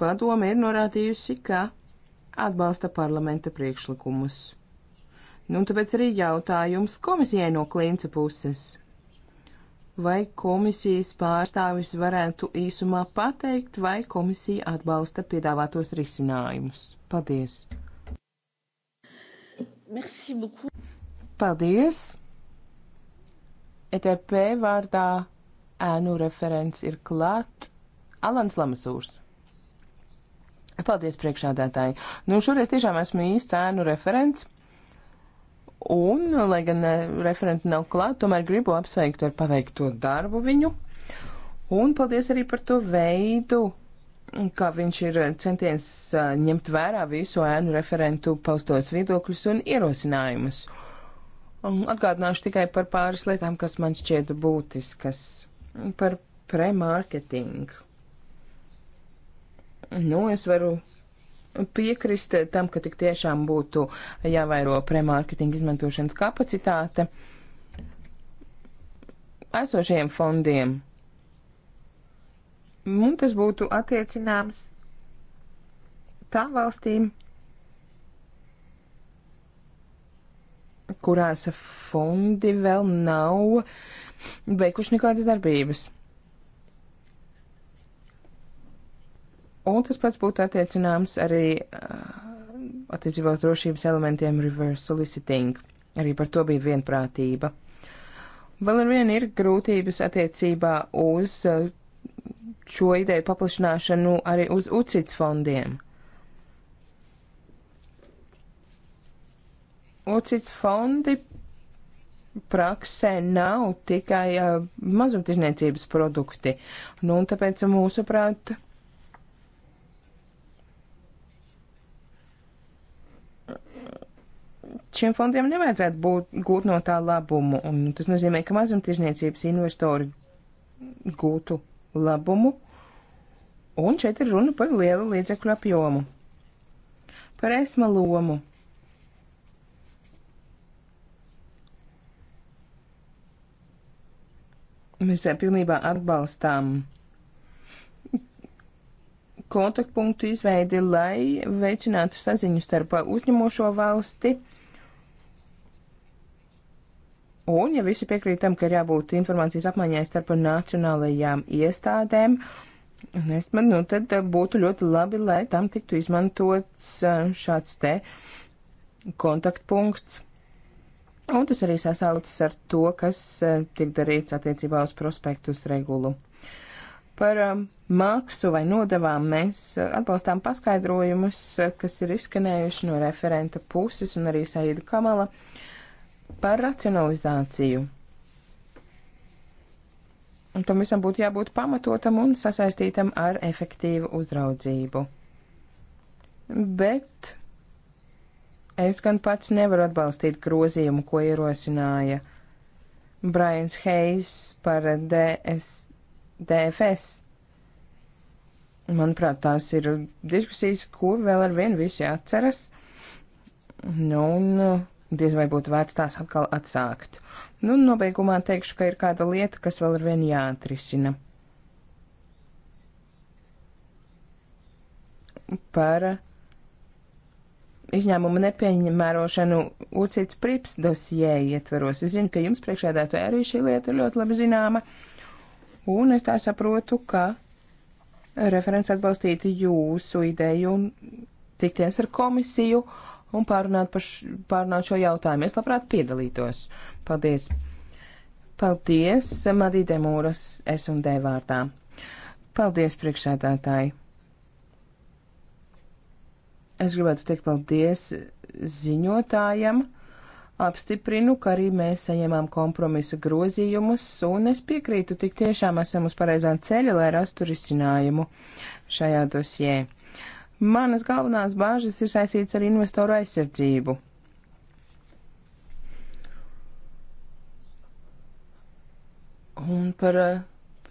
Padome ir norādījusi, ka atbalsta parlamenta priekšlikumus. Nu, tāpēc arī jautājums komisijai no klīnca puses. Vai komisijas pārstāvis varētu īsumā pateikt, vai komisija atbalsta piedāvātos risinājumus? Paldies!
Merci beaucoup.
Paldies! ETP vārdā ēnu referents ir klāt Alans Lamasūrs. Paldies priekšādātāji. Nu, šoreiz tiešām esmu īsts ēnu referents. Un, lai gan e, referenti nav klāt, tomēr gribu apsveikt ar paveikto darbu viņu. Un paldies arī par to veidu, kā viņš ir centies e, ņemt vērā visu ēnu referentu paustos viedokļus un ierosinājumus. Atgādināšu tikai par pāris lietām, kas man šķiet būtiskas. Par pre-marketingu. Nu, es varu piekrist tam, ka tik tiešām būtu jāvairo premārketinga izmantošanas kapacitāte esošajiem fondiem. Un tas būtu attiecināms tām valstīm, kurās fondi vēl nav veikuši nekādas darbības. Un tas pats būtu attiecināms arī uh, attiecībā uz drošības elementiem reverse soliciting. Arī par to bija vienprātība. Vēl ar vienu ir grūtības attiecībā uz uh, šo ideju paplašināšanu arī uz UCITS fondiem. UCITS fondi praksē nav tikai uh, mazumtirdzniecības produkti. Nu, tāpēc, mūsuprāt, šiem fondiem nevajadzētu būt, gūt no tā labumu. Un tas nozīmē, ka mazumtirdzniecības investori gūtu labumu. Un šeit ir runa par lielu līdzekļu apjomu. Par esma lomu. Mēs eh, pilnībā atbalstām kontaktpunktu izveidi, lai veicinātu saziņu starp uzņemošo valsti Un, ja visi piekrīt tam, ka ir jābūt informācijas apmaiņai starp nacionālajām iestādēm, es man, nu, tad eh, būtu ļoti labi, lai tam tiktu izmantots eh, šāds te kontaktpunkts. Un tas arī sasaucas ar to, kas eh, tiek darīts attiecībā uz prospektus regulu. Par maksu vai nodevām mēs atbalstām paskaidrojumus, kas ir izskanējuši no referenta puses un arī Saida Kamala. Uh, par racionalizāciju. Un tam visam būtu jābūt pamatotam un sasaistītam ar efektīvu uzraudzību. Bet es gan pats nevaru atbalstīt grozījumu, ko ierosināja Brians Heijs par DS, DFS. Manuprāt, tās ir diskusijas, ko vēl ar vienu visi atceras. Nu, un diez vai būtu vērts tās atkal atsākt. Nu, nobeigumā teikšu, ka ir kāda lieta, kas vēl ir vien jāatrisina. Par izņēmuma nepieņemērošanu UCITS prips dosijē ietveros. Es zinu, ka jums priekšēdētāji arī šī lieta ir ļoti labi zināma, un es tā saprotu, ka referents atbalstītu jūsu ideju un tikties ar komisiju. Uh, un pārunāt, paš, pārunāt šo jautājumu. Es labprāt piedalītos. Paldies! Paldies, Madīte Mūras, es un D vārdā. Paldies, priekšsēdētāji! Es gribētu teikt paldies ziņotājam apstiprinu, ka arī mēs saņemām kompromisa grozījumus, un es piekrītu, tik tiešām esam uz pareizā ceļa, lai rastu risinājumu šajā dosjē. Manas galvenās bāžas ir saistītas ar investoru aizsardzību. Un par eh,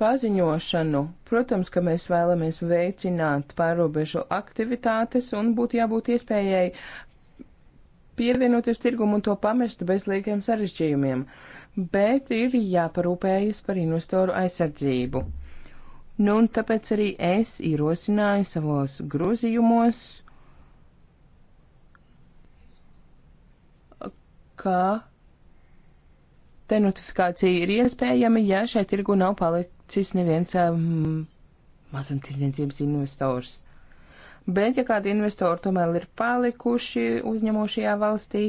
paziņošanu, protams, ka mēs vēlamies veicināt pārobežu aktivitātes un būtu jābūt iespējai pievienoties tirgumu un to pamest bez liekiem sarežģījumiem, bet ir jāparūpējas par investoru aizsardzību. Nu, un tāpēc arī es ierosināju savos grozījumos, ka te notifikācija ir iespējama, ja šai tirgu nav palicis neviens um, mazumtirdzniecības investors. Bet, ja kādi investori tomēr ir palikuši uzņemošajā valstī,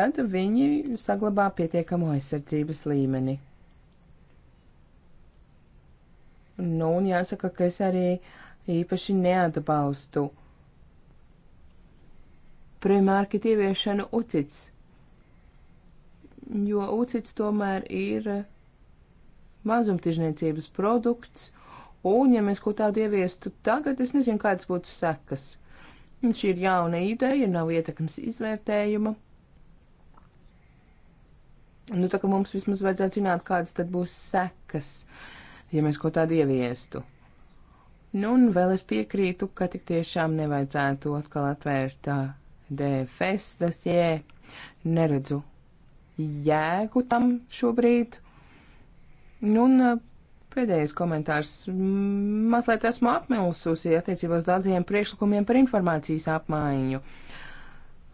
tad viņi saglabā pietiekamo aizsardzības līmeni. Nu, un jāsaka, ka es arī īpaši neatbalstu primārkit ieviešanu ucits, jo ucits tomēr ir mazumtižniecības produkts, un ja mēs ko tādu ieviestu tagad, es nezinu, kādas būtu sekas. Un šī ir jauna ideja, nav ietekmes izvērtējuma. Nu, tā kā mums vismaz vajadzētu zināt, kādas tad būs sekas. Uh, ja mēs ko tādu ieviestu. Nu, un vēl es piekrītu, ka tik tiešām nevajadzētu atkal atvērt uh, DFS dasjē. Neredzu jēgu tam šobrīd. Nu, un uh, pēdējais komentārs. Mazliet esmu apmilsusi attiecībās daudziem priekšlikumiem par informācijas apmaiņu.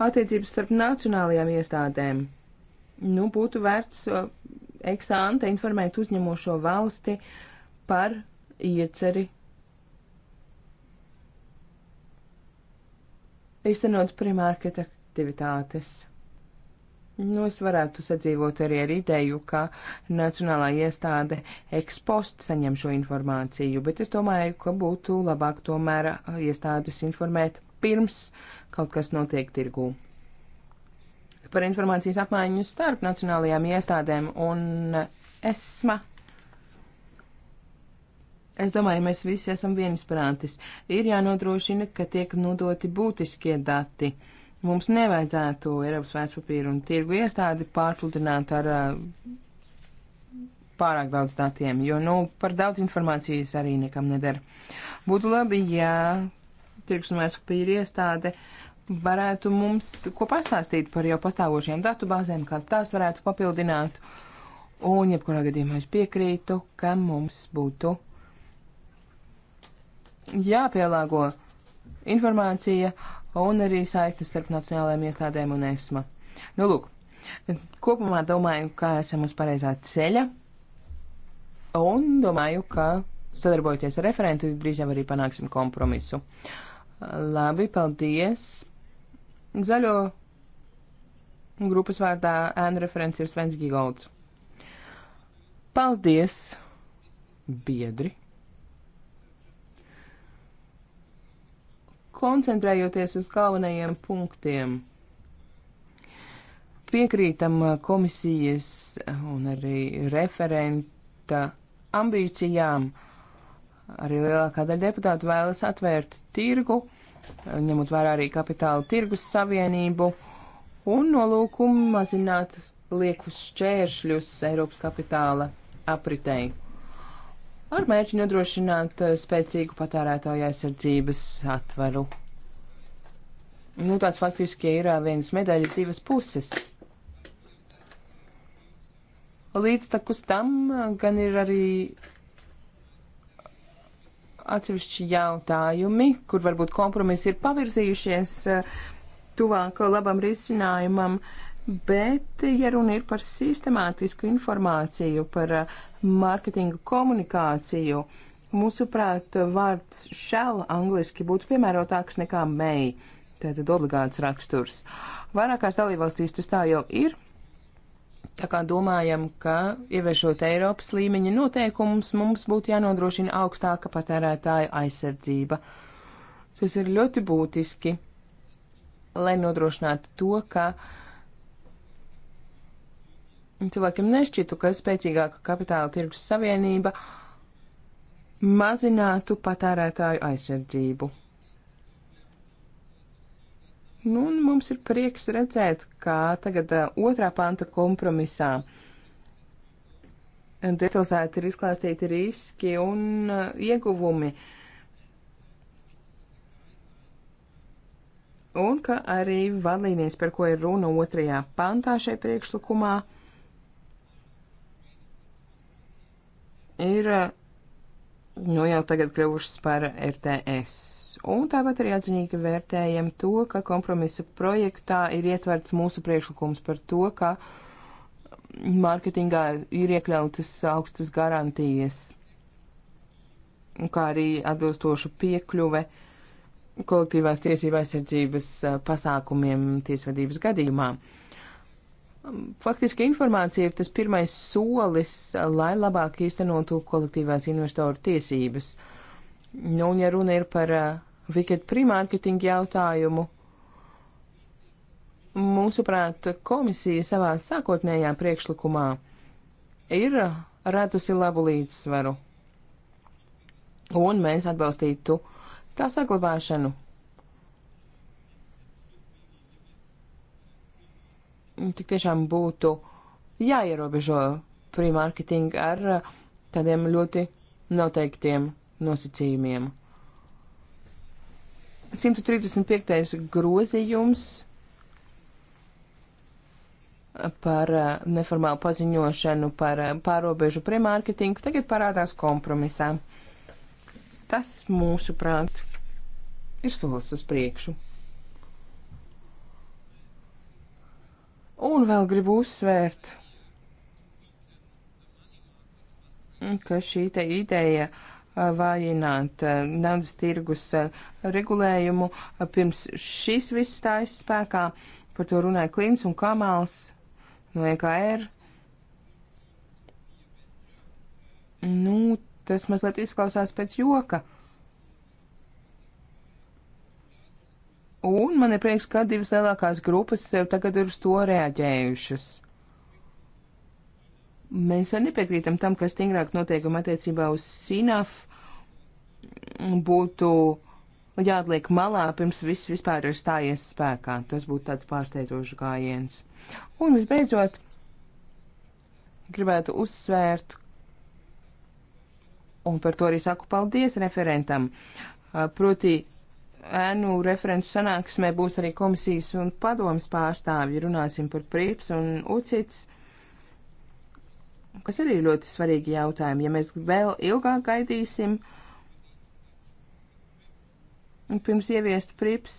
Attiecības starp nacionālajām iestādēm. Nu, būtu vērts eksāmenta informēt uzņemošo valsti par ieceri īstenot primārketa aktivitātes. Nu, es varētu sadzīvot arī ar ideju, ka Nacionālā iestāde ekspost saņem šo informāciju, bet es domāju, ka būtu labāk tomēr iestādes informēt pirms kaut kas notiek tirgū par informācijas apmaiņu starp nacionālajām iestādēm un ESMA. Es domāju, mēs visi esam viensprātis. Ir jānodrošina, ka tiek nodoti būtiskie dati. Mums nevajadzētu Eiropas vērtspapīru un tirgu iestādi pārpludināt ar uh, pārāk daudz datiem, jo, nu, par daudz informācijas arī nekam neder. Būtu labi, ja tirgus un vērtspapīru iestāde uh, varētu mums ko pastāstīt par jau pastāvošiem datubāzēm, kā tās varētu papildināt. Un, jebkurā gadījumā, es piekrītu, ka mums būtu jāpielāgo informācija un arī saiktas starp nacionālajām iestādēm un ESMA. Nu, lūk, kopumā domāju, ka esam uz pareizā ceļa un domāju, ka sadarbojoties ar referentu, drīz jau arī panāksim kompromisu. Labi, paldies Zaļo grupas vārdā ēnu referents ir Svens Gigolds. Paldies, biedri! Koncentrējoties uz galvenajiem punktiem piekrītam komisijas un arī referenta ambīcijām. Arī lielākā daļa deputātu vēlas atvērt tirgu ņemot vērā arī kapitāla tirgus savienību un nolūku mazināt liekus šķēršļus Eiropas kapitāla apritei. Ar mērķi nodrošināt eh, spēcīgu patērētāju aizsardzības atvaru. Nu, tās faktiski ir eh, vienas medaļas divas puses. Līdz takus tam eh, gan ir arī atsevišķi jautājumi, kur varbūt kompromisi ir pavirzījušies eh, tuvāk labam risinājumam, bet, ja runa ir par sistemātisku informāciju, par eh, mārketingu komunikāciju, mūsuprāt, vārds shall angliski būtu piemērotāks nekā may, tātad obligāts raksturs. Vairākās dalībvalstīs tas tā jau ir, Tā kā domājam, ka ieviešot Eiropas līmeņa noteikumus, mums būtu jānodrošina augstāka patērētāja aizsardzība. Tas ir ļoti būtiski, lai nodrošinātu to, ka cilvēkiem nešķitu, ka spēcīgāka kapitāla tirgus savienība mazinātu patērētāju aizsardzību. Nu, un mums ir prieks redzēt, kā tagad eh, otrā panta kompromisā detalizēti ir izklāstīti riski un eh, ieguvumi. Un ka arī vadlīnijas, par ko ir runa otrajā pantā šai priekšlikumā, ir eh, nu jau tagad kļuvušas par RTS. Un tāpat arī atziņīgi vērtējam to, ka kompromisa projektā ir ietverts mūsu priekšlikums par to, ka mārketingā ir iekļautas augstas garantijas, kā arī atbilstoša piekļuve kolektīvās tiesība aizsardzības pasākumiem tiesvedības gadījumā. Faktiski informācija ir tas pirmais solis, lai labāk īstenotu kolektīvās investoru tiesības. Nu, un ja runa ir par uh, Wicked pre-marketing jautājumu. Mūsuprāt, komisija savā sākotnējā priekšlikumā ir radusi labu līdzsvaru, un mēs atbalstītu tā saglabāšanu. Tik tiešām būtu jāierobežo pre-marketing ar tādiem ļoti noteiktiem nosacījumiem. 135. grozījums par eh, neformālu paziņošanu par eh, pārobežu premārketingu tagad parādās kompromisā. Tas, mūsuprāt, ir solis uz priekšu. Un vēl gribu uzsvērt, ka šī te ideja uh, vājināt naudas tirgus regulējumu. Pirms šis viss stājas spēkā, par to runāja Klins un Kamāls no EKR. Nu, tas mazliet izklausās pēc joka. Un man ir prieks, ka divas lielākās grupas tagad ir uz to reaģējušas. Mēs nepiekrītam tam, ka stingrāk noteikumi attiecībā uz SINAF būtu jāatliek malā, pirms viss vispār ir stājies spēkā. Tas būtu tāds pārsteidzošs gājiens. Un visbeidzot, gribētu uzsvērt, un par to arī saku paldies referentam, proti ēnu referentu sanāksmē būs arī komisijas un padomas pārstāvji, runāsim par prips un ucits kas arī ir ļoti svarīgi jautājumi. Ja mēs vēl ilgāk gaidīsim, pirms ieviest prips,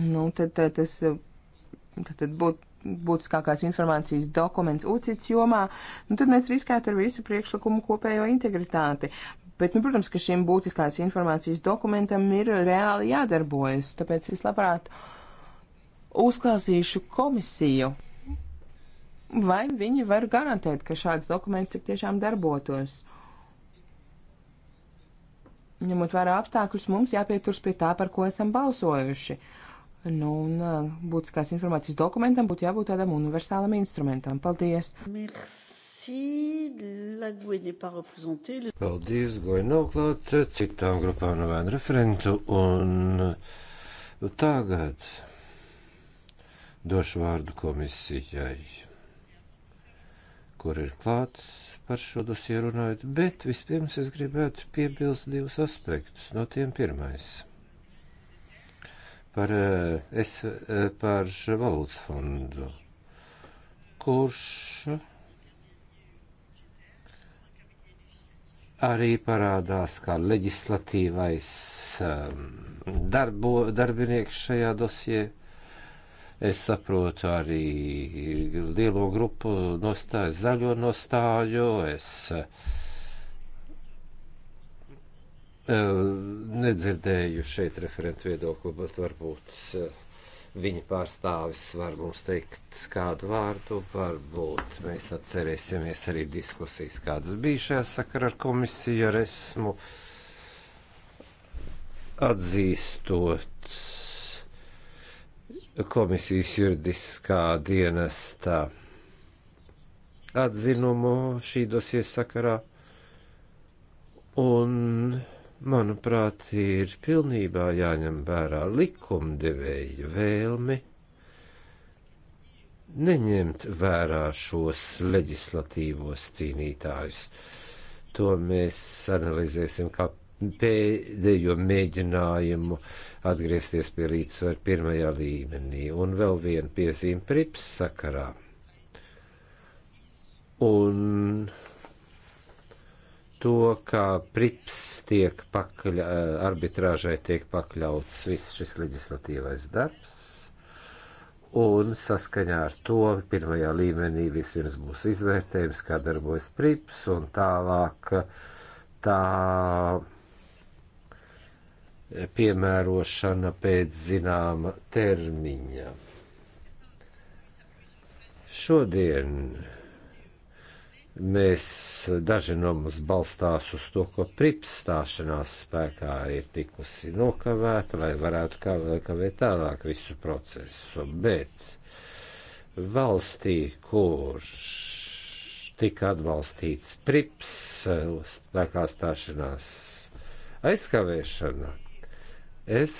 nu, tad, tad tas tad, tad būtu būtiskākās informācijas dokuments UCITS jomā, nu, tad mēs riskētu ar visu priekšlikumu kopējo integritāti. Bet, nu, protams, ka šim būtiskās informācijas dokumentam ir reāli jādarbojas, tāpēc es labprāt uzklāsīšu komisiju vai viņi var garantēt, ka šāds dokuments tik tiešām darbotos. Ņemot vērā apstākļus, mums jāpieturas pie tā, par ko esam balsojuši. Nu, un būtiskās informācijas dokumentam būtu jābūt tādam universālam instrumentam. Paldies!
Merci, la GUE n'est pas représentée. Le...
Paldies, GUE nav klāt, citām grupām nav vien referentu, un tagad došu vārdu komisijai kur ir klāts par šo dosiju runājot, bet vispirms es gribētu piebilst divus aspektus. No tiem pirmais par, eh, es, eh, par valūtas fondu, kurš arī parādās kā leģislatīvais eh, darbo, darbinieks šajā dosijā. Es saprotu arī lielo grupu nostāju, zaļo nostāju. Es eh, nedzirdēju šeit referentu viedokli, bet varbūt eh, viņa pārstāvis var mums teikt kādu vārdu. Varbūt mēs atcerēsimies arī diskusijas, kādas bija šajā sakarā ar komisiju, ar esmu atzīstot komisijas juridiskā dienesta atzinumu šī dosies sakarā, un, manuprāt, ir pilnībā jāņem vērā likumdevēja vēlmi neņemt vērā šos leģislatīvos cīnītājus. To mēs analizēsim kā pēdējo mēģinājumu atgriezties pie līdzsvaru pirmajā līmenī. Un vēl viena piezīme prips sakarā. Un to, kā prips tiek pakļa, arbitrāžai tiek pakļauts viss šis leģislatīvais darbs, un saskaņā ar to pirmajā līmenī vispirms būs izvērtējums, kā darbojas prips, un tālāk tā piemērošana pēc zināma termiņa. Šodien mēs daži no mums balstās uz to, ko prips stāšanās spēkā ir tikusi nokavēta, lai varētu kavēt tālāk visu procesu. Bet valstī, kur tika atbalstīts prips spēkā stāšanās aizkavēšana, Es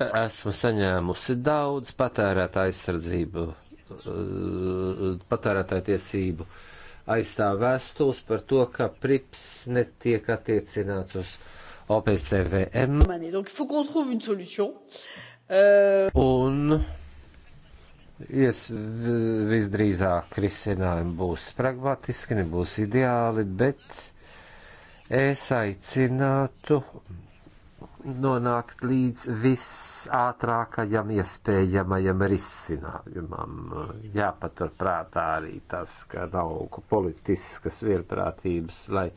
esmu saņēmusi daudz patērētāju aizsardzību, eh, patērētāju tiesību aizstāv vēstules par to, ka prips netiek attiecināts uz OPCVM. Un Ies, visdrīzāk risinājumi būs pragmatiski, nebūs ideāli, bet es aicinātu nonākt līdz visātrākajam iespējamajam risinājumam. Jāpaturprātā arī tas, ka nav politiskas vienprātības, lai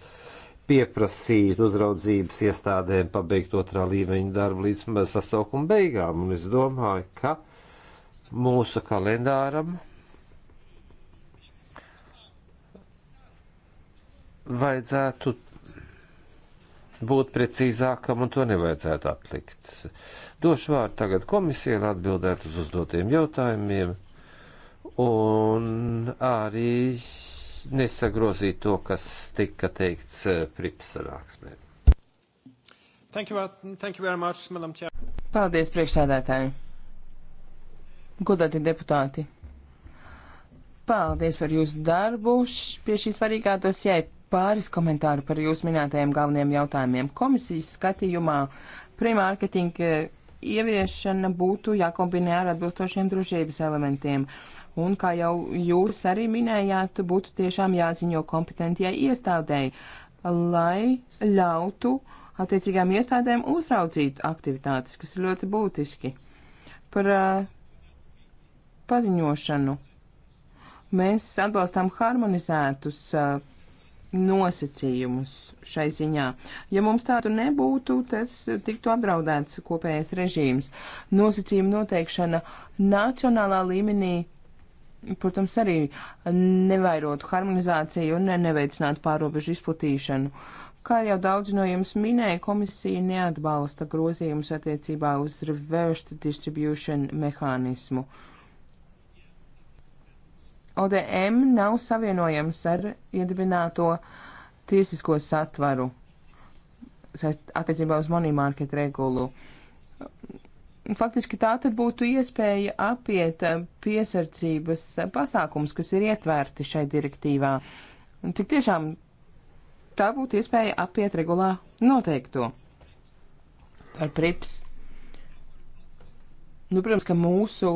pieprasītu uzraudzības iestādēm pabeigt otrā līmeņa darbu līdz sasaukuma beigām. Un es domāju, ka mūsu kalendāram. Vajadzētu būt precīzākam un to nevajadzētu atlikt. Došu vārdu tagad komisijai, lai atbildētu uz uzdotiem jautājumiem un arī nesagrozīt to, kas tika teikts eh, prips sanāksmē. Thank you, thank you very much,
Madam Chair. Paldies, priekšsēdētāji. Godāti deputāti, paldies par jūsu darbu pie šīs svarīgā dosjē. Pāris komentāru par jūsu minētajiem galvenajiem jautājumiem. Komisijas skatījumā primārketinga ieviešana būtu jākombinē ar atbilstošiem drošības elementiem. Un, kā jau jūs arī minējāt, būtu tiešām jāziņo kompetentajai iestādēji, lai ļautu attiecīgām iestādēm uzraudzīt aktivitātes, kas ir ļoti būtiski. Par uh, paziņošanu. Mēs atbalstām harmonizētus uh, nosacījumus šai ziņā. Ja mums tādu nebūtu, tas tiktu apdraudēts kopējais režīms. Nosacījuma noteikšana nacionālā līmenī, protams, arī nevairotu harmonizāciju un neveicinātu pārobežu izplatīšanu. Kā jau daudz no jums minēja, komisija neatbalsta grozījumus attiecībā uz reversed distribution mehānismu. Uh, ODM nav savienojams ar iedibināto tiesisko satvaru attiecībā uz money market regulu. Faktiski tā tad būtu iespēja apiet eh, piesardzības pasākums, kas ir ietvērti šai direktīvā. Un tik tiešām tā būtu iespēja apiet regulā noteikto par prips. Nu, protams, ka mūsu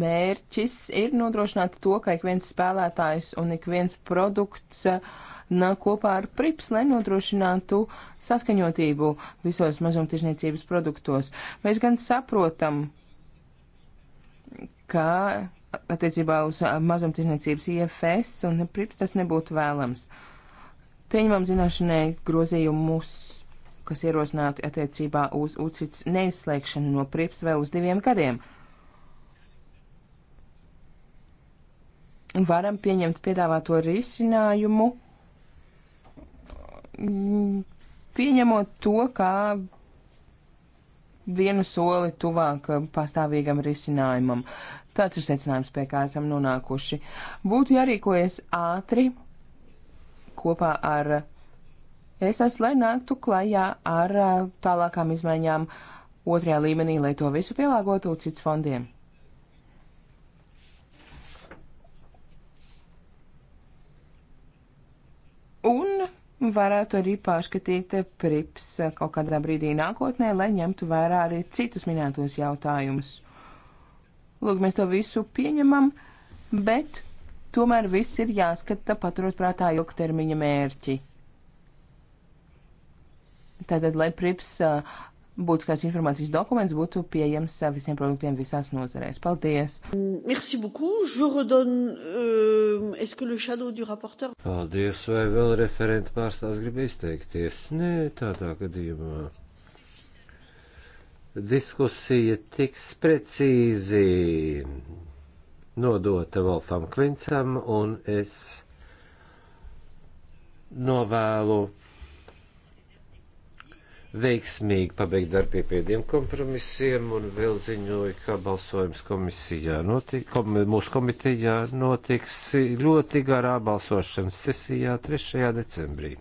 mērķis ir nodrošināt to, ka ik viens spēlētājs un ik viens produkts eh, nāk kopā ar prips, lai nodrošinātu saskaņotību visos mazumtirdzniecības produktos. Mēs gan saprotam, ka attiecībā uz eh, mazumtirdzniecības IFS un prips tas nebūtu vēlams. Pieņemam zināšanai grozījumus kas ierosināti attiecībā uz UCITS neizslēgšanu no prips vēl uz diviem gadiem. varam pieņemt piedāvāto risinājumu, mm, pieņemot to, kā vienu soli tuvāk pastāvīgam risinājumam. Tāds ir secinājums, pie kā esam nonākuši. Būtu jārīkojas ātri kopā ar ESAS, lai nāktu klajā ar tālākām izmaiņām otrajā līmenī, lai to visu pielāgotu cits fondiem. varētu arī pārskatīt prips kaut kādā brīdī nākotnē, lai ņemtu vērā arī citus minētos jautājumus. Lūk, mēs to visu pieņemam, bet tomēr viss ir jāskata paturot prātā ilgtermiņa mērķi. Tātad, lai prips būtu kāds informācijas dokuments, būtu pieejams visiem produktiem visās nozarēs. Paldies!
Merci beaucoup, je redonne, euh, est-ce que le shadow du rapporteur?
Paldies, vai vēl referenta pārstāvs grib izteikties? Nē, tādā gadījumā. Diskusija tiks precīzi nodota Volfam Klincam, un es novēlu veiksmīgi pabeigt darbu pie pēdējiem kompromisiem un vēl ziņoja, ka balsojums komisijā notik, kom, mūsu komitejā notiks ļoti garā balsošanas sesijā 3. decembrī.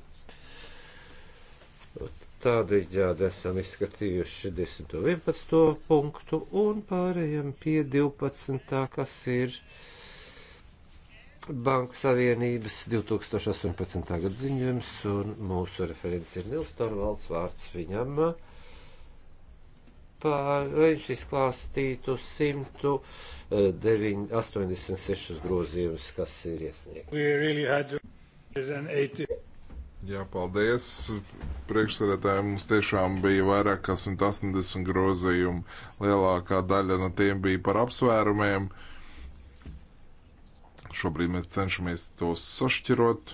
Tādējādi esam izskatījuši 10. un 11. punktu un pārējām pie 12. kas ir Banku Savienības 2018. gada ziņojums, un mūsu referents ir Nils Torvalds vārds viņam. Pār, viņš izklāstītu 186 eh, grozījumus, kas ir iesniegti.
Jā, paldies. Priekšsēdētājiem mums tiešām bija vairāk kā 180 grozījumu. Lielākā daļa no tiem bija par apsvērumiem. Uh, Šobrīd mēs cenšamies tos sašķirot.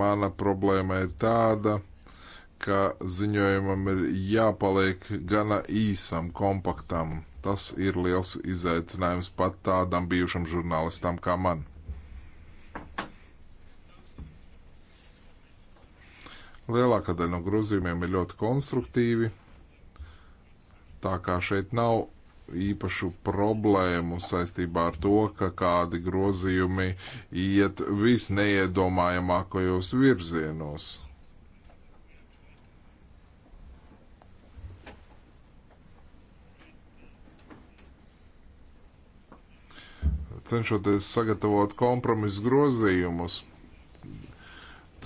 Mana problēma ir tāda, ka ziņojumam ir jāpaliek gana īsam, kompaktam. Tas ir liels izaicinājums pat tādam bijušam žurnālistam kā man. Lielākā daļa no grozījumiem ir ļoti konstruktīvi. Tā kā šeit nav īpašu problēmu saistībā ar to, ka kādi grozījumi iet visneiedomājamākajos virzienos. Cenšoties sagatavot kompromisu grozījumus,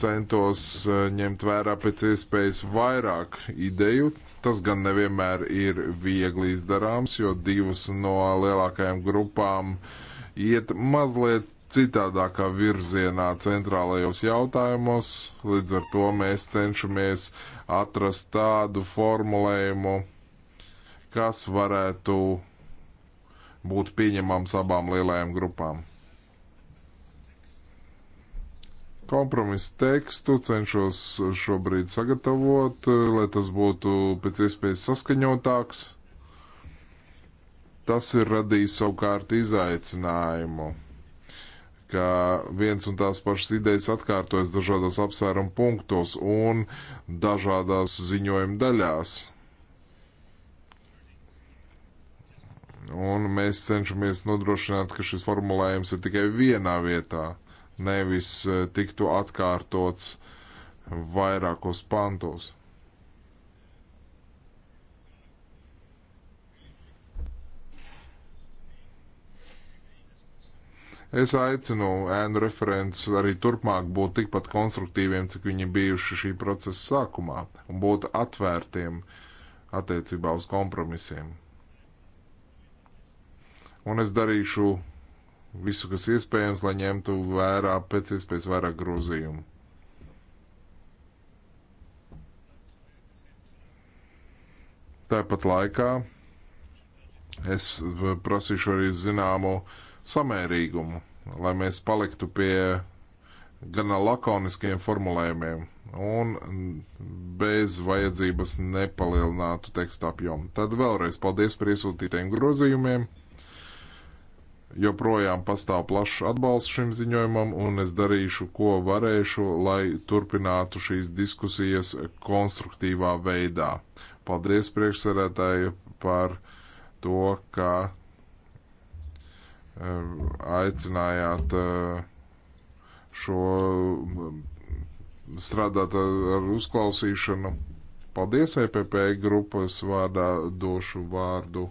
centos eh, ņemt vērā pēc iespējas vairāk ideju. Tas gan nevienmēr ir viegli izdarāms, jo divas no lielākajām grupām iet mazliet citādākā virzienā centrālajos jautājumos. Līdz ar to mēs cenšamies atrast tādu formulējumu, kas varētu būt pieņemams abām lielajām grupām. kompromisu tekstu cenšos šobrīd sagatavot, eh, lai tas būtu pēc iespējas saskaņotāks. Tas ir radījis savukārt izaicinājumu, ka viens un tās pašas idejas atkārtojas dažādos apsvērumu punktos un dažādās ziņojuma daļās. Un mēs cenšamies nodrošināt, ka šis formulējums ir tikai vienā vietā nevis eh, tiktu atkārtots vairākos pantos. Es aicinu ēnu referents arī turpmāk būt tikpat konstruktīviem, cik viņi bijuši šī procesa sākumā, un būt atvērtiem attiecībā uz kompromisiem. Un es darīšu visu, kas iespējams, lai ņemtu vērā pēc iespējas vairāk grozījumu. Tāpat laikā es prasīšu arī zināmu samērīgumu, lai mēs paliktu pie gana lakoniskiem formulējumiem un bez vajadzības nepalielinātu tekstu apjomu. Tad vēlreiz paldies par iesūtītajiem grozījumiem joprojām pastāv plašs atbalsts šim ziņojumam, un es darīšu, ko varēšu, lai turpinātu šīs diskusijas konstruktīvā veidā. Paldies priekšsarētāji par to, ka eh, aicinājāt eh, šo strādāt ar uzklausīšanu. Paldies EPP grupas vārdā došu vārdu.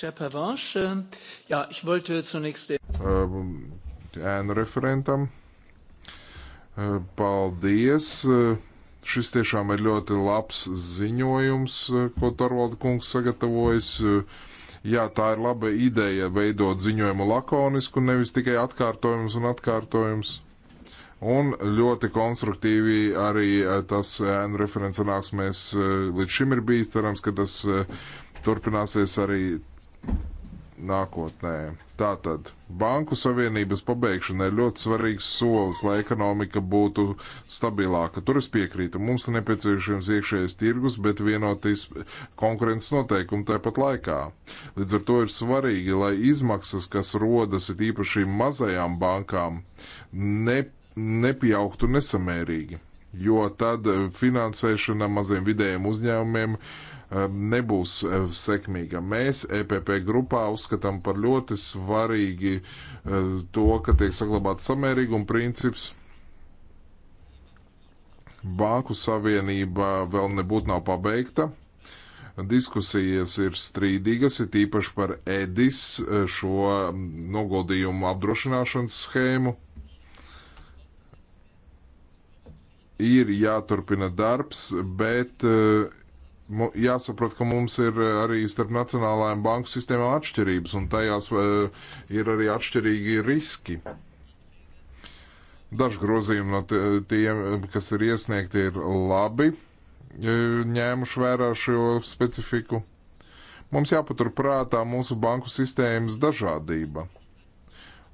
Herr Pervanche, äh, ja, ich wollte zunächst den
äh, ēnu referentam. Äh, paldies! Šis tiešām ir ļoti labs ziņojums, ko Torvalda kungs sagatavojas. Jā, tā ir laba ideja veidot ziņojumu lakonisku, nevis tikai atkārtojums un atkārtojums. Un ļoti konstruktīvi arī tas ēnu referents sanāksmēs līdz šim ir bijis. Cerams, ka tas turpināsies arī nākotnē. Tātad Banku Savienības pabeigšana ir ļoti svarīgs solis, lai ekonomika būtu stabilāka. Tur es piekrītu. Mums ir nepieciešams iekšējais tirgus, bet vienotīs konkurences noteikumi tāpat laikā. Līdz ar to ir svarīgi, lai izmaksas, kas rodas ir īpaši mazajām bankām, ne, nepieaugtu nesamērīgi, jo tad finansēšana maziem vidējiem uzņēmumiem uh, Um, nebūs uh, sekmīga. Mēs EPP grupā uzskatām par ļoti svarīgi uh, to, ka tiek saglabāts samērīguma princips. Banku savienība vēl nebūtu nav pabeigta. Diskusijas ir strīdīgas, ir tīpaši par EDIS uh, šo um, nogodījumu apdrošināšanas schēmu. Ir jāturpina darbs, bet uh, jāsaprot, ka mums ir eh, arī starp nacionālajām banku sistēmām atšķirības, un tajās eh, ir arī atšķirīgi riski. Daži grozījumi no tiem, kas ir iesniegti, ir labi eh, ņēmuši vērā šo specifiku. Mums jāpaturprātā mūsu banku sistēmas dažādība.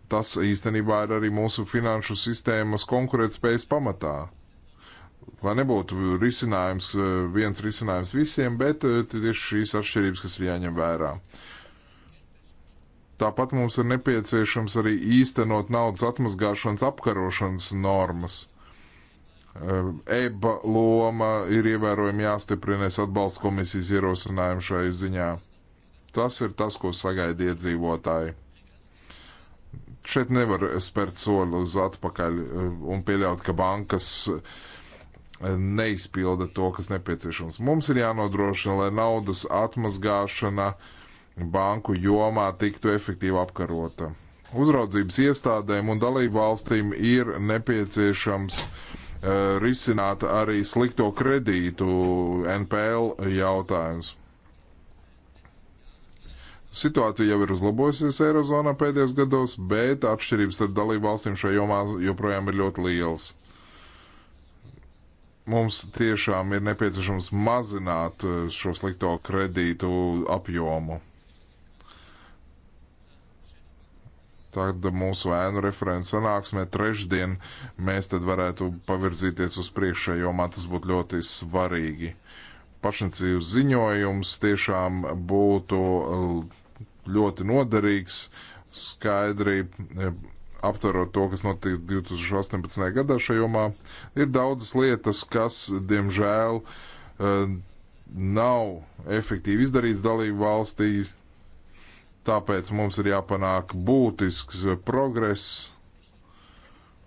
Tas īstenībā ir arī mūsu finanšu sistēmas konkurētspējas pamatā lai nebūtu risinājums, eh, viens risinājums visiem, bet eh, ir šīs atšķirības, kas ir jāņem vērā. Tāpat mums ir nepieciešams arī īstenot naudas atmazgāšanas apkarošanas normas. EBA eh, e loma ir ievērojami jāstiprina, es atbalstu komisijas ierosinājumu šai ziņā. Tas ir tas, ko sagaida iedzīvotāji. Šeit nevar spērt soli uz atpakaļ un pieļaut, ka bankas uh, neizpilda to, kas nepieciešams. Mums ir jānodrošina, lai naudas atmazgāšana banku jomā tiktu efektīvi apkarota. Uzraudzības iestādēm un dalību valstīm ir nepieciešams uh, risināt arī slikto kredītu NPL jautājums. Situācija jau ir uzlabojusies Eirozonā pēdējos gados, bet atšķirības starp dalību valstīm šajā jomā joprojām ir ļoti lielas mums tiešām ir nepieciešams mazināt eh, šo slikto kredītu apjomu. Tad mūsu ēnu referents sanāksmē trešdien mēs tad varētu pavirzīties uz priekšē, jo man tas būtu ļoti svarīgi. Pašinicīvs ziņojums tiešām būtu eh, ļoti noderīgs, skaidri eh, aptverot to, kas notika 2018. gadā šajā jomā, ir daudzas lietas, kas, diemžēl, eh, nav efektīvi izdarīts dalību valstīs. Tāpēc mums ir jāpanāk būtisks progress.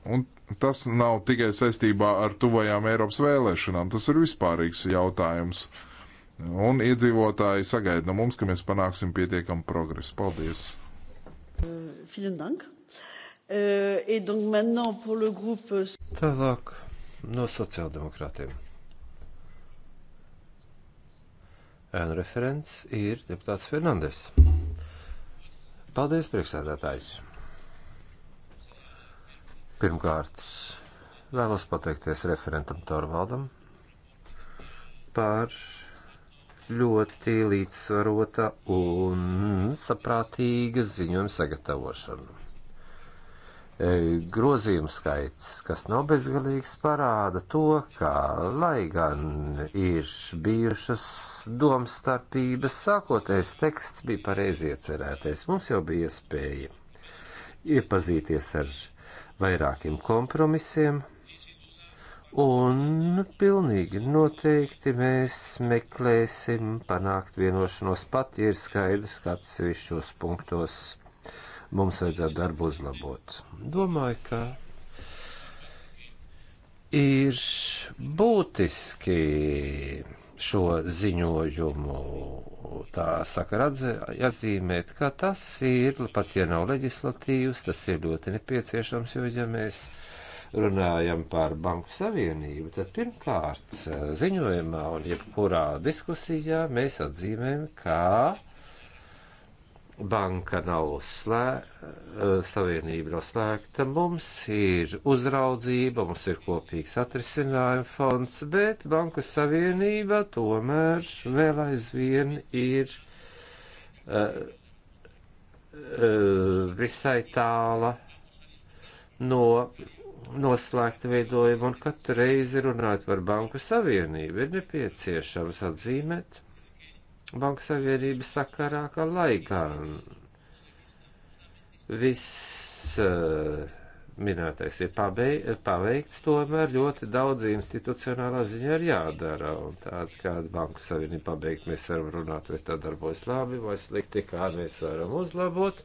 Un tas nav tikai saistībā ar tuvajām Eiropas vēlēšanām, tas ir vispārīgs jautājums. Un iedzīvotāji sagaida no mums, ka mēs panāksim pietiekamu progresu. Paldies!
Vielen Dank! Uh, et donc maintenant pour le groupe. Euh,
Tālāk no sociāldemokrātiem.
Un referents ir deputāts Fernandes. Paldies, priekšsēdētājs. Pirmkārt, vēlos pateikties referentam Torvaldam par ļoti līdzsvarota un saprātīga ziņojuma sagatavošanu E, grozījumu skaits, kas nav bezgalīgs, parāda to, ka, lai gan ir bijušas domstarpības, sākotnējais teksts bija pareizi iecerētais. Mums jau bija iespēja iepazīties ar vairākiem kompromisiem, un pilnīgi noteikti mēs meklēsim panākt vienošanos, pat ir skaidrs, ka atsevišķos punktos mums vajadzētu darbu uzlabot. Domāju, ka ir būtiski šo ziņojumu tā sakara atzīmēt, ka tas ir, pat ja nav leģislatīvs, tas ir ļoti nepieciešams, jo ja mēs runājam par Banku Savienību, tad pirmkārt ziņojumā un jebkurā diskusijā mēs atzīmējam, kā banka nav slēgta, eh, savienība nav slēgta, mums ir uzraudzība, mums ir kopīgs atrisinājuma fonds, bet banku savienība tomēr vēl aizvien ir uh, uh, visai tāla no noslēgta veidojuma, un katru reizi runāt par banku savienību ir nepieciešams atzīmēt Banku savienības sakarā, ka laikā viss uh, minētais ir pabeig, paveikts, tomēr ļoti daudz institucionālā ziņā ir jādara. Un tāda, kāda banku savienība pabeigt, mēs varam runāt, vai tā darbojas labi vai slikti, kā mēs varam uzlabot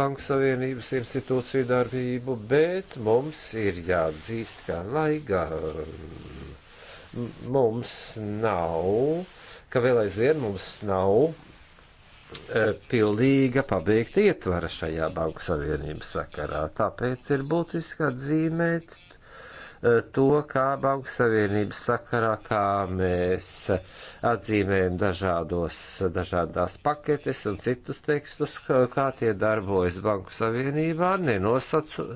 banku savienības institūciju darbību, bet mums ir jāatzīst, ka laigā mm, mums nav ka vēl aizvien mums nav e, pilnīga pabeigta ietvara šajā banku savienības sakarā. Tāpēc ir būtiski atzīmēt to, kā Banku Savienības sakarā, kā mēs atzīmējam dažādos, dažādās paketes un citus tekstus, kā tie darbojas Banku Savienībā, nenosacu,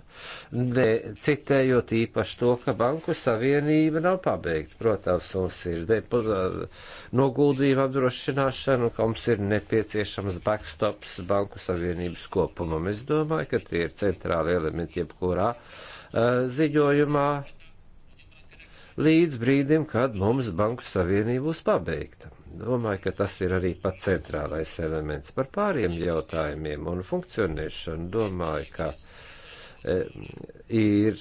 ne, citējot īpaši to, ka Banku Savienība nav pabeigta. Protams, mums ir depo, noguldījuma apdrošināšana, ka mums ir nepieciešams backstops Banku Savienības kopumam. Es domāju, ka tie ir centrāli elementi jebkurā eh, ziņojumā līdz brīdim, kad mums Banku Savienība būs pabeigta. Domāju, ka tas ir arī pats centrālais elements par pāriem jautājumiem un funkcionēšanu. Domāju, ka e, ir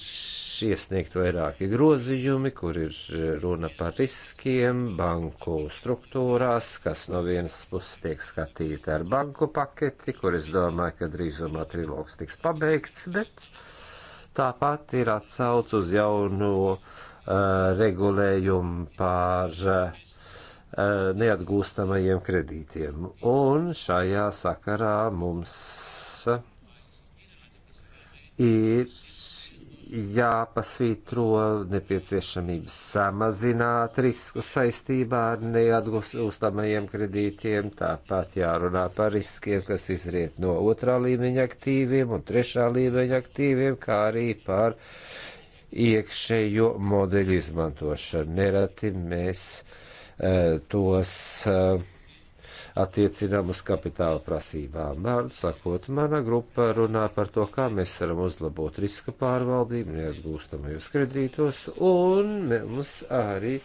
iesniegt vairāki grozījumi, kur ir runa par riskiem banku struktūrās, kas no vienas puses tiek skatīta ar banku paketi, kur es domāju, ka drīzumā trilogs tiks pabeigts, bet tāpat ir atsauc uz jauno no regulējumu pār neatgūstamajiem kredītiem. Un šajā sakarā mums ir jāpasvītro nepieciešamība samazināt risku saistībā ar neatgūstamajiem kredītiem, tāpat jārunā par riskiem, kas izriet no otrā līmeņa aktīviem un trešā līmeņa aktīviem, kā arī par iekšējo modeļu izmantošanu. Nereti mēs e, tos e, attiecinām uz kapitāla prasībām. Vārdu sakot, mana grupa runā par to, kā mēs varam uzlabot riska pārvaldību neatgūstamajos kredītos, un mums arī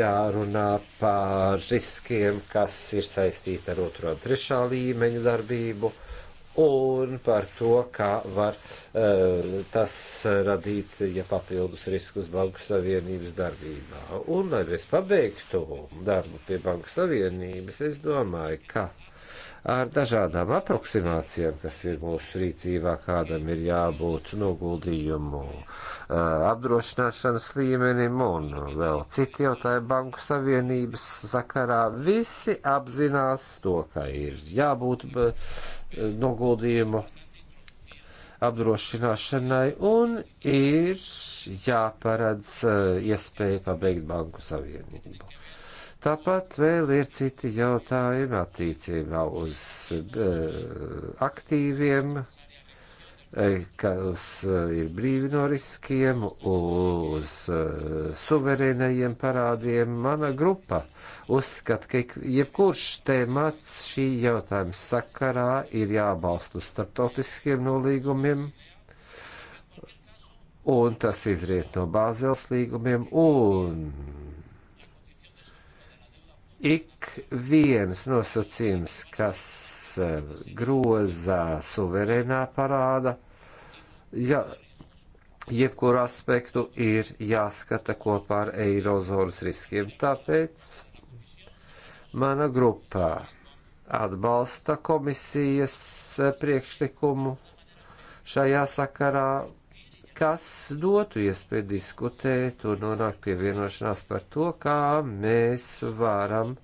jārunā par riskiem, kas ir saistīti ar otro un trešā līmeņa darbību un par to, kā var uh, tas radīt, ja papildus riskus Banku Savienības darbībā. Un, lai mēs pabeigtu darbu pie Banku Savienības, es domāju, ka ar dažādām aproksimācijām, kas ir mūsu rīcībā, kādam ir jābūt noguldījumu eh, apdrošināšanas līmenim un vēl citi jautājumi Banku Savienības sakarā, visi apzinās to, ka ir jābūt eh, noguldījumu apdrošināšanai un ir jāparedz eh, iespēja pabeigt banku savienību. Tāpat vēl ir citi jautājumi attiecībā uz eh, aktīviem, kas eh, ir brīvi no riskiem, uz eh, suverēnajiem parādiem. Mana grupa uzskata, ka jebkurš temats šī jautājuma sakarā ir jābalst uz starptautiskiem nolīgumiem, un tas izriet no Bāzeles līgumiem, un ik viens nosacījums, kas groza suverēnā parāda, ja jebkuru aspektu ir jāskata kopā ar eirozonas riskiem. Tāpēc mana grupā atbalsta komisijas priekšlikumu šajā sakarā kas dotu iespēju diskutēt un nonākt pie vienošanās par to, kā mēs varam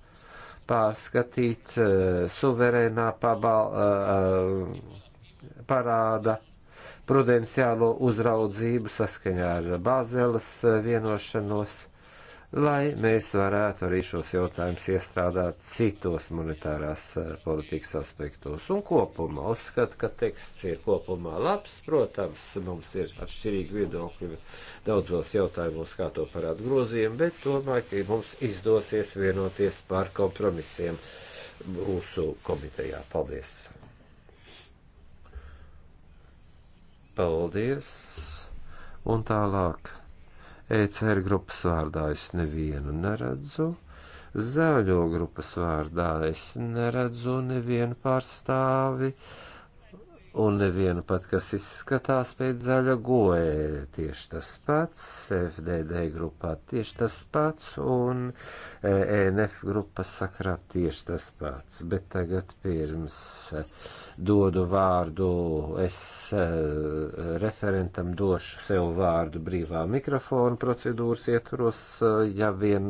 pārskatīt eh, suverēnā pabal, eh, eh, parāda prudenciālo uzraudzību saskaņā ar Bāzeles vienošanos lai mēs varētu arī šos jautājumus iestrādāt citos monetārās eh, politikas aspektos. Un kopumā uzskatu, ka teksts ir kopumā labs. Protams, mums ir atšķirīgi viedokļi daudzos jautājumos, kā to parāda grozījumi, bet domāju, ka mums izdosies vienoties par kompromisiem mūsu komitejā. Paldies! Paldies! Un tālāk. ECR grupas vārdā es nevienu neredzu. Zaļo grupas vārdā es neredzu nevienu pārstāvi. Uh, un nevienu pat, kas izskatās pēc zaļa goē, tieši tas pats, FDD grupā tieši tas pats, un ENF e grupas sakrā tieši tas pats. Bet tagad pirms e, dodu vārdu, es e, referentam došu sev vārdu brīvā mikrofona procedūras ietvaros, ja vien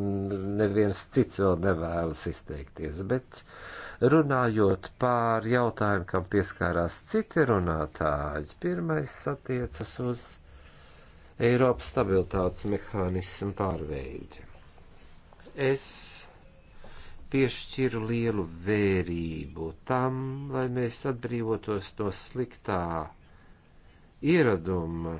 neviens cits vēl nevēlas izteikties. Bet, uh, Runājot pār jautājumu, kam pieskārās citi runātāji, pirmais attiecas uz Eiropas stabilitātes mehānismu pārveidi. Es piešķiru lielu vērību tam, lai mēs atbrīvotos no sliktā ieraduma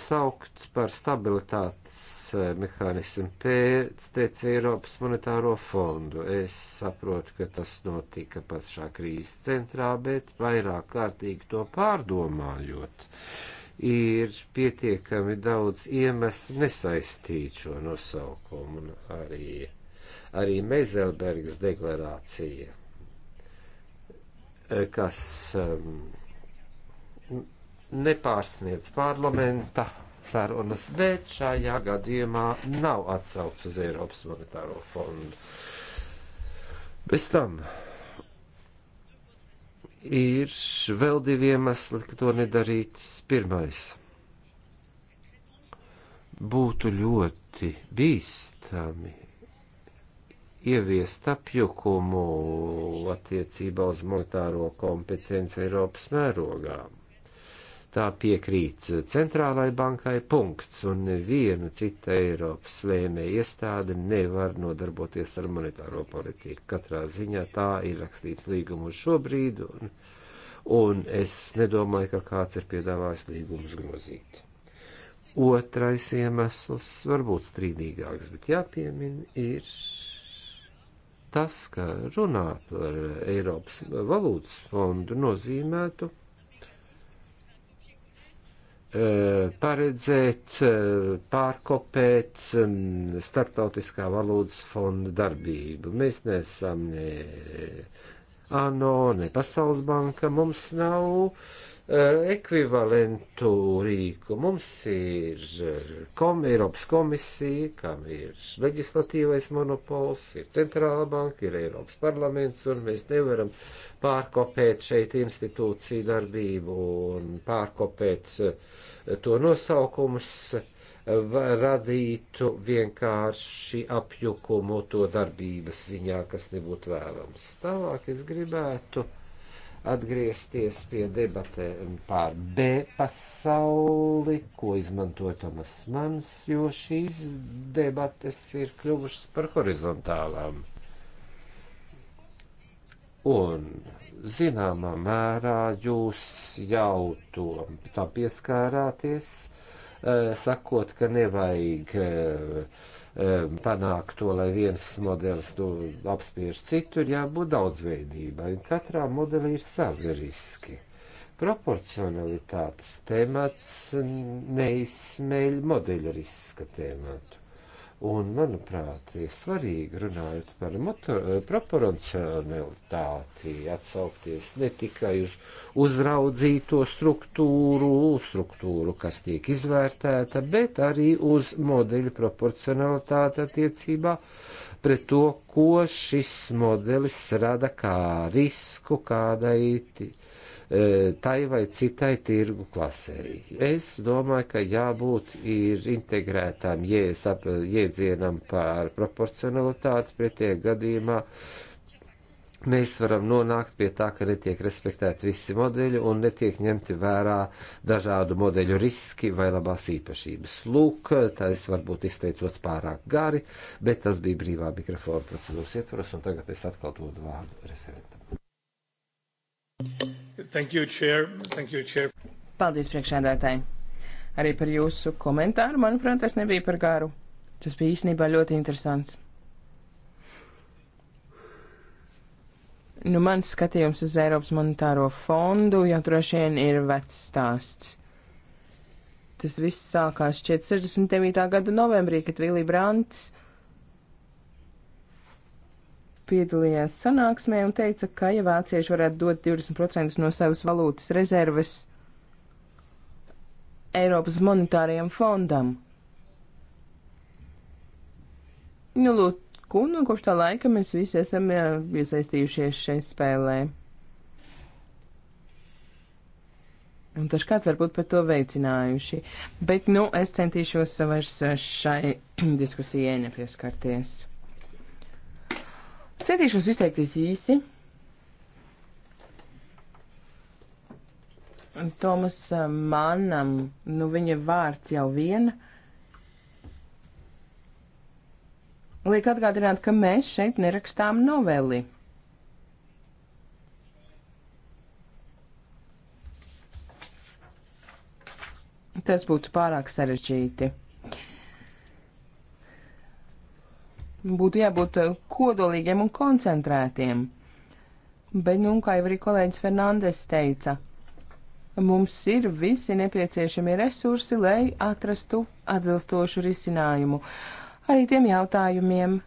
saukt par stabilitātes eh, mehānismu pēc Eiropas monetāro fondu. Es saprotu, ka tas notika pašā krīzes centrā, bet vairāk kārtīgi to pārdomājot. Ir pietiekami daudz iemeslu nesaistīt šo nosaukumu un arī, arī Meizelbergas deklarācija, eh, kas um, nepārsniedz parlamenta sarunas, bet šajā gadījumā nav atsaucis uz Eiropas monetāro fondu. Bez tam ir vēl divi iemesli, ka to nedarīt. Pirmais būtu ļoti bīstami ieviest apjukumu attiecībā uz monetāro kompetenci Eiropas mērogām tā piekrīt centrālai bankai punkts, un neviena cita Eiropas lēmē iestāde nevar nodarboties ar monetāro politiku. Katrā ziņā tā ir rakstīts līgumu šobrīd, un, un es nedomāju, ka kāds ir piedāvājis līgumus grozīt. Otrais iemesls, varbūt strīdīgāks, bet jāpiemin, ir tas, ka runāt par Eiropas valūtas fondu nozīmētu, Eh, paredzēt, eh, pārkopēt mm, starptautiskā valūtas fonda darbību. Mēs neesam ne ANO, ne Pasaules banka, mums nav Eh, ekvivalentu rīku. Mums ir eh, kom, Eiropas komisija, kam ir leģislatīvais monopols, ir centrāla banka, ir Eiropas parlaments, un mēs nevaram pārkopēt šeit institūciju darbību un pārkopēt eh, to nosaukumus radītu vienkārši apjukumu to darbības ziņā, kas nebūtu vēlams. Tālāk es gribētu uh, atgriezties pie debatēm par B pasauli, ko izmantoja Tomas Mans, jo šīs debates ir kļuvušas par horizontālām. Un zināmā mērā jūs jau to, tam pieskārāties, eh, sakot, ka nevajag uh, Um, panākt to, lai viens modelis to apspiež citu, ir jābūt daudzveidībai. Katrā modelī ir savi riski. Proporcionalitātes temats neizsmeļ modeļa riska tēmatu. Un, manuprāt, ir svarīgi runājot par proporcionalitāti, atsaukties ne tikai uz uzraudzīto struktūru, struktūru, kas tiek izvērtēta, bet arī uz modeļu proporcionalitāti attiecībā pret to, ko šis modelis rada kā risku kādai E, tai vai citai tirgu klasēji. Es domāju, ka jābūt ir integrētām jēsap, jēdzienam par proporcionalitāti pretie gadījumā. Mēs varam nonākt pie tā, ka netiek respektēti visi modeļi un netiek ņemti vērā dažādu modeļu riski vai labās īpašības. Lūk, tas varbūt izteicos pārāk gari, bet tas bija brīvā mikrofona procedūras ietvaros, un tagad es atkal dodu vārdu referentam.
Thank you, Chair. Thank you, Chair. Paldies priekšādātājiem. Arī par jūsu komentāru, manuprāt, tas nebija par garu. Tas bija īstenībā ļoti interesants. Nu, mans skatījums uz Eiropas monetāro fondu jau droši vien ir vecs stāsts. Tas viss sākās šķiet 69. gada novembrī, kad Vili Brants piedalījās sanāksmē un teica, ka ja vācieši varētu dot 20% no savas valūtas rezerves Eiropas monetārajam fondam. Nu, lūk, un kopš tā laika mēs visi esam jā, iesaistījušies šai spēlē. Un dažkārt varbūt par to veicinājuši. Bet, nu, es centīšos vairs šai diskusijai nepieskarties. Centīšos izteikties īsi. Tomas eh, Manam, nu viņa vārds jau viena. Liek atgādināt, ka mēs šeit nerakstām noveli. Tas būtu pārāk sarežģīti. būtu jābūt eh, kodolīgiem un koncentrētiem. Bet, nu, kā jau arī kolēģis Fernandes teica, mums ir visi nepieciešamie resursi, lai atrastu atbilstošu risinājumu arī tiem jautājumiem,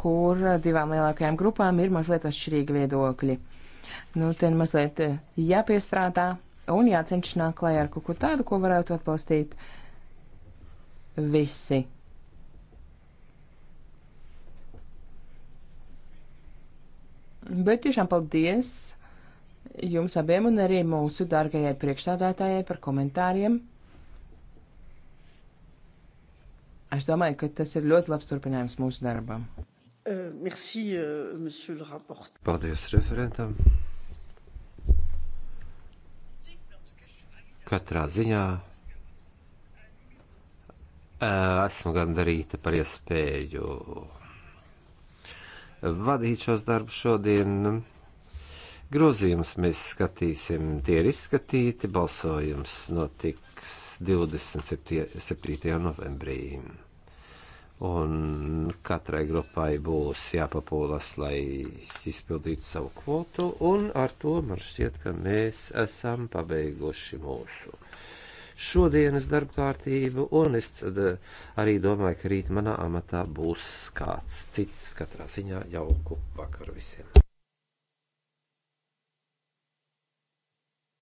kur divām lielākajām grupām ir mazliet atšķirīgi viedokļi. Nu, te mazliet eh, jāpiestrādā un jācenšas nāk klajā ar kaut ko tādu, ko varētu atbalstīt visi. Bet tiešām paldies jums abiem un arī mūsu dārgajai priekšstādātājai par komentāriem. Es domāju, ka tas ir ļoti labs turpinājums mūsu darbam.
Uh, merci, uh,
Paldies referentam. Katrā ziņā uh, esmu gandarīta par iespēju vadīt šos darbus šodien. Grozījumus mēs skatīsim, tie ir izskatīti, balsojums notiks 27. novembrī. Un katrai grupai būs jāpapūlas, lai izpildītu savu kvotu, un ar to man šķiet, ka mēs esam pabeiguši mūsu šodienas darbkārtību, un es eh, arī domāju, ka rīt manā amatā būs kāds cits. Katrā ziņā jauku vakaru visiem!